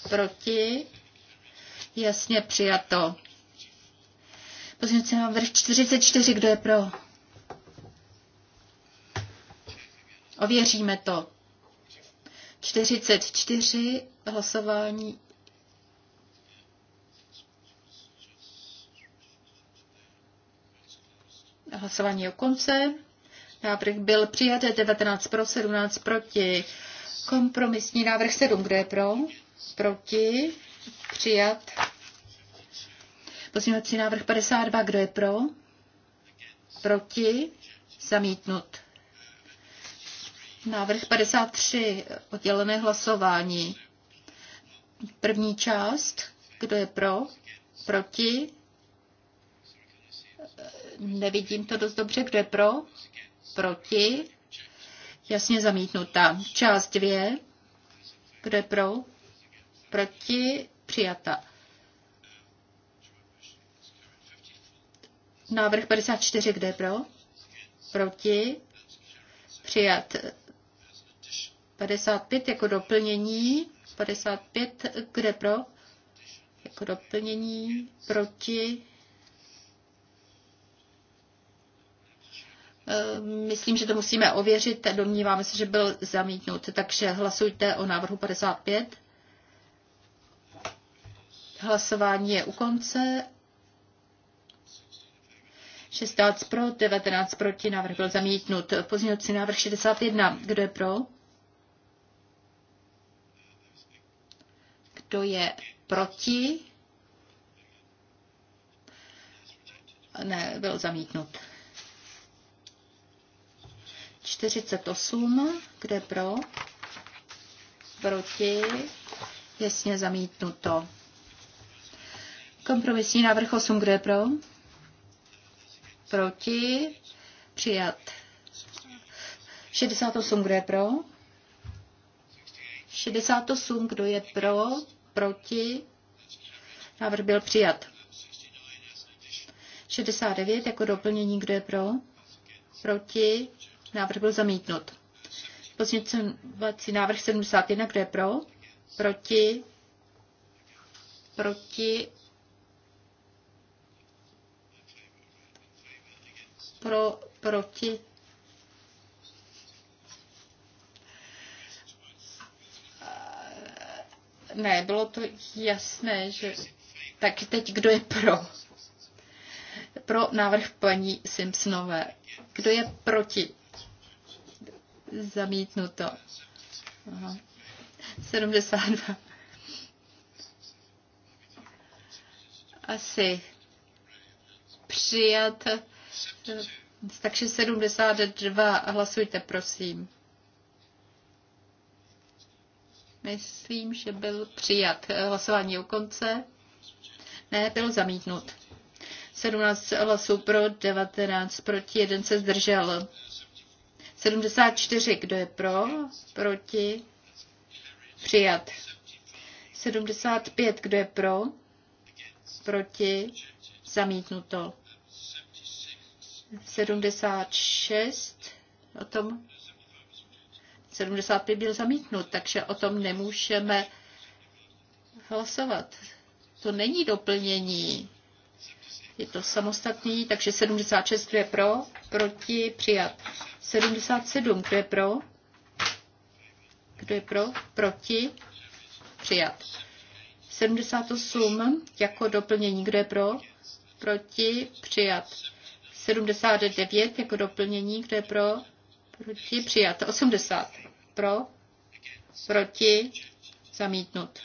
Proti? Jasně přijato. mám vrch 44, kdo je pro? Ověříme to. 44 hlasování Hlasování o konce. Návrh byl přijat 19 pro, 17 proti. Kompromisní návrh 7, kdo je pro? Proti. Přijat. Pozměňovací návrh 52, kdo je pro? Proti. Zamítnut. Návrh 53, oddělené hlasování. První část, kdo je pro? Proti nevidím to dost dobře, kdo je pro, proti, jasně zamítnuta. Část dvě, kdo je pro, proti, přijata. Návrh 54, kde je pro? Proti. Přijat 55 jako doplnění. 55, kde pro? Jako doplnění. Proti. Eh, myslím, že to musíme ověřit. Domníváme se, že byl zamítnut. Takže hlasujte o návrhu 55. Hlasování je u konce. 16 pro, 19 proti, návrh byl zamítnut. Pozměňovací návrh 61. Kdo je pro? Kdo je proti? Ne, byl zamítnut. 48, kde pro, proti, jasně zamítnuto. Kompromisní návrh 8, kde pro, proti, přijat. 68, kde pro, 68, kdo je pro, proti, návrh byl přijat. 69 jako doplnění, kdo je pro, proti, Návrh byl zamítnut. Pozměňovací návrh 71, kde je pro? Proti? Proti? Pro, proti? Ne, bylo to jasné, že... Tak teď kdo je pro? Pro návrh paní Simpsonové. Kdo je proti? Zamítnuto. Aha. 72. Asi přijat. Takže 72. Hlasujte, prosím. Myslím, že byl přijat. Hlasování u konce. Ne, byl zamítnut. 17 hlasů pro, 19 proti, jeden se zdržel. 74, kdo je pro, proti, přijat. 75, kdo je pro, proti, zamítnuto. 76, o tom 75 byl zamítnut, takže o tom nemůžeme hlasovat. To není doplnění je to samostatný, takže 76, kdo je pro, proti, přijat. 77, kdo je pro, kdo je pro, proti, přijat. 78 jako doplnění, kdo je pro, proti, přijat. 79 jako doplnění, kdo je pro, proti, přijat. 80 pro, proti, zamítnut.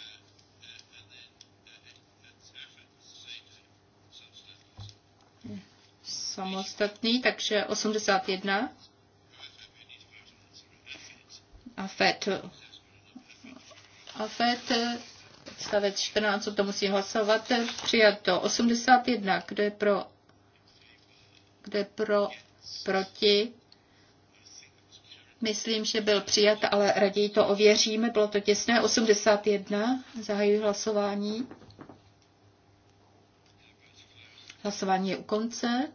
samostatný, takže 81 a FED. A FED odstavec 14, o to musí hlasovat, přijato 81, kdo je pro, kdo je pro, proti. Myslím, že byl přijat, ale raději to ověříme, bylo to těsné. 81, zahajuji hlasování. Hlasování je u konce.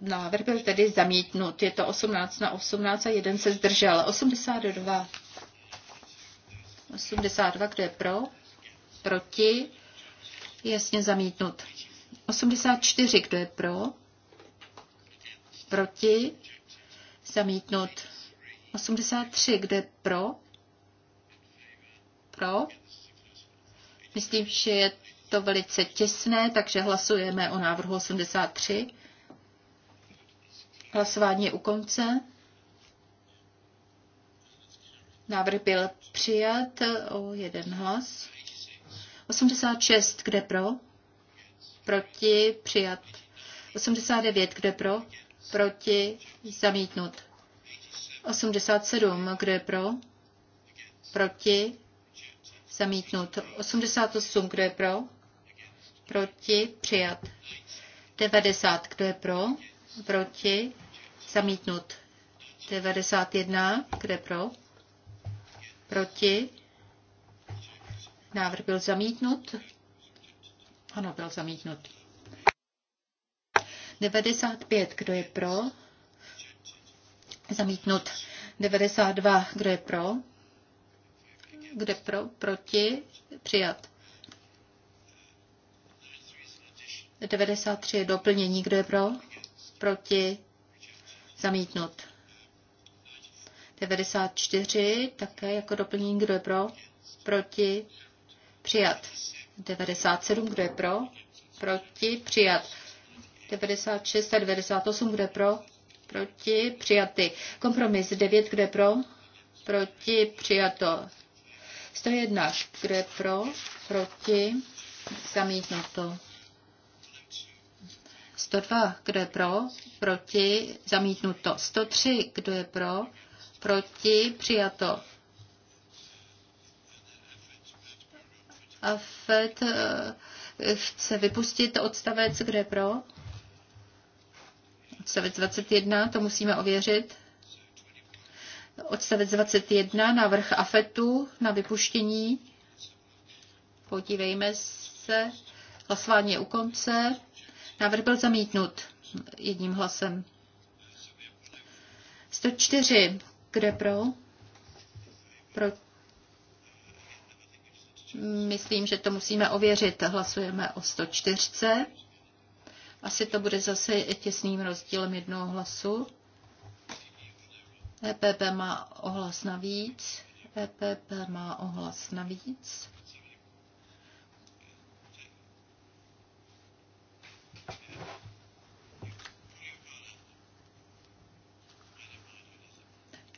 Návrh byl tedy zamítnut. Je to 18 na 18 a jeden se zdržel. 82. 82, kdo je pro? Proti? Jasně zamítnut. 84, kdo je pro? Proti? Zamítnut. 83, kdo je pro? Pro? Myslím, že je to velice těsné, takže hlasujeme o návrhu 83. Hlasování je u konce. Návrh byl přijat o jeden hlas. 86, kde pro? Proti, přijat. 89, kde pro? Proti, zamítnut. 87, kde pro? Proti, zamítnut. 88, kde pro? Proti, přijat. 90, kdo je pro? proti, zamítnut. 91, kde pro, proti, návrh byl zamítnut. Ano, byl zamítnut. 95, kdo je pro, zamítnut. 92, kdo je pro, kde pro, proti, přijat. 93 je doplnění, kdo je pro? proti, zamítnut. 94, také jako doplnění, kdo je pro, proti, přijat. 97, kdo je pro, proti, přijat. 96 a 98, kdo je pro, proti, přijaty. Kompromis 9, kdo je pro, proti, přijato. 101, kdo je pro, proti, zamítnuto. 102, kdo je pro, proti, zamítnuto. 103, kdo je pro, proti, přijato. A FED eh, chce vypustit odstavec, kde je pro. Odstavec 21, to musíme ověřit. Odstavec 21, návrh AFETu na vypuštění. Podívejme se. Hlasování je u konce. Návrh byl zamítnut jedním hlasem. 104. Kde pro? pro? Myslím, že to musíme ověřit. Hlasujeme o 104. Asi to bude zase těsným rozdílem jednoho hlasu. EPP má ohlas navíc. EPP má ohlas navíc.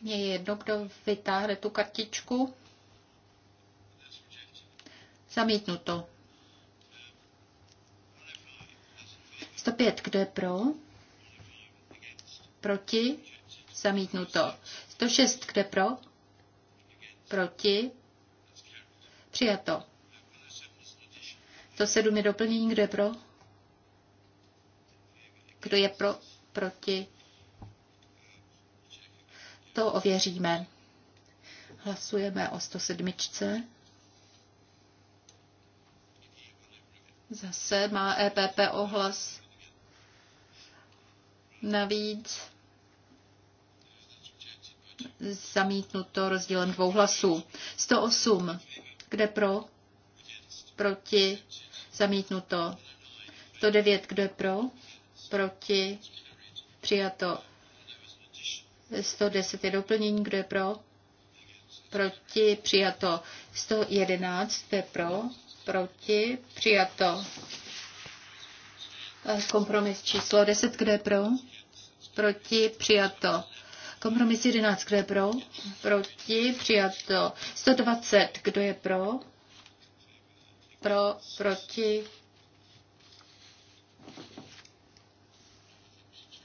Mně Je jedno, kdo vytáhne tu kartičku. Zamítnuto. 105. Kdo je pro? Proti? Zamítnuto. 106. Kdo je pro? Proti? Přijato. 107 je doplnění. Kdo je pro? Kdo je pro? Proti? To ověříme. Hlasujeme o 107. Zase má EPP ohlas navíc zamítnuto rozdílem dvou hlasů. 108. Kde pro? Proti. Zamítnuto. 109. Kde pro? Proti. Přijato. 110 je doplnění, kdo je pro? Proti přijato. 111 je pro? Proti přijato. Kompromis číslo 10, kdo je pro? Proti přijato. Kompromis 11, kdo je pro? Proti přijato. 120, kdo je pro? Pro, proti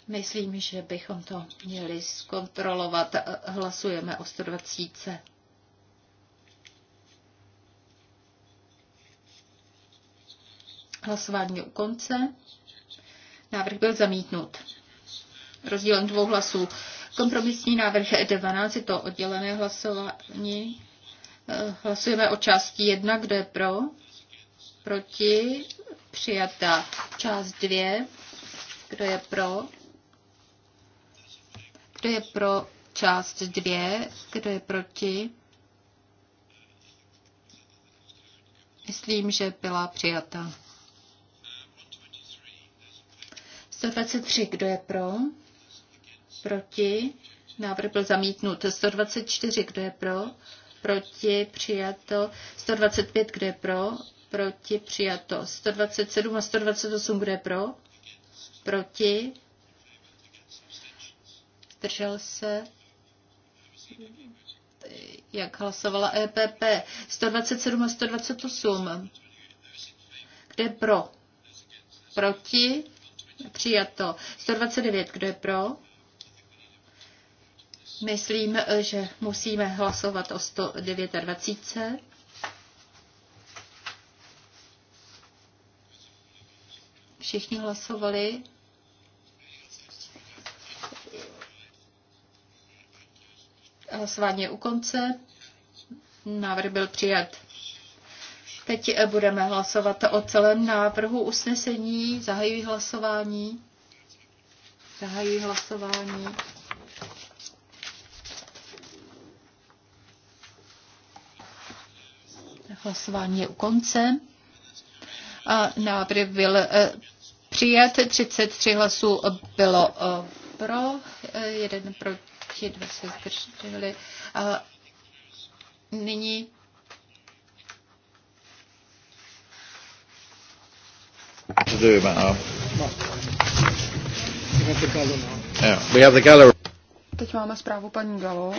Myslím, že bychom to měli zkontrolovat. Hlasujeme o 120. Hlasování u konce. Návrh byl zamítnut. Rozdílem dvou hlasů. Kompromisní návrh 12 je to oddělené hlasování. Hlasujeme o části 1, kdo je pro, proti, přijata část 2, kdo je pro, kdo je pro část dvě? Kdo je proti? Myslím, že byla přijata. 123. Kdo je pro? Proti? Návrh byl zamítnut. 124. Kdo je pro? Proti? Přijato. 125. Kdo je pro? Proti? Přijato. 127 a 128. Kdo je pro? Proti? zdržel se, jak hlasovala EPP, 127 a 128. kde je pro? Proti? Přijato. 129, kdo je pro? Myslím, že musíme hlasovat o 129. Všichni hlasovali. Hlasování je u konce. Návrh byl přijat. Teď budeme hlasovat o celém návrhu usnesení. Zahajuji hlasování. Zahajuji hlasování. Hlasování je u konce. A návrh byl eh, přijat. 33 hlasů bylo eh, pro, eh, jeden proti proti, dva se zdrželi. A nyní to do about Yeah, we have the gallery. Teď máme zprávu paní Galo.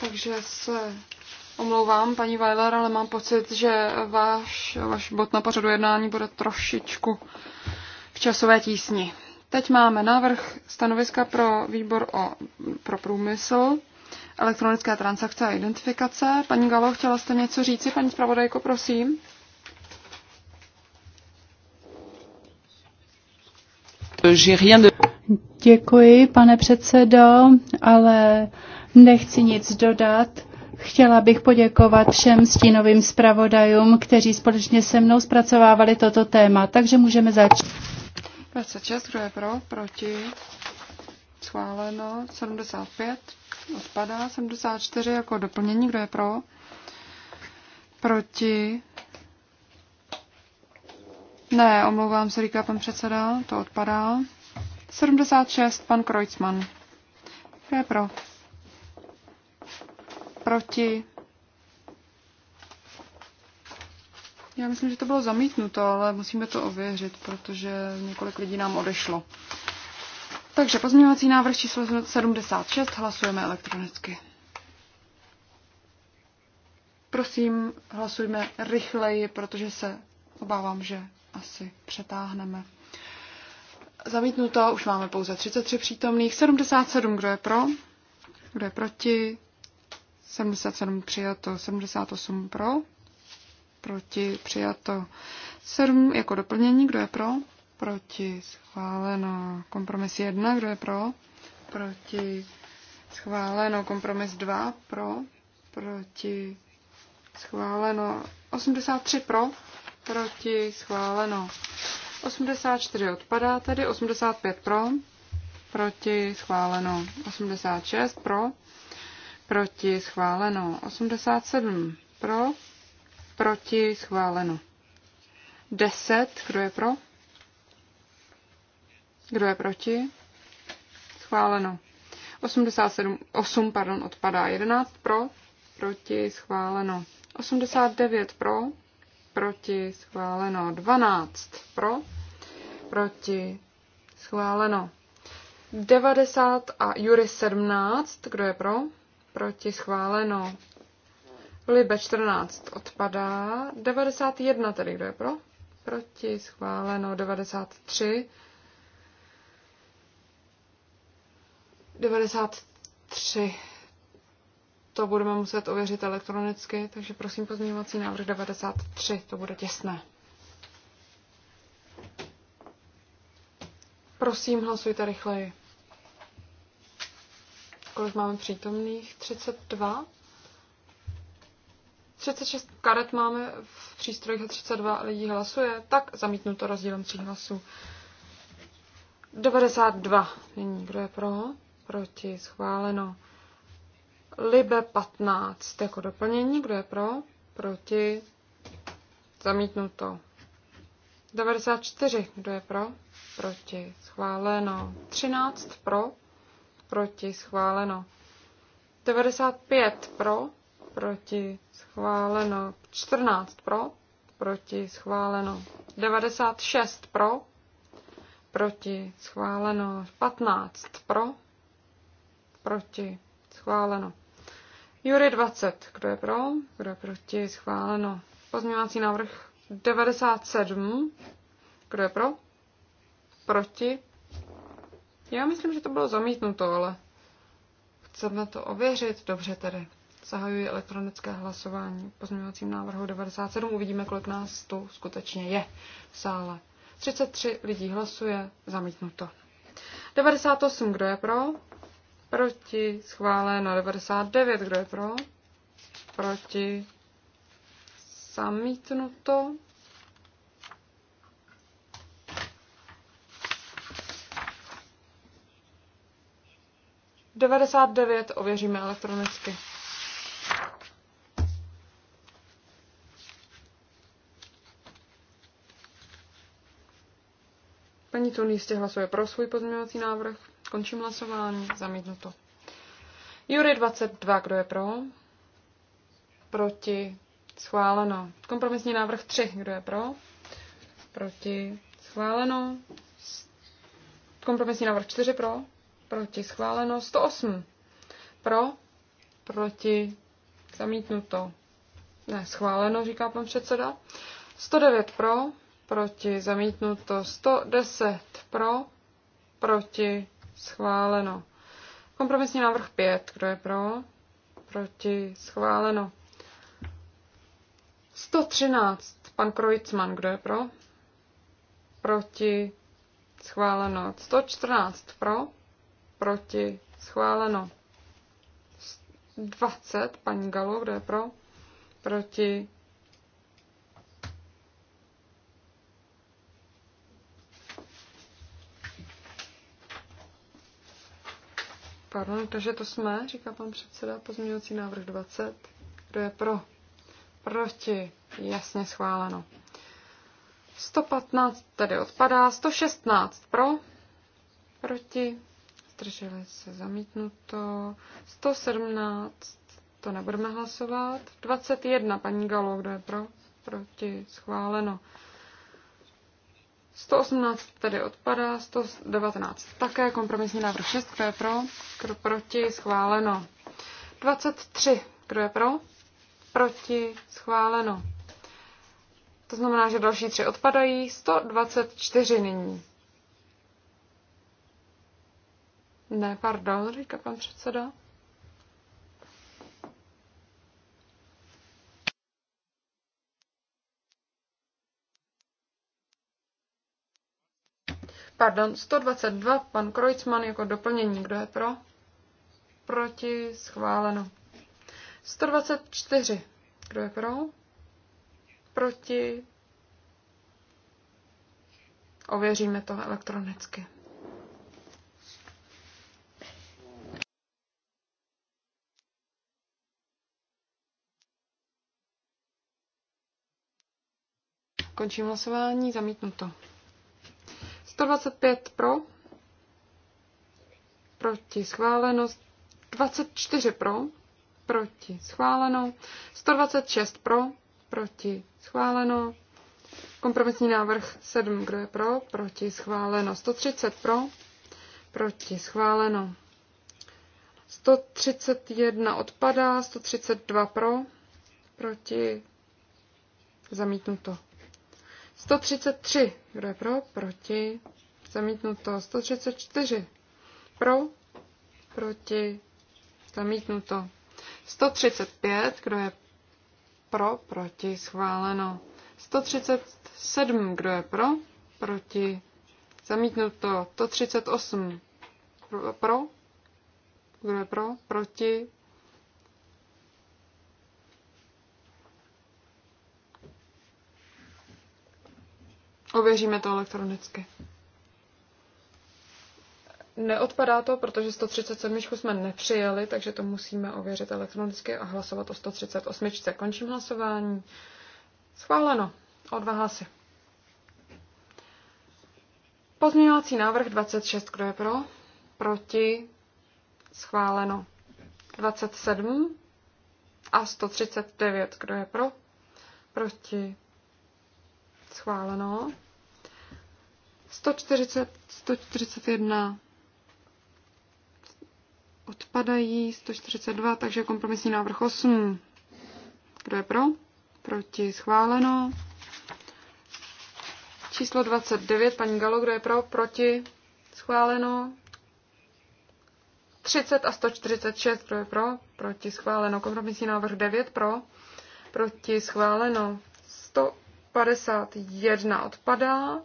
Takže se omlouvám, paní Weiler, ale mám pocit, že váš, váš bod na pořadu jednání bude trošičku v časové tísni. Teď máme návrh stanoviska pro výbor o, pro průmysl, elektronické transakce a identifikace. Paní Galo, chtěla jste něco říci, paní zpravodajko, prosím? Děkuji, pane předsedo, ale nechci nic dodat. Chtěla bych poděkovat všem stínovým zpravodajům, kteří společně se mnou zpracovávali toto téma, takže můžeme začít. 26, kdo je pro, proti, schváleno. 75, odpadá. 74 jako doplnění, kdo je pro, proti, ne, omlouvám se, říká pan předseda, to odpadá. 76, pan Kreutzmann. Kdo je pro? Proti. Já myslím, že to bylo zamítnuto, ale musíme to ověřit, protože několik lidí nám odešlo. Takže pozměňovací návrh číslo 76 hlasujeme elektronicky. Prosím, hlasujme rychleji, protože se obávám, že asi přetáhneme. Zamítnuto, už máme pouze 33 přítomných, 77, kdo je pro, kdo je proti, 77 přijato, 78 pro, proti přijato. 7 jako doplnění, kdo je pro, proti schváleno. Kompromis 1, kdo je pro, proti schváleno. Kompromis 2, pro, proti schváleno. 83 pro, proti schváleno. 84 odpadá, tedy 85 pro, proti schváleno. 86 pro, proti schváleno. 87 pro, proti, schváleno. 10, kdo je pro? Kdo je proti? Schváleno. 87, 8, pardon, odpadá. 11 pro, proti, schváleno. 89 pro, proti, schváleno. 12 pro, proti, schváleno. 90 a Jury 17, kdo je pro? Proti schváleno b 14 odpadá. 91 tedy, kdo je pro? Proti, schváleno. 93. 93. To budeme muset ověřit elektronicky, takže prosím pozměňovací návrh 93, to bude těsné. Prosím, hlasujte rychleji. Kolik máme přítomných? 32? 36 karet máme v přístrojích a 32 lidí hlasuje, tak zamítnu to rozdílem tří hlasů. 92. Nyní, kdo je pro? Proti, schváleno. Libe 15 jako doplnění, kdo je pro? Proti, zamítnuto. 94, kdo je pro? Proti, schváleno. 13 pro, proti, schváleno. 95 pro, proti, schváleno. 14 pro, proti, schváleno. 96 pro, proti, schváleno. 15 pro, proti, schváleno. Jury 20, kdo je pro, kdo je proti, schváleno. Pozměňovací návrh 97, kdo je pro, proti. Já myslím, že to bylo zamítnuto, ale chceme to ověřit. Dobře tedy. Zahajuji elektronické hlasování pozměňovacím návrhu 97. Uvidíme, kolik nás tu skutečně je v sále. 33 lidí hlasuje, zamítnuto. 98, kdo je pro? Proti, schváleno. 99, kdo je pro? Proti, zamítnuto. Devadesát devět ověříme elektronicky. Ani Tun jistě hlasuje pro svůj pozměňovací návrh. Končím hlasování. Zamítnuto. Jury 22. Kdo je pro? Proti. Schváleno. Kompromisní návrh 3. Kdo je pro? Proti. Schváleno. Kompromisní návrh 4 pro. Proti. Schváleno. 108. Pro. Proti. Zamítnuto. Ne, schváleno, říká pan předseda. 109 pro proti, zamítnuto 110 pro, proti, schváleno. Kompromisní návrh 5, kdo je pro, proti, schváleno. 113, pan Krojcman, kdo je pro, proti, schváleno. 114 pro, proti, schváleno. 20, paní Galo, kdo je pro, proti, Pardon, takže to jsme, říká pan předseda, pozměňovací návrh 20. Kdo je pro? Proti. Jasně schváleno. 115 tady odpadá. 116 pro. Proti. Zdrželi se zamítnuto. 117. To nebudeme hlasovat. 21. Paní Galo, kdo je pro? Proti. Schváleno. 118 tedy odpadá, 119 také, kompromisní návrh 6, kdo je pro, kdo proti, schváleno. 23, kdo je pro, proti, schváleno. To znamená, že další tři odpadají, 124 nyní. Ne, pardon, říká pan předseda. Pardon, 122, pan Krojcman jako doplnění. Kdo je pro? Proti, schváleno. 124, kdo je pro? Proti. Ověříme to elektronicky. Končím hlasování, zamítnuto. 125 pro, proti schváleno, 24 pro, proti schváleno, 126 pro, proti schváleno, kompromisní návrh 7, kdo je pro, proti schváleno, 130 pro, proti schváleno, 131 odpadá, 132 pro, proti zamítnuto. 133. Kdo je pro? Proti. Zamítnuto. 134. Pro? Proti. Zamítnuto. 135. Kdo je pro? Proti. Schváleno. 137. Kdo je pro? Proti. Zamítnuto. 138. Pro? Kdo je pro? Proti. Ověříme to elektronicky. Neodpadá to, protože 137 jsme nepřijeli, takže to musíme ověřit elektronicky a hlasovat o 138. Končím hlasování. Schváleno. O dva hlasy. Pozměňovací návrh 26. Kdo je pro? Proti? Schváleno. 27 a 139. Kdo je pro? Proti? Schváleno. 140, 141 odpadají, 142, takže kompromisní návrh 8. Kdo je pro? Proti schváleno. Číslo 29, paní Galo, kdo je pro? Proti schváleno. 30 a 146, kdo je pro? Proti schváleno. Kompromisní návrh 9 pro. Proti schváleno. 151 odpadá.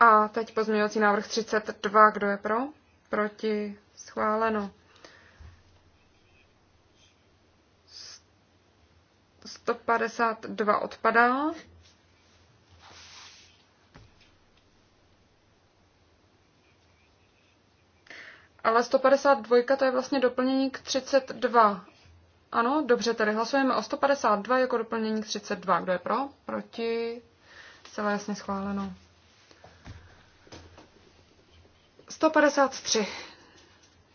A teď pozměňovací návrh 32. Kdo je pro? Proti? Schváleno. 152 odpadá. Ale 152 to je vlastně doplnění k 32. Ano, dobře, tedy hlasujeme o 152 jako doplnění k 32. Kdo je pro? Proti? Celé jasně schváleno. 153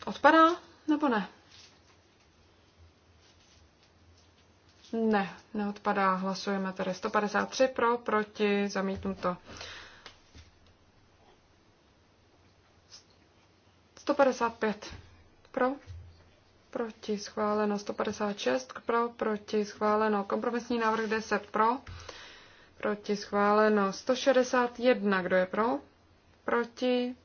odpadá nebo ne? Ne, neodpadá. Hlasujeme tedy 153 pro, proti, zamítnuto. 155 pro, proti, schváleno. 156 pro, proti, schváleno. Kompromisní návrh 10 pro, proti, schváleno. 161, kdo je pro? Proti,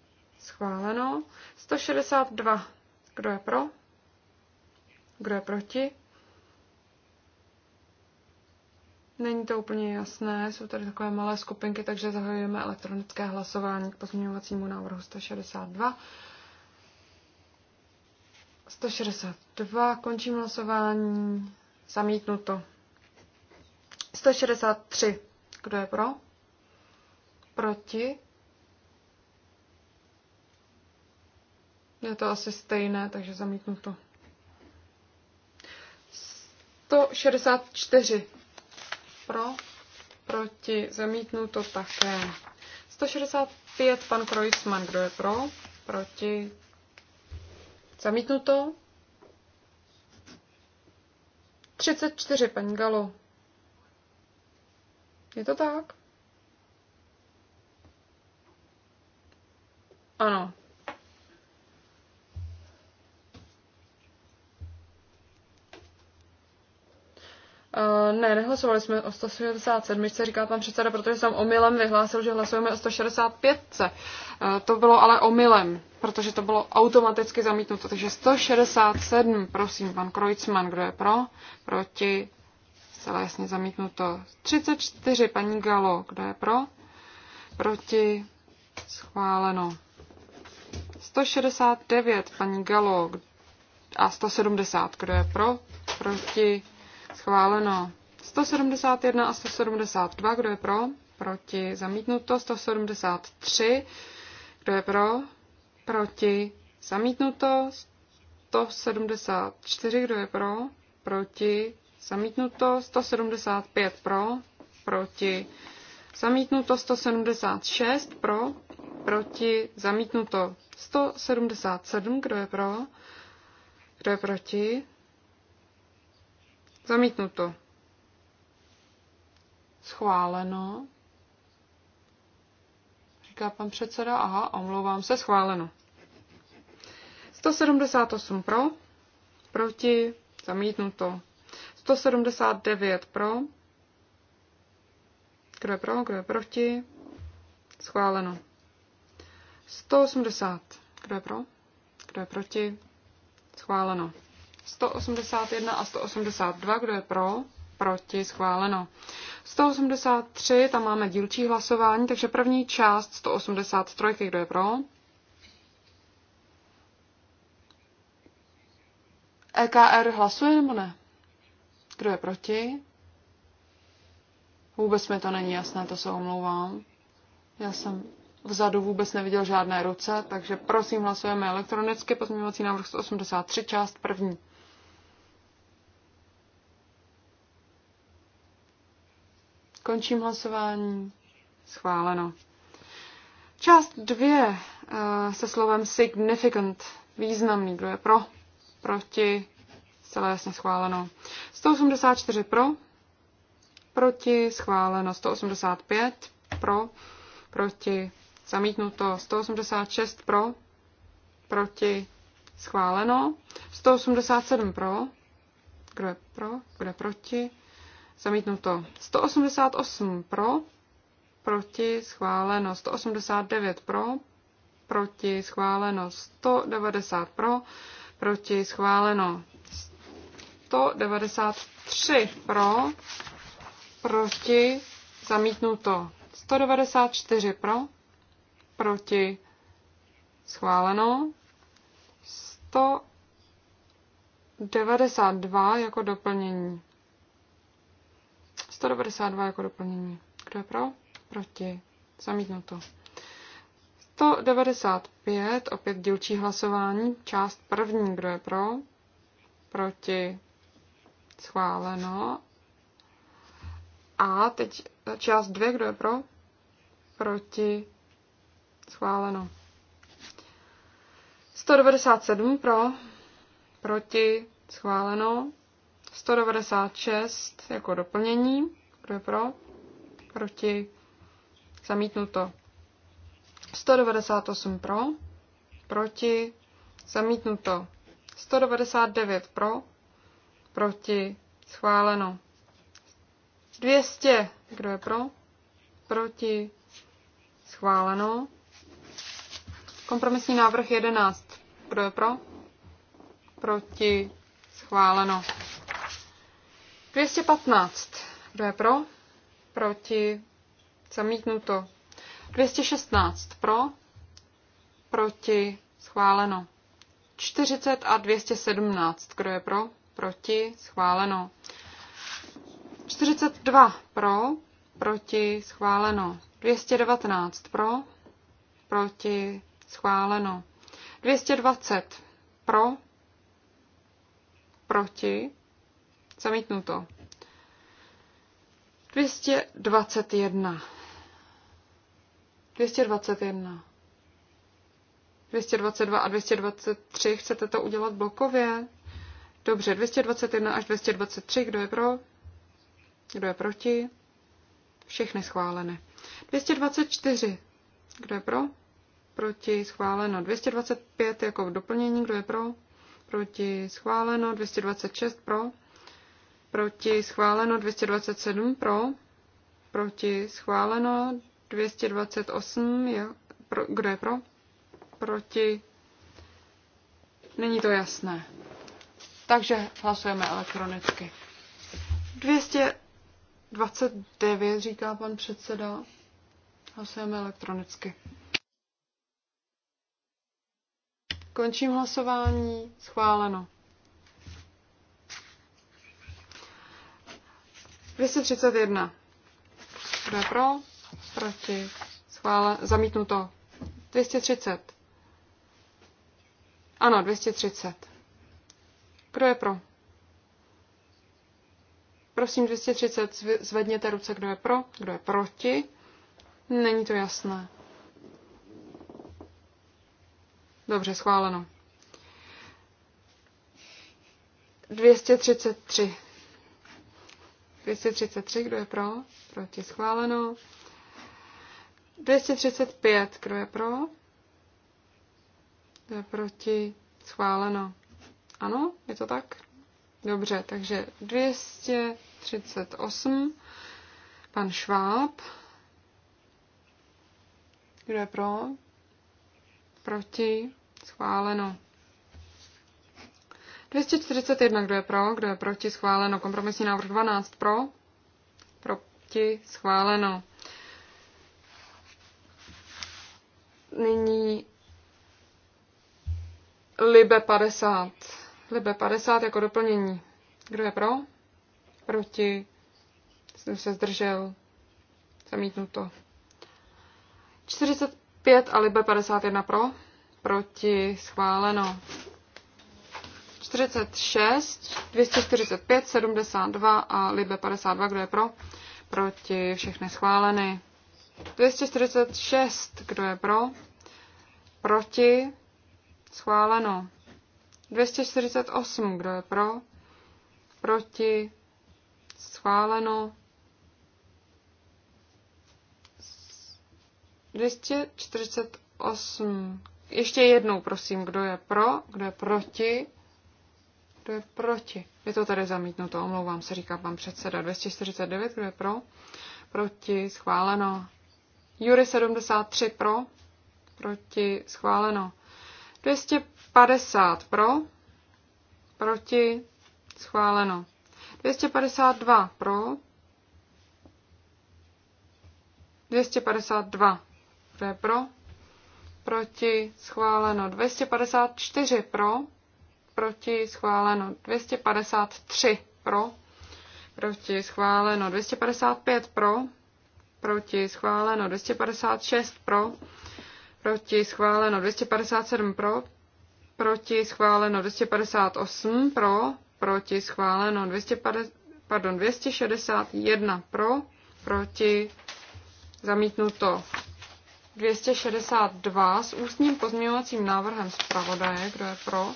Schváleno. 162. Kdo je pro? Kdo je proti? Není to úplně jasné, jsou tady takové malé skupinky, takže zahajujeme elektronické hlasování k pozměňovacímu návrhu 162. 162, končím hlasování, zamítnuto. 163, kdo je pro? Proti? Je to asi stejné, takže zamítnu to. 164 pro, proti, zamítnu to také. 165 pan Kreuzmann, kdo je pro, proti, zamítnu to. 34 paní Galo. Je to tak? Ano, Eh, ne, nehlasovali jsme o 167, říká pan předseda, protože jsem omylem vyhlásil, že hlasujeme o 165. Eh, to bylo ale omylem, protože to bylo automaticky zamítnuto. Takže 167, prosím, pan Krojcman, kdo je pro, proti, Celé jasně zamítnuto. 34, paní Galo, kdo je pro, proti, schváleno. 169, paní Galo, a 170, kdo je pro, proti, Schváleno. 171 a 172, kdo je pro? Proti. Zamítnuto. 173, kdo je pro? Proti. Zamítnuto. 174, kdo je pro? Proti. Zamítnuto. 175 pro? Proti. Zamítnuto 176 pro, proti, zamítnuto 177, kdo je pro, kdo je proti, Zamítnuto. Schváleno. Říká pan předseda, aha, omlouvám se, schváleno. 178 pro, proti, zamítnuto. 179 pro, kdo je pro, kdo je proti, schváleno. 180, kdo je pro, kdo je proti, schváleno. 181 a 182, kdo je pro, proti, schváleno. 183, tam máme dílčí hlasování, takže první část 183, kdo je pro, EKR hlasuje nebo ne? Kdo je proti? Vůbec mi to není jasné, to se omlouvám. Já jsem vzadu vůbec neviděl žádné ruce, takže prosím hlasujeme elektronicky. Pozměňovací návrh 183, část první. Končím hlasování. Schváleno. Část dvě eh, se slovem significant. Významný. Kdo je pro? Proti? Celé jasně schváleno. 184 pro. Proti? Schváleno. 185 pro. Proti? Zamítnuto. 186 pro. Proti? Schváleno. 187 pro. Kdo je pro? Kdo je proti? Zamítnuto. 188 pro, proti, schváleno. 189 pro, proti, schváleno. 190 pro, proti, schváleno. 193 pro, proti, zamítnuto. 194 pro, proti, schváleno. 192 jako doplnění 192 jako doplnění. Kdo je pro? Proti. Zamítnuto. 195, opět dílčí hlasování, část první, kdo je pro? Proti. Schváleno. A teď část dvě, kdo je pro? Proti. Schváleno. 197 pro, proti, schváleno. 196 jako doplnění. Kdo je pro? Proti? Zamítnuto. 198 pro? Proti? Zamítnuto. 199 pro? Proti? Schváleno. 200. Kdo je pro? Proti? Schváleno. Kompromisní návrh 11. Kdo je pro? Proti? Schváleno. 215. Kdo je pro? Proti? Zamítnuto. 216. Pro? Proti? Schváleno. 40 a 217. Kdo je pro? Proti? Schváleno. 42 pro, proti, schváleno. 219 pro, proti, schváleno. 220 pro, proti, Zamítnuto. 221. 221. 222 a 223. Chcete to udělat blokově? Dobře, 221 až 223. Kdo je pro? Kdo je proti? Všechny schváleny. 224. Kdo je pro? Proti schváleno. 225 jako v doplnění. Kdo je pro? Proti schváleno. 226 pro proti schváleno 227 pro, proti schváleno 228, je, pro, kdo je pro, proti, není to jasné. Takže hlasujeme elektronicky. 229, říká pan předseda. Hlasujeme elektronicky. Končím hlasování. Schváleno. 231. Kdo je pro? Proti. Schvále. Zamítnuto. 230. Ano, 230. Kdo je pro? Prosím, 230, zvedněte ruce, kdo je pro, kdo je proti. Není to jasné. Dobře, schváleno. 233. 233, kdo je pro? Proti schváleno. 235, kdo je pro? Kdo je proti? Schváleno. Ano, je to tak? Dobře, takže 238, pan Šváb. Kdo je pro? Proti? Schváleno. 241, kdo je pro, kdo je proti, schváleno. Kompromisní návrh 12 pro, proti, schváleno. Nyní Libe 50. Libe 50 jako doplnění. Kdo je pro? Proti? Jsem se zdržel. Zamítnuto. 45 a Libe 51 pro? Proti? Schváleno. 46, 245, 72 a Libe 52, kdo je pro, proti, všechny schváleny. 246, kdo je pro, proti, schváleno. 248, kdo je pro, proti, schváleno. 248. Ještě jednou, prosím, kdo je pro, kdo je proti, kdo je proti? Je to tady zamítnuto, omlouvám se, říká pan předseda. 249, kdo je pro? Proti, schváleno. Jury 73 pro, proti, schváleno. 250 pro, proti, schváleno. 252 pro, 252, kdo je pro? Proti, schváleno. 254 pro, proti, schváleno 253 pro, proti, schváleno 255 pro, proti, schváleno 256 pro, proti, schváleno 257 pro, proti, schváleno 258 pro, proti, schváleno 250, pardon, 261 pro, proti, zamítnuto 262 s ústním pozměňovacím návrhem zpravodaje, kdo je pro,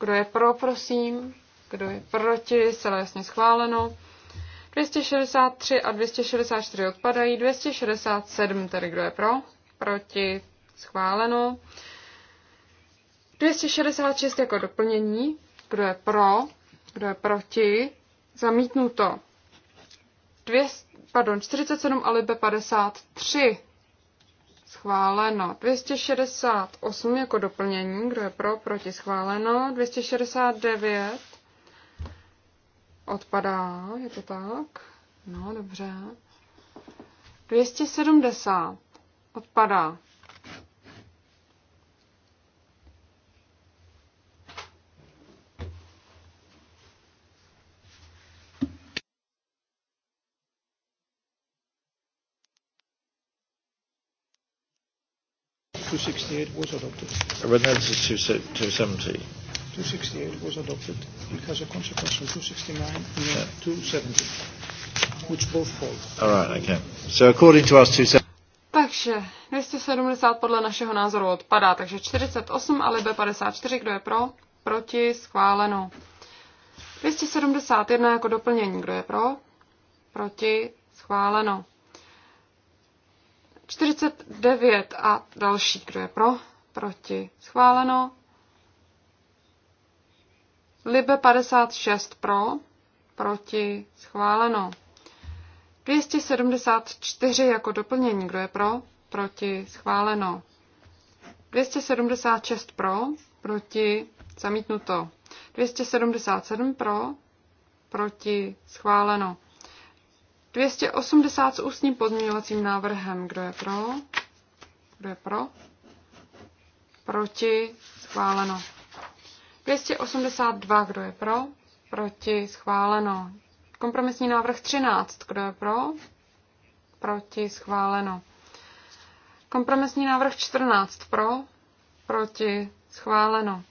kdo je pro, prosím. Kdo je proti, celé jasně schváleno. 263 a 264 odpadají. 267, tedy kdo je pro, proti, schváleno. 266 jako doplnění. Kdo je pro, kdo je proti, zamítnuto. 200, pardon, 47 a libe 53. Schváleno. 268 jako doplnění. Kdo je pro? Proti. Schváleno. 269 odpadá. Je to tak? No, dobře. 270 odpadá. 268 was adopted. Amendments to 270. 268 was adopted. It has a consequence on 269 and yeah. 270, which both fall. All right, okay. So according to us, 270. Takže 270 podle našeho názoru odpadá, takže 48 a Libe 54, kdo je pro? Proti, schváleno. 271 jako doplnění, kdo je pro? Proti, schváleno. 49 a další, kdo je pro, proti, schváleno. Libe 56 pro, proti, schváleno. 274 jako doplnění, kdo je pro, proti, schváleno. 276 pro, proti, zamítnuto. 277 pro, proti, schváleno. 280 s ústním pozměňovacím návrhem. Kdo je pro? Kdo je pro? Proti? Schváleno. 282. Kdo je pro? Proti? Schváleno. Kompromisní návrh 13. Kdo je pro? Proti? Schváleno. Kompromisní návrh 14. Pro? Proti? Schváleno.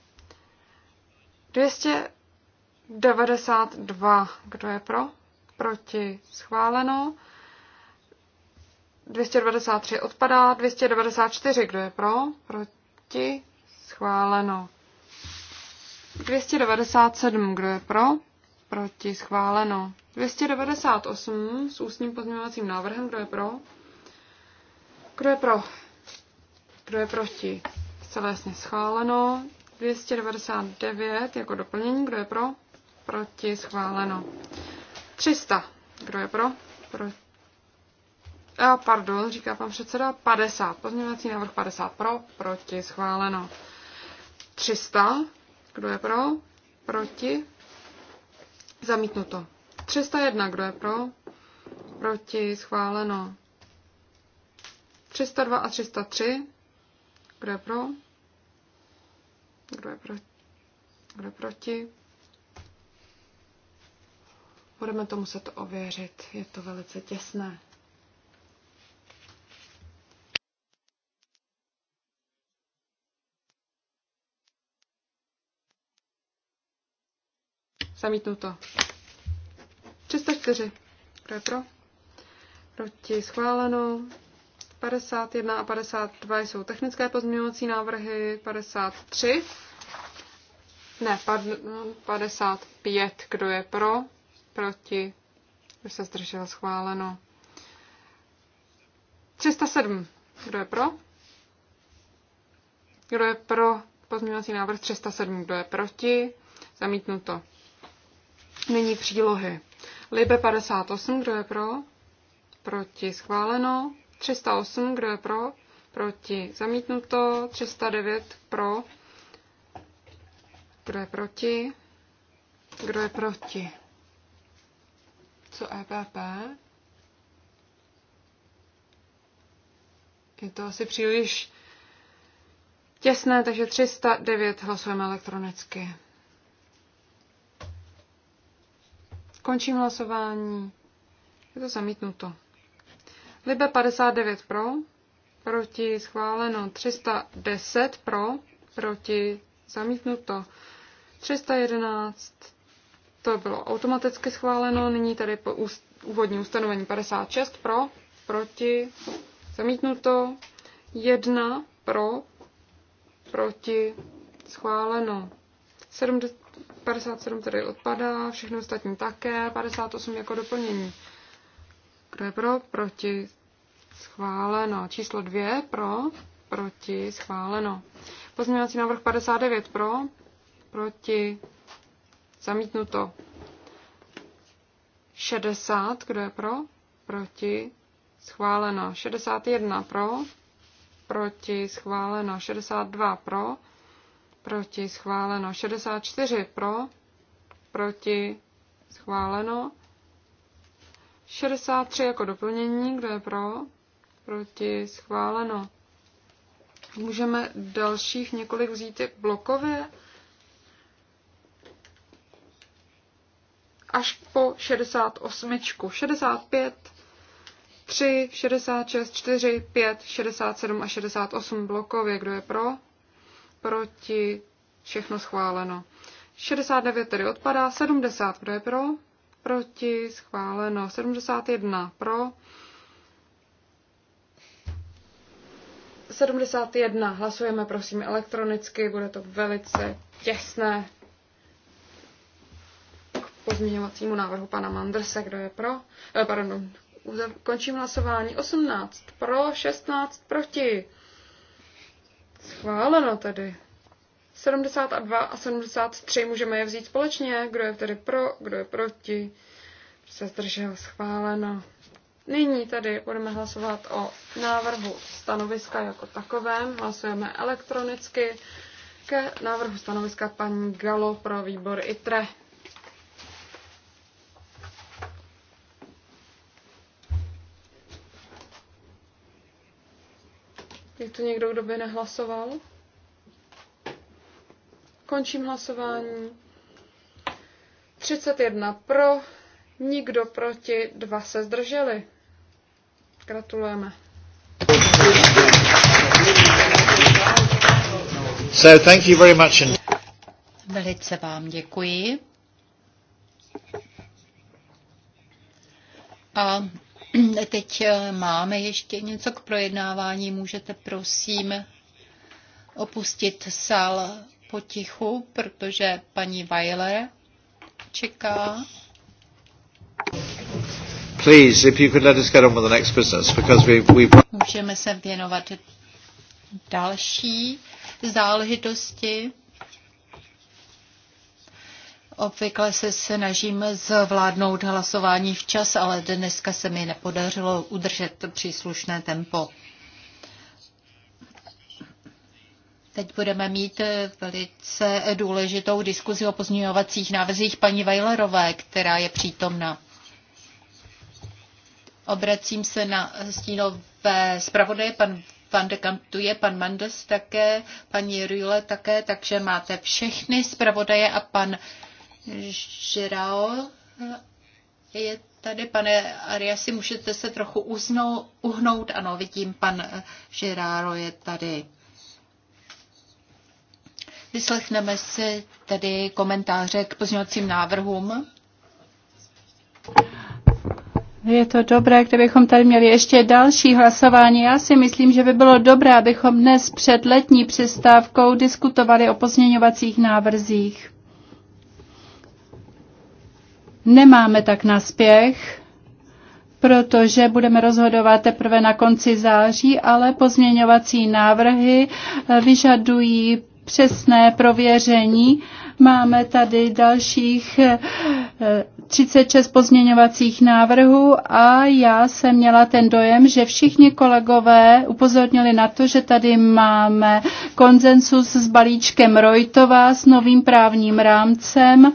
292. Kdo je pro? proti, schváleno. 293 odpadá, 294, kdo je pro, proti, schváleno. 297, kdo je pro, proti, schváleno. 298 s ústním pozměňovacím návrhem, kdo je pro, kdo je pro, kdo je proti, celé jasně schváleno. 299 jako doplnění, kdo je pro, proti, schváleno. 300. Kdo je pro? pro... A, pardon, říká pan předseda. 50. Pozměňovací návrh 50 pro, proti, schváleno. 300. Kdo je pro? Proti. Zamítnuto. 301. Kdo je pro? Proti, schváleno. 302 a 303. Kdo je pro? Kdo je proti? Kdo je proti? Budeme to muset ověřit, je to velice těsné. Zamítnuto. 304. Kdo je pro? Proti schváleno. 51 a 52 jsou technické pozměňovací návrhy. 53. Ne, pad, 55. No, Kdo je pro? proti, kdo se zdržel, schváleno. 307, kdo je pro? Kdo je pro pozměňovací návrh 307, kdo je proti? Zamítnuto. Nyní přílohy. Libe 58, kdo je pro? Proti, schváleno. 308, kdo je pro? Proti, zamítnuto. 309, pro? Kdo je proti? Kdo je proti? co EPP, je to asi příliš těsné, takže 309 hlasujeme elektronicky. Končím hlasování. Je to zamítnuto. Libe 59 pro, proti schváleno 310 pro, proti zamítnuto 311 to bylo automaticky schváleno. Nyní tady po úvodní ustanovení 56 pro, proti, zamítnuto. 1 pro, proti, schváleno. 57 tady odpadá, všechno ostatní také, 58 jako doplnění. Kdo je pro? Proti. Schváleno. Číslo 2 pro. Proti. Schváleno. Pozměňovací návrh 59 pro. Proti. Zamítnuto. 60, kdo je pro? Proti. Schváleno. 61 pro. Proti. Schváleno. 62 pro. Proti. Schváleno. 64 pro. Proti. Schváleno. 63 jako doplnění, kdo je pro? Proti. Schváleno. Můžeme dalších několik vzít blokově. až po 68. 65, 3, 66, 4, 5, 67 a 68 blokově. Kdo je pro? Proti? Všechno schváleno. 69 tedy odpadá. 70. Kdo je pro? Proti? Schváleno. 71 pro. 71. Hlasujeme prosím elektronicky, bude to velice těsné pozměňovacímu návrhu pana Mandrse. Kdo je pro? Eh, pardon, končím hlasování. 18 pro, 16 proti. Schváleno tedy. 72 a 73 můžeme je vzít společně. Kdo je tedy pro, kdo je proti? se zdržel schváleno. Nyní tady budeme hlasovat o návrhu stanoviska jako takovém. Hlasujeme elektronicky ke návrhu stanoviska paní Galo pro výbor ITRE. Je to někdo, kdo by nehlasoval? Končím hlasování. 31 pro, nikdo proti, dva se zdrželi. Gratulujeme. So thank you very much. And... Velice vám děkuji. A Teď eh, máme ještě něco k projednávání. Můžete prosím opustit sál potichu, protože paní Weiler čeká. Please, if you could let us get on with the next business, because we, we... Můžeme se věnovat další záležitosti. Obvykle se snažím zvládnout hlasování včas, ale dneska se mi nepodařilo udržet příslušné tempo. Teď budeme mít velice důležitou diskuzi o pozměňovacích návrzích paní Vajlerové, která je přítomna. Obracím se na stínové zpravodaje, pan Pan de Kamp tu je, pan Mandes také, paní Rüle také, takže máte všechny zpravodaje a pan Žirao je tady, pane Ariasi, můžete se trochu uznou, uhnout. Ano, vidím, pan Žeráro je tady. Vyslechneme si tedy komentáře k pozměňovacím návrhům. Je to dobré, kdybychom tady měli ještě další hlasování. Já si myslím, že by bylo dobré, abychom dnes před letní přestávkou diskutovali o pozměňovacích návrzích nemáme tak na spěch, protože budeme rozhodovat teprve na konci září, ale pozměňovací návrhy vyžadují přesné prověření. Máme tady dalších 36 eh, pozměňovacích návrhů a já jsem měla ten dojem, že všichni kolegové upozornili na to, že tady máme konsensus s balíčkem Rojtová s novým právním rámcem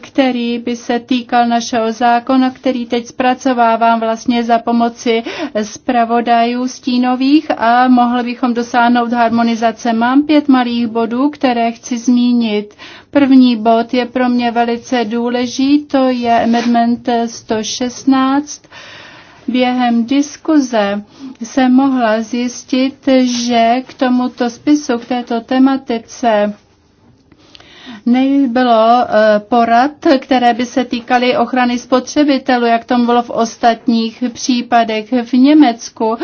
který by se týkal našeho zákona, který teď zpracovávám vlastně za pomoci zpravodajů stínových a mohli bychom dosáhnout harmonizace. Mám pět malých bodů, které chci zmínit. První bod je pro mě velice důležitý, to je amendment 116 během diskuze jsem mohla zjistit, že k tomuto spisu, k této tematice nebylo eh, porad, které by se týkaly ochrany spotřebitelů, jak tomu bylo v ostatních případech v Německu.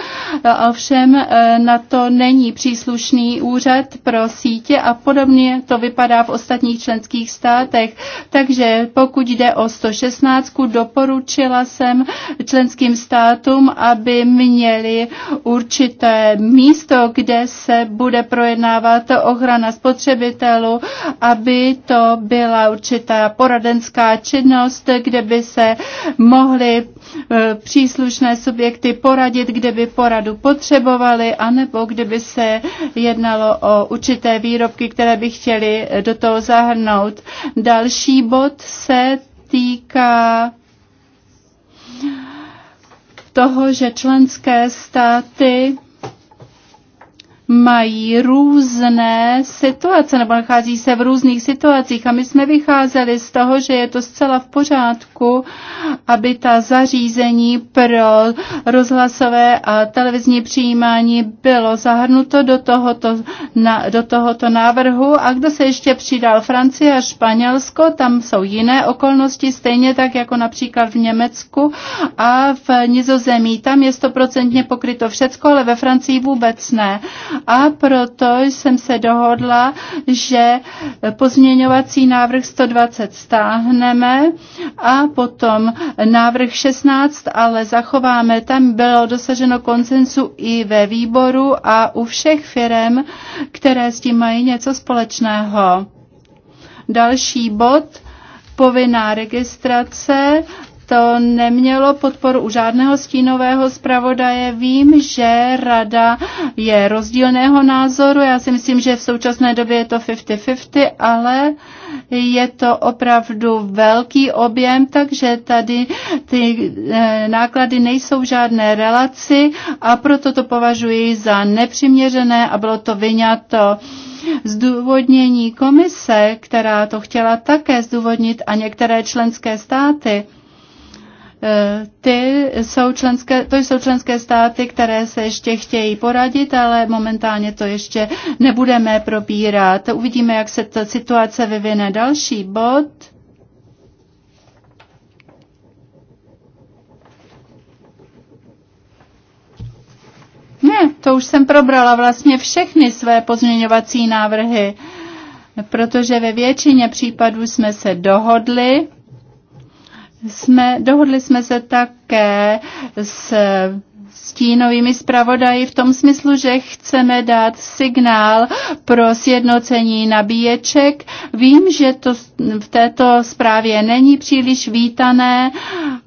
Eh, ovšem eh, na to není příslušný úřad pro sítě a podobně to vypadá v ostatních členských státech. Takže pokud jde o 116, doporučila jsem členským státům, aby měli určité místo, kde se bude projednávat ochrana spotřebitelů, aby by to byla určitá poradenská činnost, kde by se mohly e, příslušné subjekty poradit, kde by poradu potřebovali, anebo by se jednalo o určité výrobky, které by chtěli do toho zahrnout. Další bod se týká toho, že členské státy mají různé situace nebo nachází se v různých situacích a my jsme vycházeli z toho, že je to zcela v pořádku, aby ta zařízení pro rozhlasové a televizní přijímání bylo zahrnuto do tohoto, na, do tohoto návrhu a kdo se ještě přidal Francie a Španělsko, tam jsou jiné okolnosti, stejně tak jako například v Německu a v Nizozemí. Tam je stoprocentně pokryto všecko, ale ve Francii vůbec ne a proto jsem se dohodla, že pozměňovací návrh 120 stáhneme a potom návrh 16, ale zachováme. Tam bylo dosaženo koncensu i ve výboru a u všech firm, které s tím mají něco společného. Další bod povinná registrace to nemělo podporu u žádného stínového zpravodaje. Vím, že rada je rozdílného názoru. Já si myslím, že v současné době je to 50-50, ale je to opravdu velký objem, takže tady ty eh, náklady nejsou v žádné relaci a proto to považuji za nepřiměřené a bylo to vyňato zdůvodnění komise, která to chtěla také zdůvodnit a některé členské státy Eh, ty jsou členské, to jsou členské státy, které se ještě chtějí poradit, ale momentálně to ještě nebudeme probírat. Uvidíme, jak se ta situace vyvine. Další bod. Ne, to už jsem probrala vlastně všechny své pozměňovací návrhy, protože ve většině případů jsme se dohodli jsme, dohodli jsme se také s stínovými zpravodaji v tom smyslu, že chceme dát signál pro sjednocení nabíječek. Vím, že to v této zprávě není příliš vítané,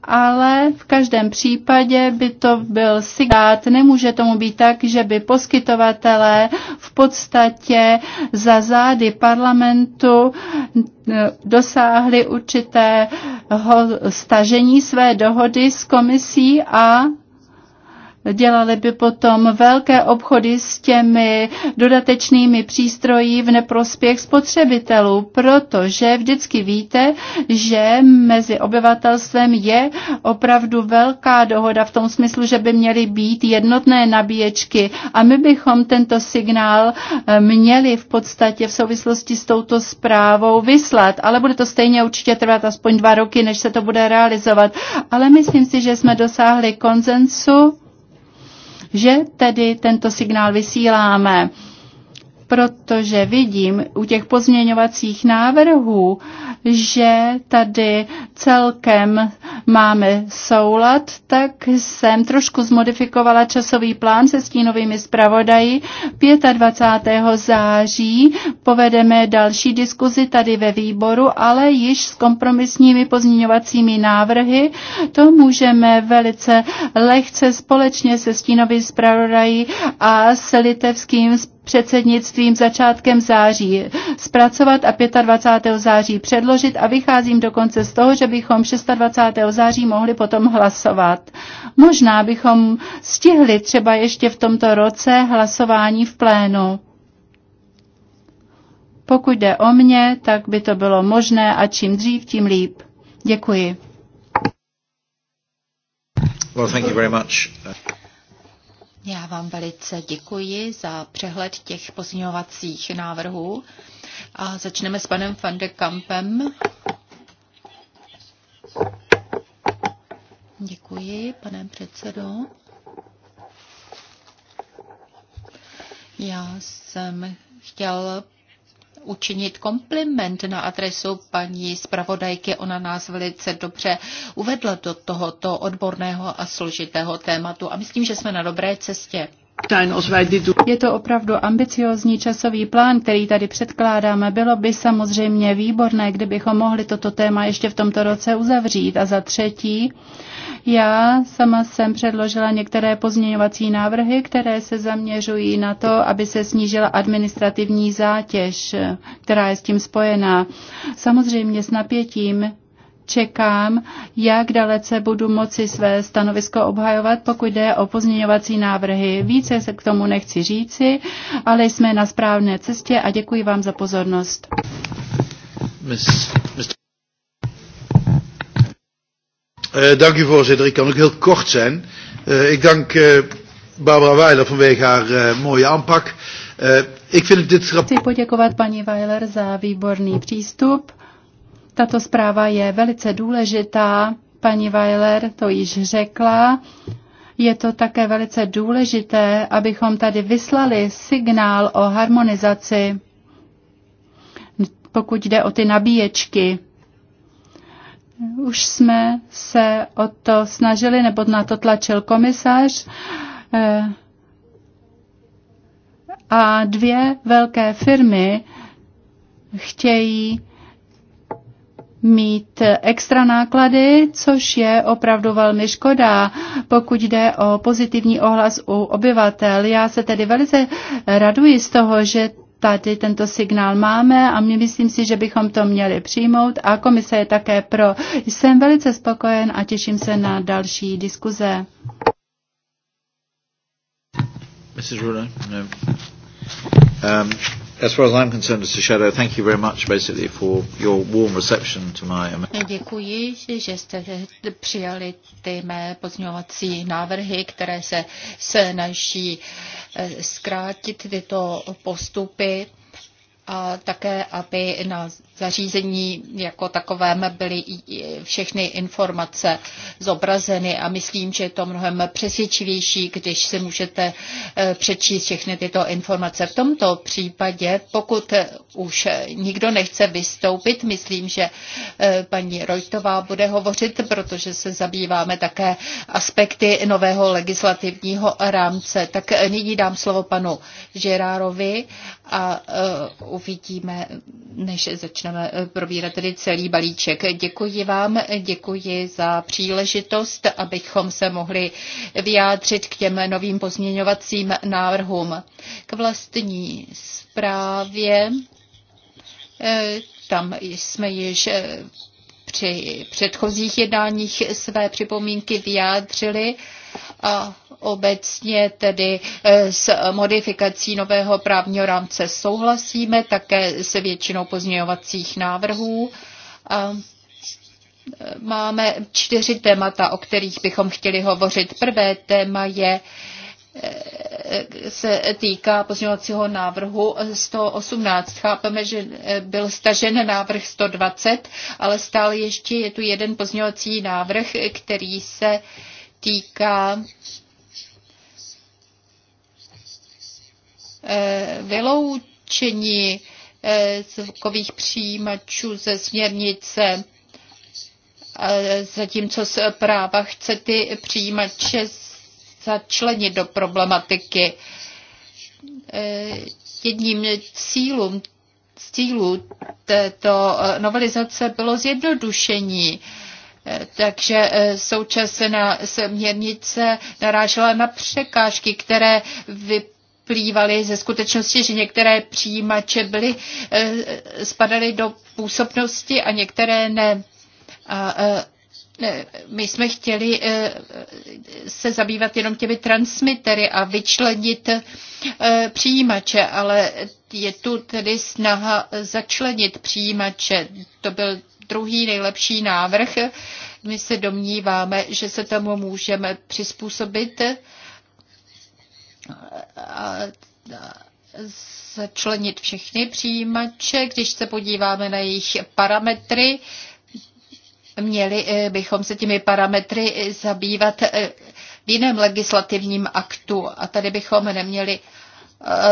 ale v každém případě by to byl signál. Nemůže tomu být tak, že by poskytovatelé v podstatě za zády parlamentu dosáhli určitého stažení své dohody s komisí a Dělali by potom velké obchody s těmi dodatečnými přístroji v neprospěch spotřebitelů, protože vždycky víte, že mezi obyvatelstvem je opravdu velká dohoda v tom smyslu, že by měly být jednotné nabíječky a my bychom tento signál eh, měli v podstatě v souvislosti s touto zprávou vyslat, ale bude to stejně určitě trvat aspoň dva roky, než se to bude realizovat. Ale myslím si, že jsme dosáhli konzensu že tedy tento signál vysíláme protože vidím u těch pozměňovacích návrhů, že tady celkem máme soulad, tak jsem trošku zmodifikovala časový plán se stínovými zpravodaji. 25. září povedeme další diskuzi tady ve výboru, ale již s kompromisními pozměňovacími návrhy. To můžeme velice lehce společně se stínovými zpravodají a s litevským zpravodajem předsednictvím začátkem září zpracovat a 25. září předložit a vycházím dokonce z toho, že bychom 26. září mohli potom hlasovat. Možná bychom stihli třeba ještě v tomto roce hlasování v plénu. Pokud jde o mě, tak by to bylo možné a čím dřív, tím líp. Děkuji. Well, thank you very much. Já vám velice děkuji za přehled těch pozměňovacích návrhů a začneme s panem van de Kampem. Děkuji, pane předsedo. Já jsem chtěl učinit kompliment na adresu paní zpravodajky. Ona nás velice dobře uvedla do tohoto odborného a složitého tématu a myslím, že jsme na dobré cestě. Je to opravdu ambiciózní časový plán, který tady předkládáme. Bylo by samozřejmě výborné, kdybychom mohli toto téma ještě v tomto roce uzavřít. A za třetí, já sama jsem předložila některé pozměňovací návrhy, které se zaměřují na to, aby se snížila administrativní zátěž, která je s tím spojená. Samozřejmě s napětím čekám, jak dalece budu moci své stanovisko obhajovat, pokud jde o pozměňovací návrhy. Více se k tomu nechci říci, ale jsme na správné cestě a děkuji vám za pozornost. Eh, dank u voorzitter. Ik kan ook heel kort zijn. Eh, ik dank eh, Barbara Weiler vanwege haar uh, mooie aanpak. Uh, ik vind dit rapport... wil bedanken, meneer Weiler voor een geweldige aanpak. Tato zpráva je velice důležitá, paní Weiler to již řekla. Je to také velice důležité, abychom tady vyslali signál o harmonizaci, pokud jde o ty nabíječky. Už jsme se o to snažili, nebo na to tlačil komisař. Eh, a dvě velké firmy chtějí mít extra náklady, což je opravdu velmi škoda, pokud jde o pozitivní ohlas u obyvatel. Já se tedy velice raduji z toho, že tady tento signál máme a my myslím si, že bychom to měli přijmout a komise je také pro. Jsem velice spokojen a těším se na další diskuze. Mrs. Ruda, no. um, As far as I'm concerned, Mr. Shadow, thank you very much basically for your warm reception to my eh, Děkuji, že jste eh, přijali ty mé pozměňovací návrhy, které se snaží eh, zkrátit tyto postupy a také, aby na zařízení jako takovém byly všechny informace zobrazeny a myslím, že je to mnohem přesvědčivější, když si můžete eh, přečíst všechny tyto informace. V tomto případě, pokud eh, už nikdo nechce vystoupit, myslím, že eh, paní Rojtová bude hovořit, protože se zabýváme také aspekty nového legislativního rámce. Tak nyní dám slovo panu Žerárovi a uvidíme, než začneme budeme eh, probírat tedy celý balíček. Děkuji vám, děkuji za příležitost, abychom se mohli vyjádřit k těm novým pozměňovacím návrhům. K vlastní zprávě, eh, tam jsme již eh, při předchozích jednáních své připomínky vyjádřili a Obecně tedy eh, s modifikací nového právního rámce souhlasíme, také se většinou pozměňovacích návrhů. A eh, máme čtyři témata, o kterých bychom chtěli hovořit. Prvé téma je eh, se týká pozměňovacího návrhu 118. Chápeme, že byl stažen návrh 120, ale stále ještě je tu jeden pozměňovací návrh, který se týká Eh, vyloučení eh, zvukových přijímačů ze směrnice, eh, zatímco z práva chce ty přijímače začlenit do problematiky. Jedním cílům cílů této novelizace bylo zjednodušení. Takže současná směrnice narážela na překážky, které vyp- vyplývaly ze skutečnosti, že některé přijímače byly, eh, spadaly do působnosti a některé ne. A, eh, my jsme chtěli eh, se zabývat jenom těmi transmitery a vyčlenit přijímače, ale je tu tedy snaha začlenit přijímače. To byl druhý nejlepší návrh. My se domníváme, že se tomu můžeme přizpůsobit začlenit všechny přijímače. Když se podíváme na jejich parametry, měli eh, bychom se těmi parametry eh, zabývat eh, v jiném legislativním aktu a tady bychom neměli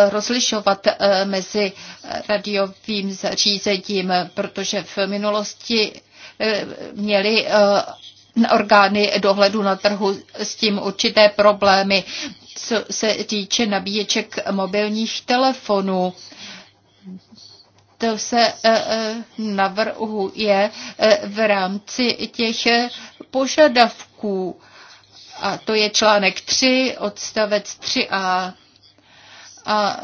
rozlišovat mezi radiovým zařízením, protože v minulosti měli orgány dohledu na trhu s tím určité problémy, co se týče nabíječek mobilních telefonů. To se eh, eh, navrhuje eh, v rámci těch požadavků. A to je článek 3, odstavec 3a. A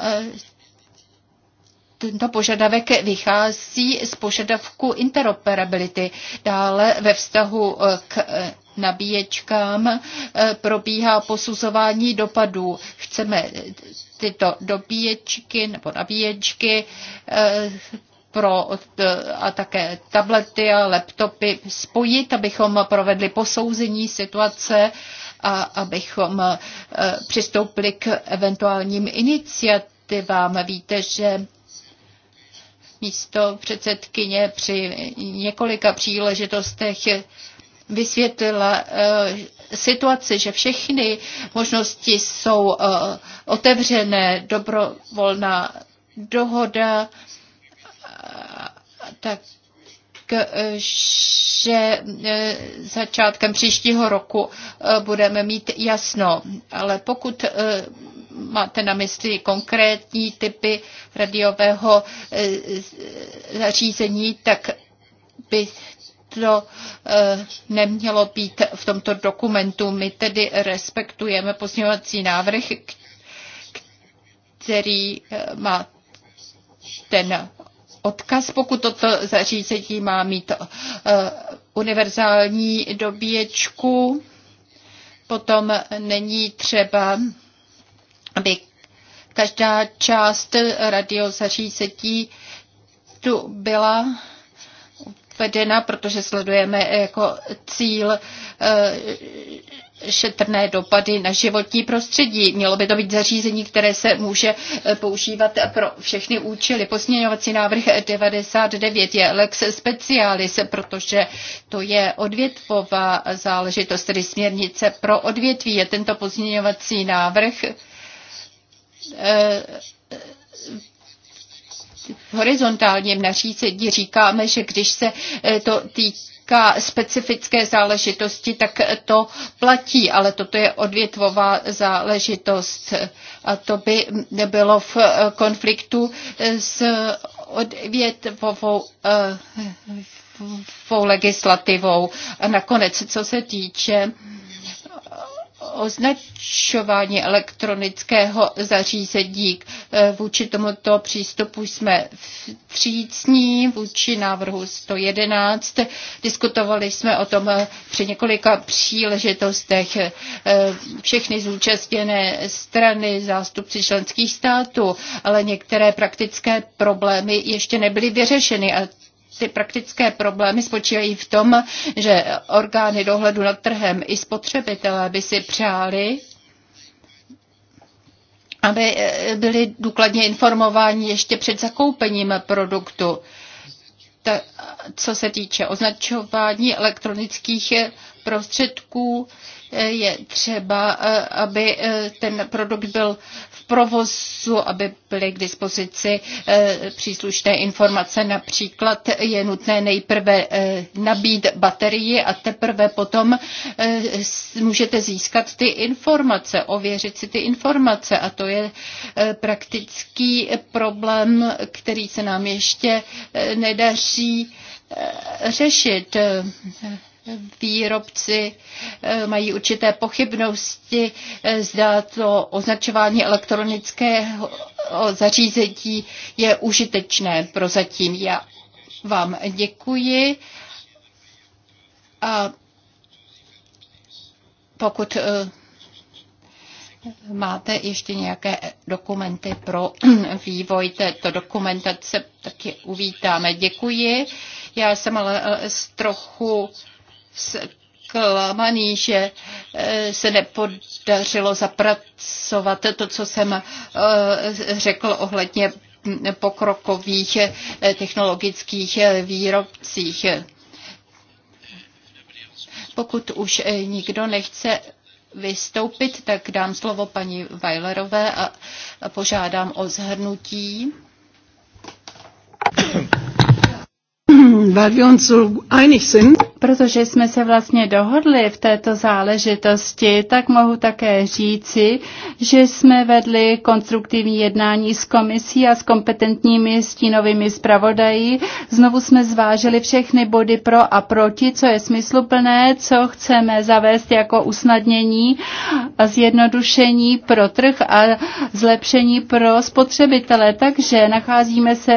tento požadavek vychází z požadavku interoperability. Dále ve vztahu eh, k eh, nabíječkám eh, probíhá posuzování dopadů. Chceme tyto dobíječky nebo nabíječky pro a také tablety a laptopy spojit, abychom provedli posouzení situace a abychom přistoupili k eventuálním iniciativám. Víte, že místo předsedkyně při několika příležitostech vysvětlila eh, situaci, že všechny možnosti jsou eh, otevřené, dobrovolná dohoda, eh, tak že začátkem příštího roku budeme mít jasno. Ale pokud máte na mysli konkrétní typy radiového eh, eh, zařízení, tak by to eh, nemělo být v tomto dokumentu. My tedy respektujeme pozměňovací návrh, který má ten odkaz, pokud toto zařízení má mít univerzální dobíječku, potom není třeba aby každá část radiozařízení tu byla vedena, protože sledujeme jako cíl eh, šetrné dopady na životní prostředí. Mělo by to být zařízení, které se může eh, používat pro všechny účely. Posměňovací návrh 99 je lex specialis, protože to je odvětvová záležitost, tedy směrnice pro odvětví. Je tento pozměňovací návrh Eh, v horizontálním nařízení říkáme, že když se eh, to týká specifické záležitosti, tak to platí, ale toto je odvětvová záležitost a to by nebylo v eh, konfliktu s odvětvovou legislativou. A nakonec, co se týče označování elektronického zařízení. E, vůči tomuto přístupu jsme vstřícní, vůči návrhu 111. Diskutovali jsme o tom při několika příležitostech. E, všechny zúčastněné strany, zástupci členských států, ale některé praktické problémy ještě nebyly vyřešeny a ty praktické problémy spočívají v tom, že orgány dohledu nad trhem i spotřebitelé by si přáli, aby eh, byli důkladně informováni ještě před zakoupením produktu. Ta, co se týče označování elektronických prostředků, eh, je třeba, eh, aby ten produkt byl provozu, aby byly k dispozici eh, příslušné informace. Například je nutné nejprve eh, nabít baterii a teprve potom eh, můžete získat ty informace, ověřit si ty informace a to je praktický problém, který se nám ještě nedaří řešit výrobci eh, mají určité pochybnosti, eh, zda to označování elektronického eh, zařízení je užitečné prozatím. Já vám děkuji a pokud máte ještě nějaké dokumenty pro vývoj této dokumentace, tak je uvítáme. Děkuji. Já jsem ale s trochu zklamaný, že eh, se nepodařilo zapracovat to, co jsem eh, řekl ohledně mm, pokrokových eh, technologických výrobcích. Pokud už nikdo nechce vystoupit, tak dám slovo paní Weilerové a požádám o zhrnutí. weil wir uns so einig sind. Protože jsme se vlastně dohodli v této záležitosti, tak mohu také říci, že jsme vedli konstruktivní jednání s komisí a s kompetentními stínovými zpravodají. Znovu jsme zvážili všechny body pro a proti, co je smysluplné, co chceme zavést jako usnadnění a zjednodušení pro trh a zlepšení pro spotřebitele. Takže nacházíme se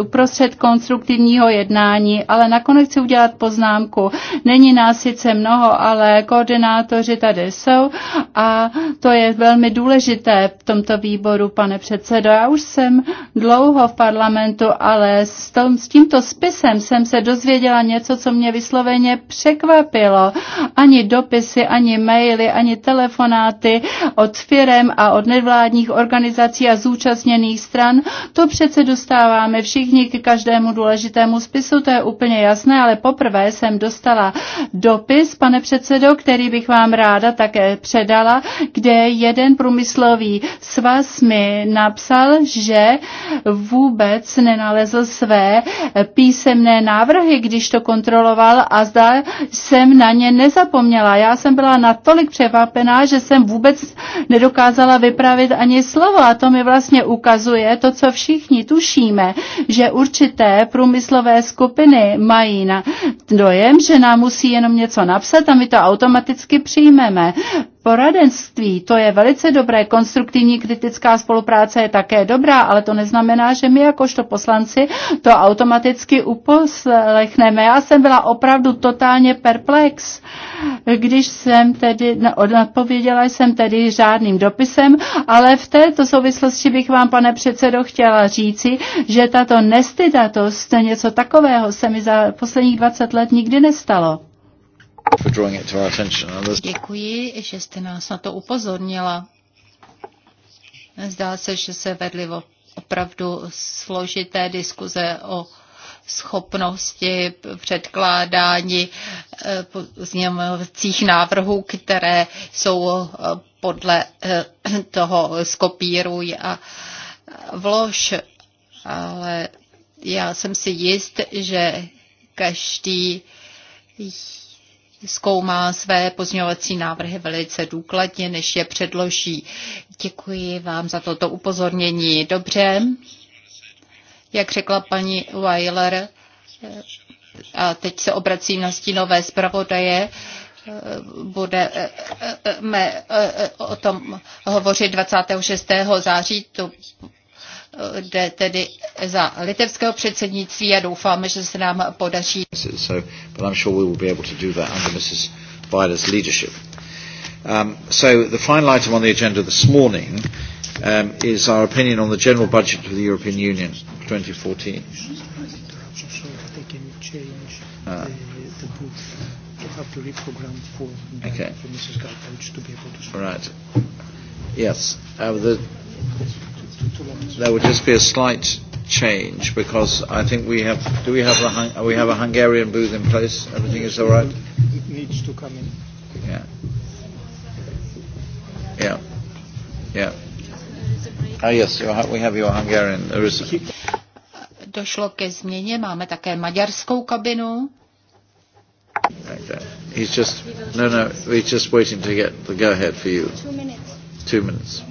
uprostřed konstruktivního jednání není, ale nakonec chci udělat poznámku. Není nás sice mnoho, ale koordinátoři tady jsou a to je velmi důležité v tomto výboru, pane předsedo. Já už jsem dlouho v parlamentu, ale s, tom, s tímto spisem jsem se dozvěděla něco, co mě vysloveně překvapilo. Ani dopisy, ani maily, ani telefonáty od firem a od nevládních organizací a zúčastněných stran. To přece dostáváme všichni k každému důležitému spisu, to je je úplně jasné, ale poprvé jsem dostala dopis, pane předsedo, který bych vám ráda také předala, kde jeden průmyslový svaz mi napsal, že vůbec nenalezl své písemné návrhy, když to kontroloval a zdá jsem na ně nezapomněla. Já jsem byla natolik převápená, že jsem vůbec nedokázala vypravit ani slovo a to mi vlastně ukazuje to, co všichni tušíme, že určité průmyslové skupiny ženy mají na dojem, že nám musí jenom něco napsat a my to automaticky přijmeme poradenství, to je velice dobré. Konstruktivní kritická spolupráce je také dobrá, ale to neznamená, že my jakožto poslanci to automaticky uposlechneme. Já jsem byla opravdu totálně perplex, když jsem tedy, odpověděla jsem tedy žádným dopisem, ale v této souvislosti bych vám, pane předsedo, chtěla říci, že tato nestydatost, něco takového se mi za posledních 20 let nikdy nestalo. Děkuji, že jste nás na to upozornila. Zdá se, že se vedly opravdu složité diskuze o schopnosti předkládání eh, pozměňovacích návrhů, které jsou eh, podle eh, toho skopíruj a vlož. Ale já jsem si jist, že každý zkoumá své pozměňovací návrhy velice důkladně, než je předloží. Děkuji vám za toto upozornění. Dobře, jak řekla paní Weiler, a teď se obracím na stínové zpravodaje, budeme eh, eh, eh, o tom hovořit 26. září, to jde tedy za litevského předsednictví a doufáme, že se nám podaří. So, but I'm sure we will be able to do that under Mrs. leadership. Um, so the final item on the agenda this morning um, is our opinion on the general budget of the European Union 2014. Uh. uh, okay. Right. Yes. Uh, the, There would just be a slight change because I think we have. Do we have a we have a Hungarian booth in place? Everything is all right. It needs to come in. Yeah. Yeah. Yeah. Ah, yes, you have, we have your Hungarian. There is... Došlo ke změně, máme také maďarskou kabinu. Like He's just, no, no, we're just waiting to get the go-ahead for you. Two minutes. Two minutes.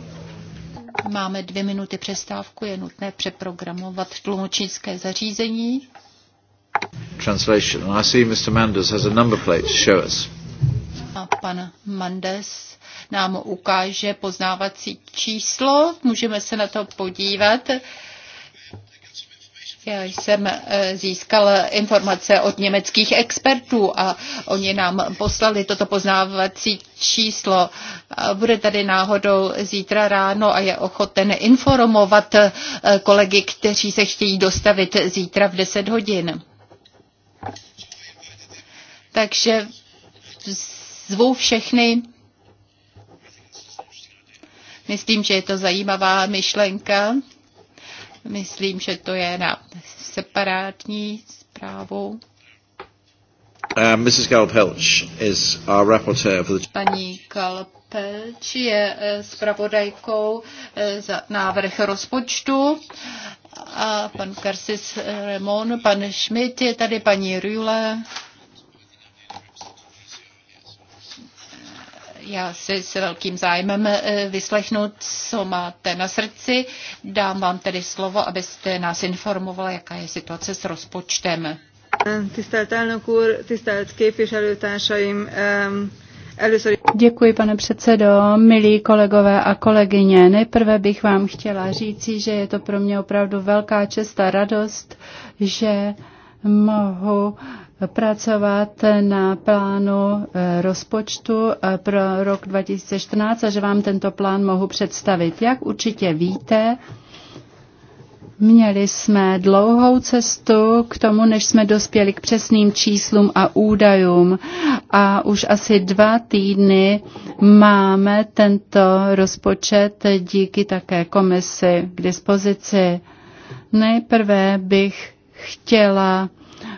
Máme dvě minuty přestávku, je nutné přeprogramovat tlumočnické zařízení. Translation. I see Mr. Manders has a number plate to show us. A pan Mandes nám ukáže poznávací číslo. Můžeme se na to podívat. Já jsem eh, získal informace od německých expertů a oni nám poslali toto poznávací číslo. Bude tady náhodou zítra ráno a je ochoten informovat eh, kolegy, kteří se chtějí dostavit zítra v 10 hodin. Takže zvu všechny. Myslím, že je to zajímavá myšlenka. Myslím, že to je na separátní zprávu. Uh, Mrs. Galpelch is our rapporteur for the... Paní Galpelch je eh, zpravodajkou eh, za návrh rozpočtu a pan Karsis Remon, pan Schmidt je tady, paní Rühle. Já si s velkým zájmem eh, vyslechnu, co máte na srdci. Dám vám tedy slovo, abyste nás informovala, jaká je situace s rozpočtem. Tisztelt elnök úr, tisztelt képviselőtársaim, Děkuji, pane předsedo, milí kolegové a kolegyně. Nejprve bych vám chtěla říci, že je to pro mě opravdu velká čest a radost, že mohu pracovat na plánu eh, rozpočtu eh, pro rok 2014 a že vám tento plán mohu představit. Jak určitě víte, Měli jsme dlouhou cestu k tomu, než jsme dospěli k přesným číslům a údajům a už asi dva týdny máme tento rozpočet díky také komisi k dispozici. Nejprve bych chtěla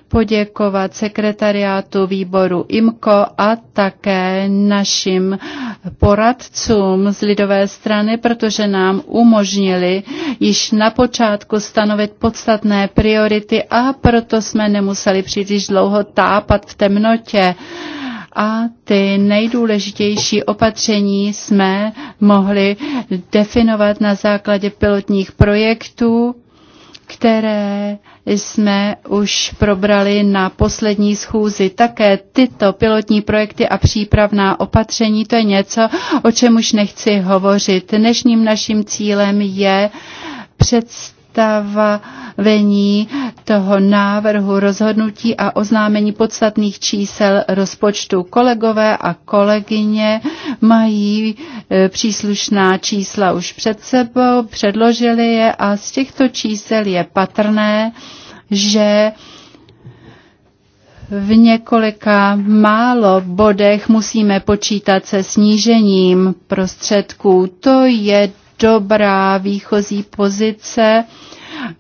poděkovat sekretariátu výboru IMKO a také našim poradcům z lidové strany, protože nám umožnili již na počátku stanovit podstatné priority a proto jsme nemuseli příliš dlouho tápat v temnotě a ty nejdůležitější opatření jsme mohli definovat na základě pilotních projektů které jsme už probrali na poslední schůzi. Také tyto pilotní projekty a přípravná opatření, to je něco, o čem už nechci hovořit. Dnešním naším cílem je představit představení toho návrhu rozhodnutí a oznámení podstatných čísel rozpočtu. Kolegové a kolegyně mají e, příslušná čísla už před sebou, předložili je a z těchto čísel je patrné, že v několika málo bodech musíme počítat se snížením prostředků. To je dobrá výchozí pozice.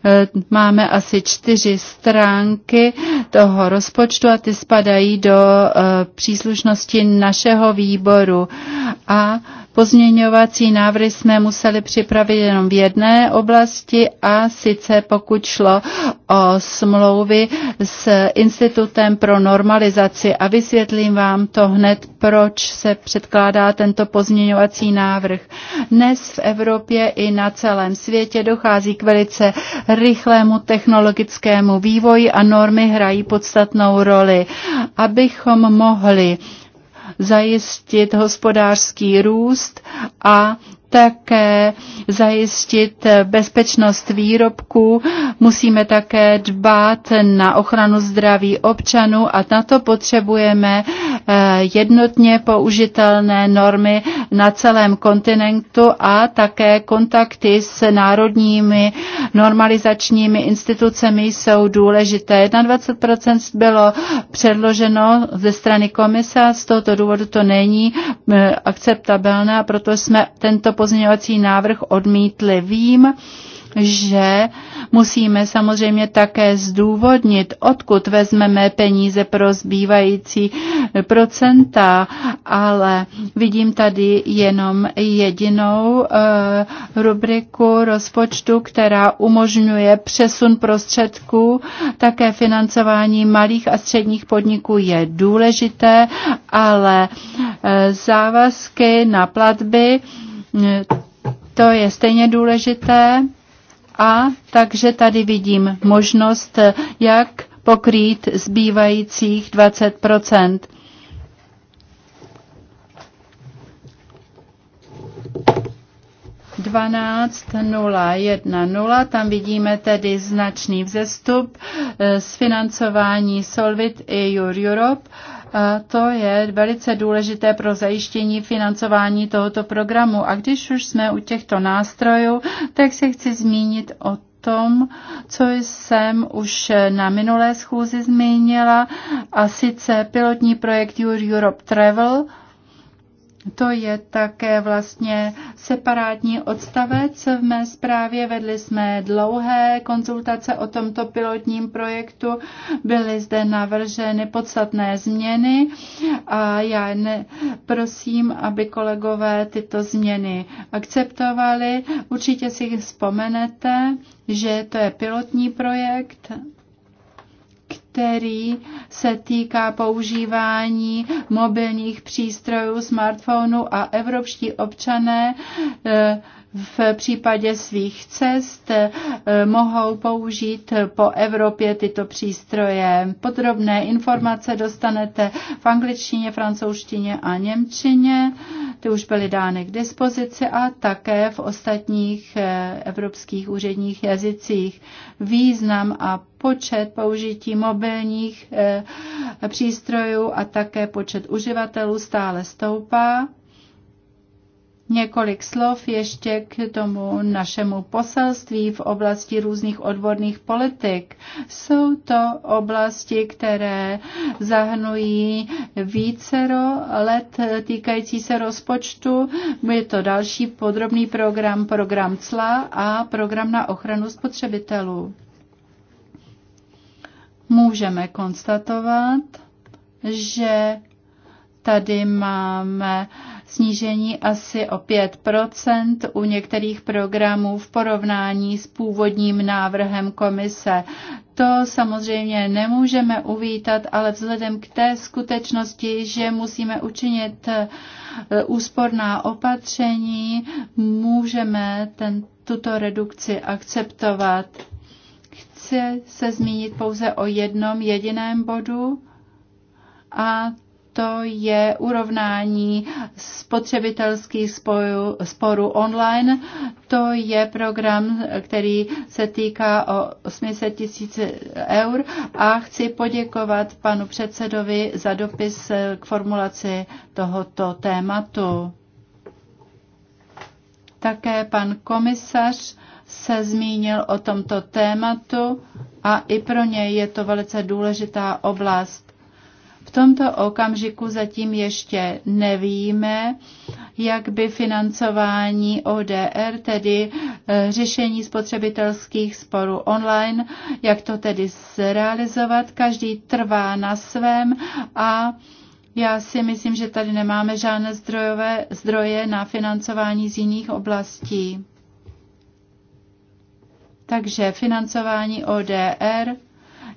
Eh, máme asi čtyři stránky toho rozpočtu a ty spadají do eh, příslušnosti našeho výboru. A Pozměňovací návrhy jsme museli připravit jenom v jedné oblasti a sice pokud šlo o smlouvy s Institutem pro normalizaci a vysvětlím vám to hned, proč se předkládá tento pozměňovací návrh. Dnes v Evropě i na celém světě dochází k velice rychlému technologickému vývoji a normy hrají podstatnou roli. Abychom mohli zajistit hospodářský růst a také zajistit bezpečnost výrobku, musíme také dbát na ochranu zdraví občanů a na to potřebujeme eh, jednotně použitelné normy na celém kontinentu a také kontakty s národními normalizačními institucemi jsou důležité. 21% bylo předloženo ze strany komise a z tohoto důvodu to není eh, akceptabilné a proto jsme tento pozměňovací návrh odmítli. Vím, že musíme samozřejmě také zdůvodnit, odkud vezmeme peníze pro zbývající procenta, ale vidím tady jenom jedinou eh, rubriku rozpočtu, která umožňuje přesun prostředků. Také financování malých a středních podniků je důležité, ale eh, závazky na platby, to je stejně důležité a takže tady vidím možnost, jak pokrýt zbývajících 20 12.010, tam vidíme tedy značný vzestup z eh, financování Solvit EU Europe to je velice důležité pro zajištění financování tohoto programu. A když už jsme u těchto nástrojů, tak se chci zmínit o tom, co jsem už na minulé schůzi zmínila, a sice pilotní projekt Your Europe Travel – to je také vlastně separátní odstavec. V mé zprávě vedli jsme dlouhé konzultace o tomto pilotním projektu. Byly zde navrženy podstatné změny a já ne, prosím, aby kolegové tyto změny akceptovali. Určitě si vzpomenete, že to je pilotní projekt který se týká používání mobilních přístrojů, smartphonů a evropští občané eh, v případě svých cest eh, mohou použít po Evropě tyto přístroje. Podrobné informace dostanete v angličtině, francouzštině a němčině. Ty už byly dány k dispozici a také v ostatních eh, evropských úředních jazycích. Význam a počet použití mobilních eh, přístrojů a také počet uživatelů stále stoupá Několik slov ještě k tomu našemu poselství v oblasti různých odborných politik. Jsou to oblasti, které zahrnují vícero let týkající se rozpočtu. Je to další podrobný program, program CLA a program na ochranu spotřebitelů. Můžeme konstatovat, že tady máme uh, snížení asi o 5 u některých programů v porovnání s původním návrhem komise. To samozřejmě nemůžeme uvítat, ale vzhledem k té skutečnosti, že musíme učinit eh, úsporná opatření, můžeme ten, tuto redukci akceptovat. Chci se zmínit pouze o jednom jediném bodu a to je urovnání spotřebitelských sporů online. To je program, který se týká o 800 tisíc eur a chci poděkovat panu předsedovi za dopis k formulaci tohoto tématu. Také pan komisař se zmínil o tomto tématu a i pro něj je to velice důležitá oblast. V tomto okamžiku zatím ještě nevíme, jak by financování ODR, tedy eh, řešení spotřebitelských sporů online, jak to tedy zrealizovat. Každý trvá na svém a já si myslím, že tady nemáme žádné zdrojové, zdroje na financování z jiných oblastí. Takže financování ODR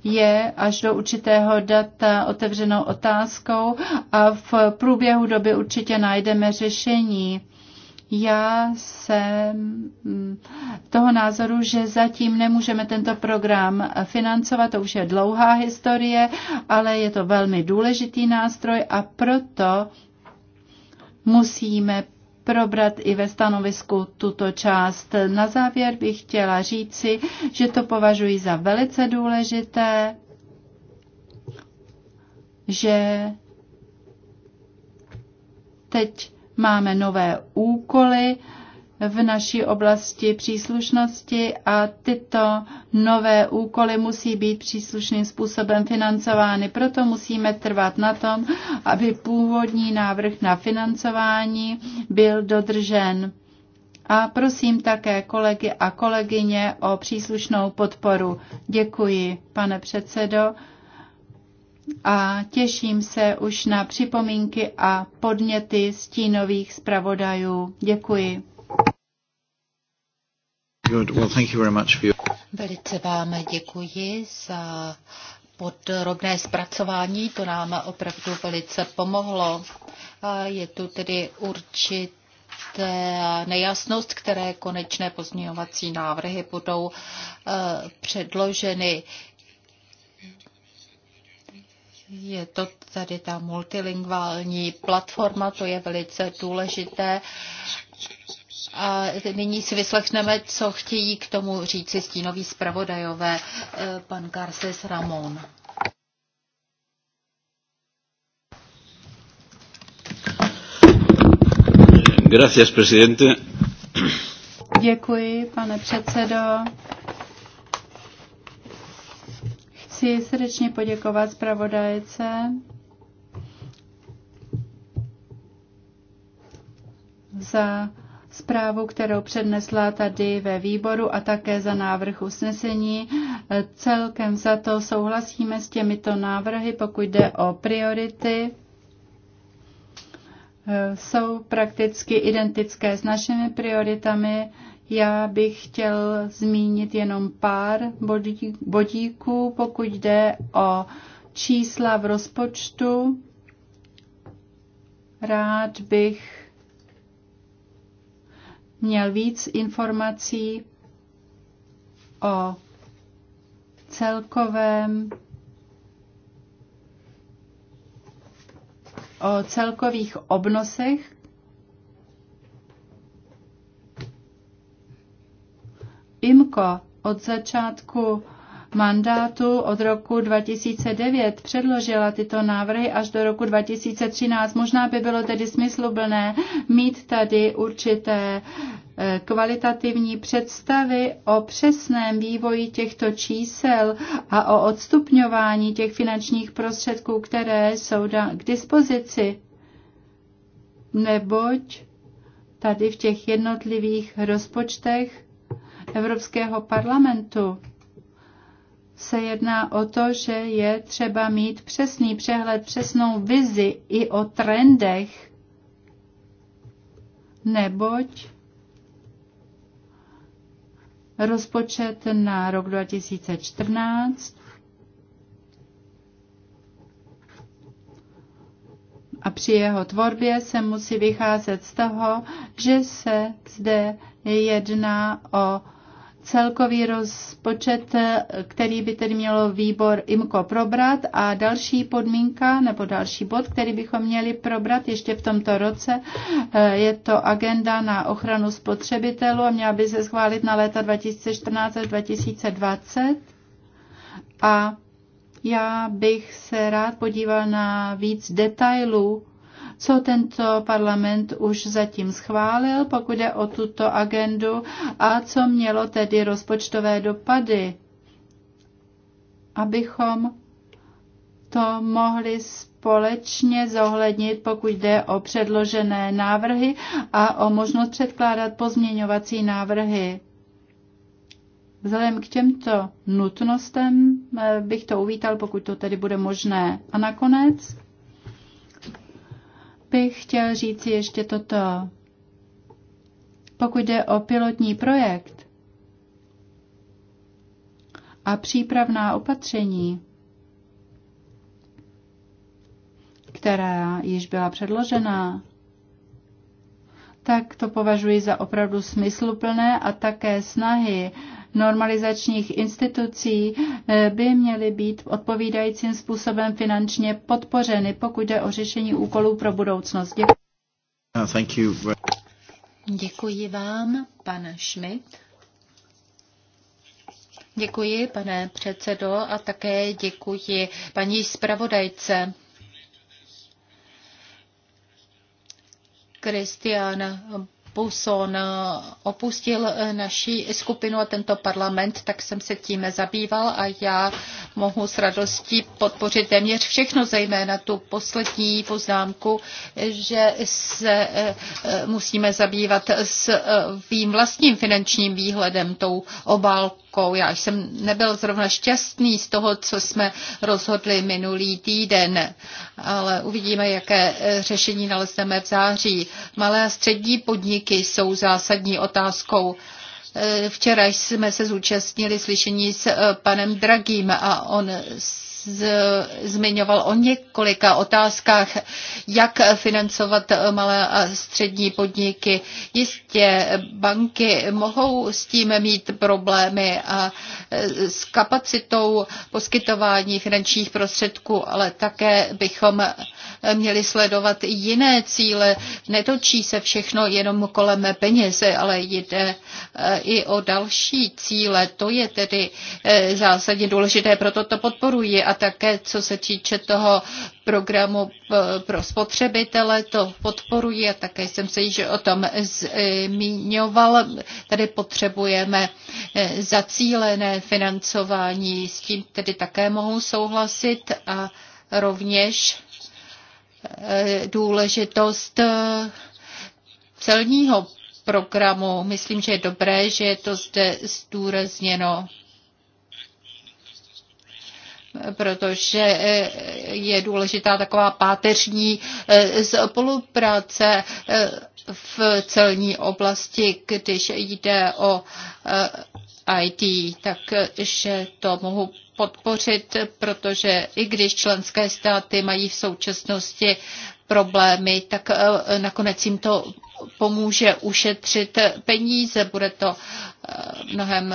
je až do určitého data otevřenou otázkou a v průběhu doby určitě najdeme řešení. Já jsem toho názoru, že zatím nemůžeme tento program financovat, to už je dlouhá historie, ale je to velmi důležitý nástroj a proto musíme probrat i ve stanovisku tuto část. Na závěr bych chtěla říci, že to považuji za velice důležité, že teď máme nové úkoly, v naší oblasti příslušnosti a tyto nové úkoly musí být příslušným způsobem financovány. Proto musíme trvat na tom, aby původní návrh na financování byl dodržen. A prosím také kolegy a kolegyně o příslušnou podporu. Děkuji, pane předsedo a těším se už na připomínky a podněty stínových zpravodajů. Děkuji. Good. Well, thank you very much for your... Velice vám děkuji za podrobné zpracování, to nám opravdu velice pomohlo. je tu tedy určitě nejasnost, které konečné pozměňovací návrhy budou e, předloženy. Je to tady ta multilingvální platforma, to je velice důležité a nyní si vyslechneme, co chtějí k tomu říci stínoví zpravodajové, eh, pan Garces Ramon. Gracias, presidente. Děkuji, pane předsedo. Chci srdečně poděkovat zpravodajce za zprávu, kterou přednesla tady ve výboru a také za návrh usnesení. Celkem za to souhlasíme s těmito návrhy, pokud jde o priority jsou prakticky identické s našimi prioritami. Já bych chtěl zmínit jenom pár bodíků, pokud jde o čísla v rozpočtu. Rád bych měl víc informací o celkovém o celkových obnosech IMCO od začátku mandátu od roku 2009 předložila tyto návrhy až do roku 2013. Možná by bylo tedy smysluplné mít tady určité eh, kvalitativní představy o přesném vývoji těchto čísel a o odstupňování těch finančních prostředků, které jsou k dispozici. Neboť tady v těch jednotlivých rozpočtech Evropského parlamentu se jedná o to, že je třeba mít přesný přehled, přesnou vizi i o trendech, neboť rozpočet na rok 2014 a při jeho tvorbě se musí vycházet z toho, že se zde jedná o celkový rozpočet, který by tedy mělo výbor IMCO probrat a další podmínka nebo další bod, který bychom měli probrat ještě v tomto roce, eh, je to agenda na ochranu spotřebitelů a měla by se schválit na léta 2014 až 2020. A já bych se rád podíval na víc detailů co tento parlament už zatím schválil, pokud je o tuto agendu a co mělo tedy rozpočtové dopady, abychom to mohli společně zohlednit, pokud jde o předložené návrhy a o možnost předkládat pozměňovací návrhy. Vzhledem k těmto nutnostem eh, bych to uvítal, pokud to tedy bude možné. A nakonec bych chtěl říci ještě toto. Pokud jde o pilotní projekt a přípravná opatření, která již byla předložena, tak to považuji za opravdu smysluplné a také snahy normalizačních institucí eh, by měly být odpovídajícím způsobem finančně podpořeny, pokud jde o řešení úkolů pro budoucnost. Děkuji. Uh, děkuji vám, pane Schmidt. Děkuji, pane předsedo, a také děkuji paní zpravodajce. Kristiana Puson eh, opustil eh, naši skupinu a tento parlament, tak jsem se tím zabýval a já mohu s radostí podpořit téměř všechno, zejména tu poslední poznámku, že se eh, musíme zabývat s svým vlastním finančním výhledem, tou obálkou rukou. Já jsem nebyl zrovna šťastný z toho, co jsme rozhodli minulý týden, ale uvidíme, jaké e, řešení nalezneme v září. Malé a střední podniky jsou zásadní otázkou. E, včera jsme se zúčastnili slyšení s e, panem Dragým a on zmiňoval o několika otázkách, jak financovat malé a střední podniky. Jistě banky mohou s tím mít problémy a e, s kapacitou poskytování finančních prostředků, ale také bychom měli sledovat jiné cíle. Netočí se všechno jenom kolem peněz, ale jde e, i o další cíle. To je tedy e, zásadně důležité, proto to podporuji. A také, co se týče toho programu e, pro spotřebitele, to podporuji a také jsem se již o tom zmiňoval. Tady potřebujeme zacílené financování, s tím tedy také mohu souhlasit a rovněž Eh, důležitost eh, celního programu. Myslím, že je dobré, že je to zde zdůrazněno protože eh, je důležitá taková páteřní spolupráce v celní oblasti, když jde o IT, takže to mohu podpořit, protože i když členské státy mají v současnosti problémy, tak eh, nakonec jim to pomůže ušetřit peníze. Bude to eh, mnohem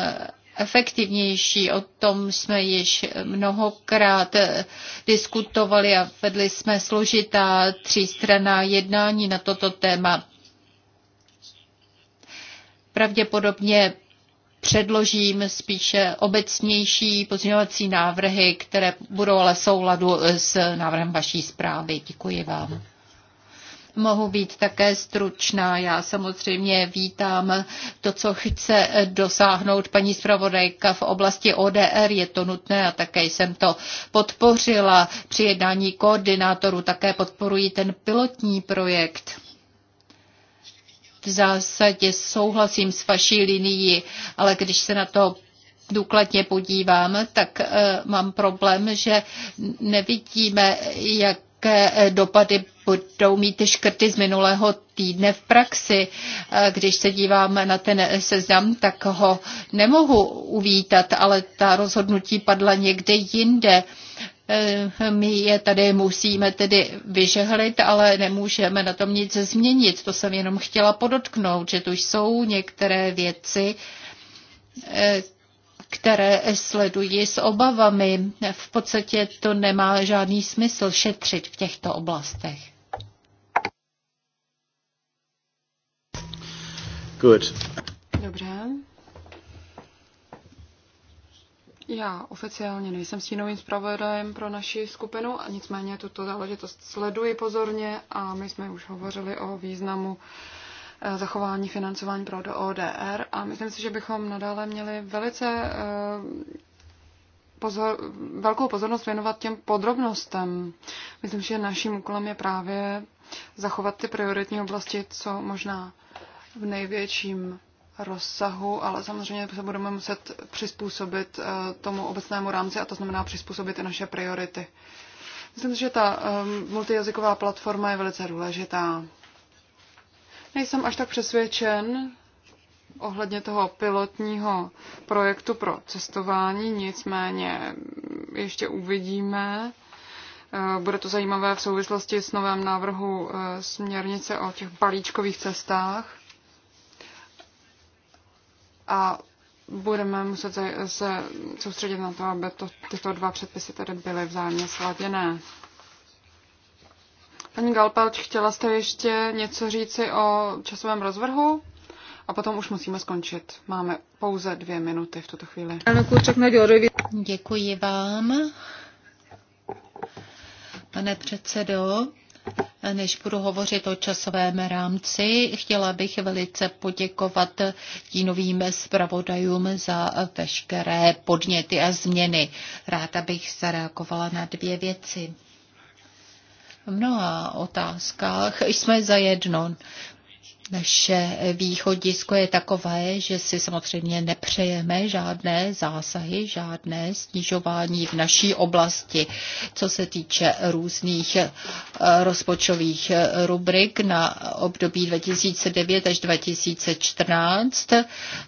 efektivnější. O tom jsme již mnohokrát eh, diskutovali a vedli jsme složitá třístraná jednání na toto téma. Pravděpodobně předložím spíše obecnější pozměňovací návrhy, které budou ale souladu s návrhem vaší zprávy. Děkuji vám. Mohu být také stručná. Já samozřejmě vítám to, co chce dosáhnout paní zpravodajka v oblasti ODR. Je to nutné a také jsem to podpořila při jednání koordinátorů. Také podporuji ten pilotní projekt v zásadě souhlasím s vaší linií, ale když se na to důkladně podívám, tak eh, mám problém, že nevidíme, jak jaké eh, dopady budou mít ty škrty z minulého týdne v praxi. Eh, když se díváme na ten seznam, tak ho nemohu uvítat, ale ta rozhodnutí padla někde jinde. Eh, my je tady musíme tedy vyžehlit, ale nemůžeme na tom nic změnit. To jsem jenom chtěla podotknout, že tu jsou některé věci, eh, které sledují s obavami. V podstatě to nemá žádný smysl šetřit v těchto oblastech. Good. Dobře. Já oficiálně nejsem stínovým zpravodajem pro naši skupinu, a nicméně tuto záležitost sleduji pozorně a my jsme už hovořili o významu eh, zachování financování pro ODR a myslím si, že bychom nadále měli velice eh, pozor, velkou pozornost věnovat těm podrobnostem. Myslím, že naším úkolem je právě zachovat ty prioritní oblasti co možná v největším rozsahu, ale samozřejmě se budeme muset přizpůsobit eh, tomu obecnému rámci a to znamená přizpůsobit i naše priority. Myslím si, že ta ehm, multijazyková platforma je velice důležitá. Nejsem až tak přesvědčen ohledně toho pilotního projektu pro cestování, nicméně ještě uvidíme. Eh, bude to zajímavé v souvislosti s novém návrhu eh, směrnice o těch balíčkových cestách a budeme muset se soustředit na to, aby to, tyto dva předpisy tedy byly vzájemně sladěné. Paní Galpelč, chtěla jste ještě něco říci o časovém rozvrhu? A potom už musíme skončit. Máme pouze dvě minuty v tuto chvíli. Děkuji vám. Pane předsedo, než budu hovořit o časovém rámci, chtěla bych velice poděkovat tínovým zpravodajům za veškeré podněty a změny. Ráda bych zareagovala na dvě věci. V mnoha otázkách jsme zajedno. Naše východisko je takové, že si samozřejmě nepřejeme žádné zásahy, žádné snižování v naší oblasti, co se týče různých eh, rozpočových eh, rubrik na období 2009 až 2014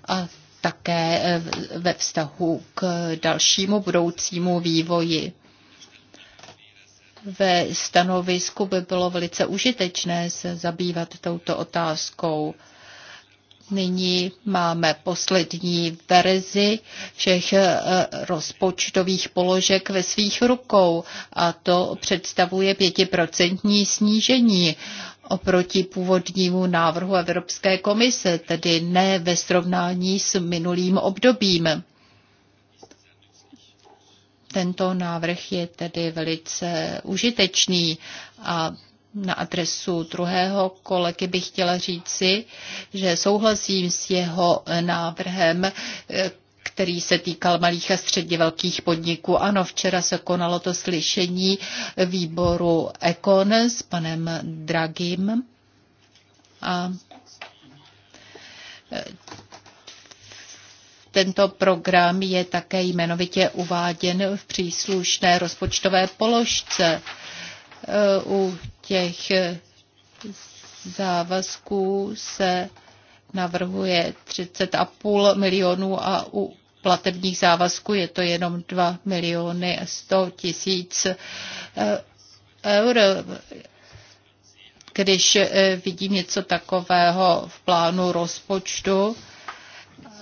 a také eh, ve vztahu k dalšímu budoucímu vývoji ve stanovisku by bylo velice užitečné se zabývat touto otázkou. Nyní máme poslední verzi všech eh, rozpočtových položek ve svých rukou a to představuje pětiprocentní snížení oproti původnímu návrhu Evropské komise, tedy ne ve srovnání s minulým obdobím. Tento návrh je tedy velice užitečný a na adresu druhého kolegy bych chtěla říci, že souhlasím s jeho návrhem, který se týkal malých a středně velkých podniků. Ano, včera se konalo to slyšení výboru Ekon s panem Dragim. A tento program je také jmenovitě uváděn v příslušné rozpočtové položce. Eh, u těch závazků se navrhuje 30,5 milionů a u platebních závazků je to jenom 2 miliony 100 tisíc eh, eur. Když eh, vidím něco takového v plánu rozpočtu,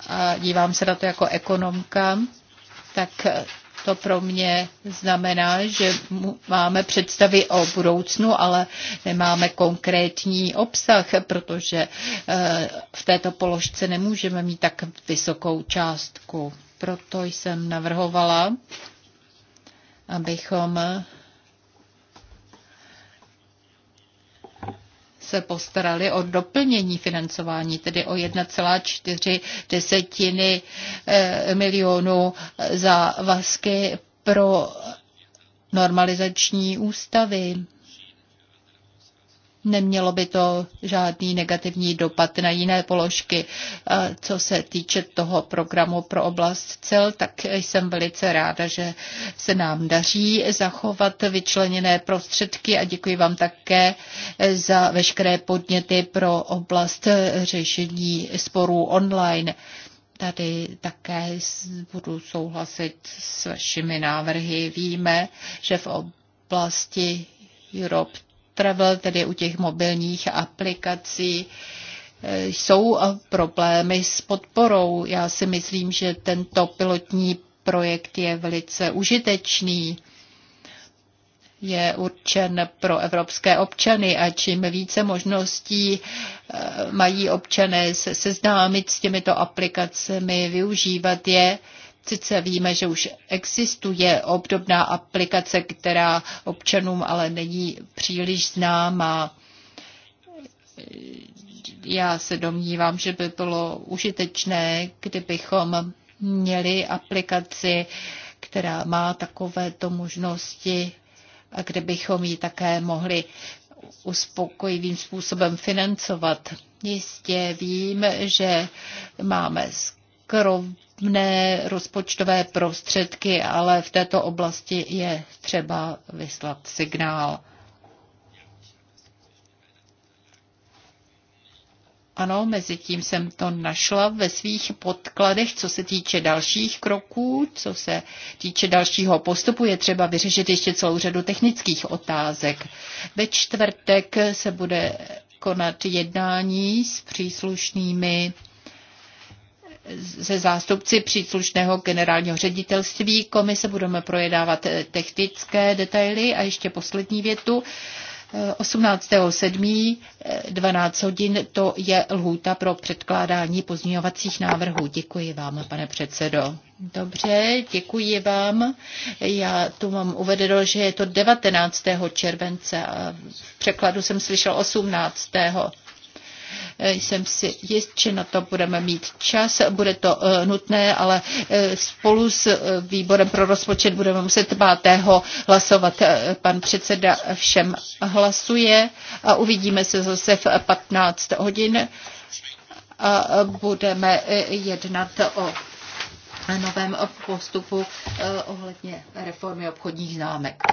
a dívám se na to jako ekonomka, tak to pro mě znamená, že máme představy o budoucnu, ale nemáme konkrétní obsah, protože eh, v této položce nemůžeme mít tak vysokou částku. Proto jsem navrhovala, abychom se postarali o doplnění financování, tedy o 1,4 desetiny eh, milionů za vazky pro normalizační ústavy. Nemělo by to žádný negativní dopad na jiné položky. Co se týče toho programu pro oblast cel, tak jsem velice ráda, že se nám daří zachovat vyčleněné prostředky a děkuji vám také za veškeré podněty pro oblast řešení sporů online. Tady také budu souhlasit s vašimi návrhy. Víme, že v oblasti Europe travel, tedy u těch mobilních aplikací, eh, jsou eh, problémy s podporou. Já si myslím, že tento pilotní projekt je velice užitečný. Je určen pro evropské občany a čím více možností eh, mají občané se seznámit s těmito aplikacemi, využívat je, Sice víme, že už existuje obdobná aplikace, která občanům ale není příliš známá. Já se domnívám, že by bylo užitečné, kdybychom měli aplikaci, která má takovéto možnosti a kde bychom ji také mohli uspokojivým způsobem financovat. Jistě vím, že máme skrov dostupné rozpočtové prostředky, ale v této oblasti je třeba vyslat signál. Ano, mezi tím jsem to našla ve svých podkladech, co se týče dalších kroků, co se týče dalšího postupu, je třeba vyřešit ještě celou řadu technických otázek. Ve čtvrtek se bude konat jednání s příslušnými se zástupci příslušného generálního ředitelství komise. Budeme projednávat eh, technické detaily a ještě poslední větu. 18.7. Eh, 12 eh, hodin to je lhůta pro předkládání pozměňovacích návrhů. Děkuji vám, pane předsedo. Dobře, děkuji vám. Já tu mám uvedeno, že je to 19. července a v překladu jsem slyšel 18. Eh, jsem si jist, že na to budeme mít čas. Bude to eh, nutné, ale eh, spolu s výborem pro rozpočet budeme muset pátého hlasovat. Pan předseda všem hlasuje a uvidíme se zase v 15 hodin a budeme jednat o novém postupu ohledně reformy obchodních známek.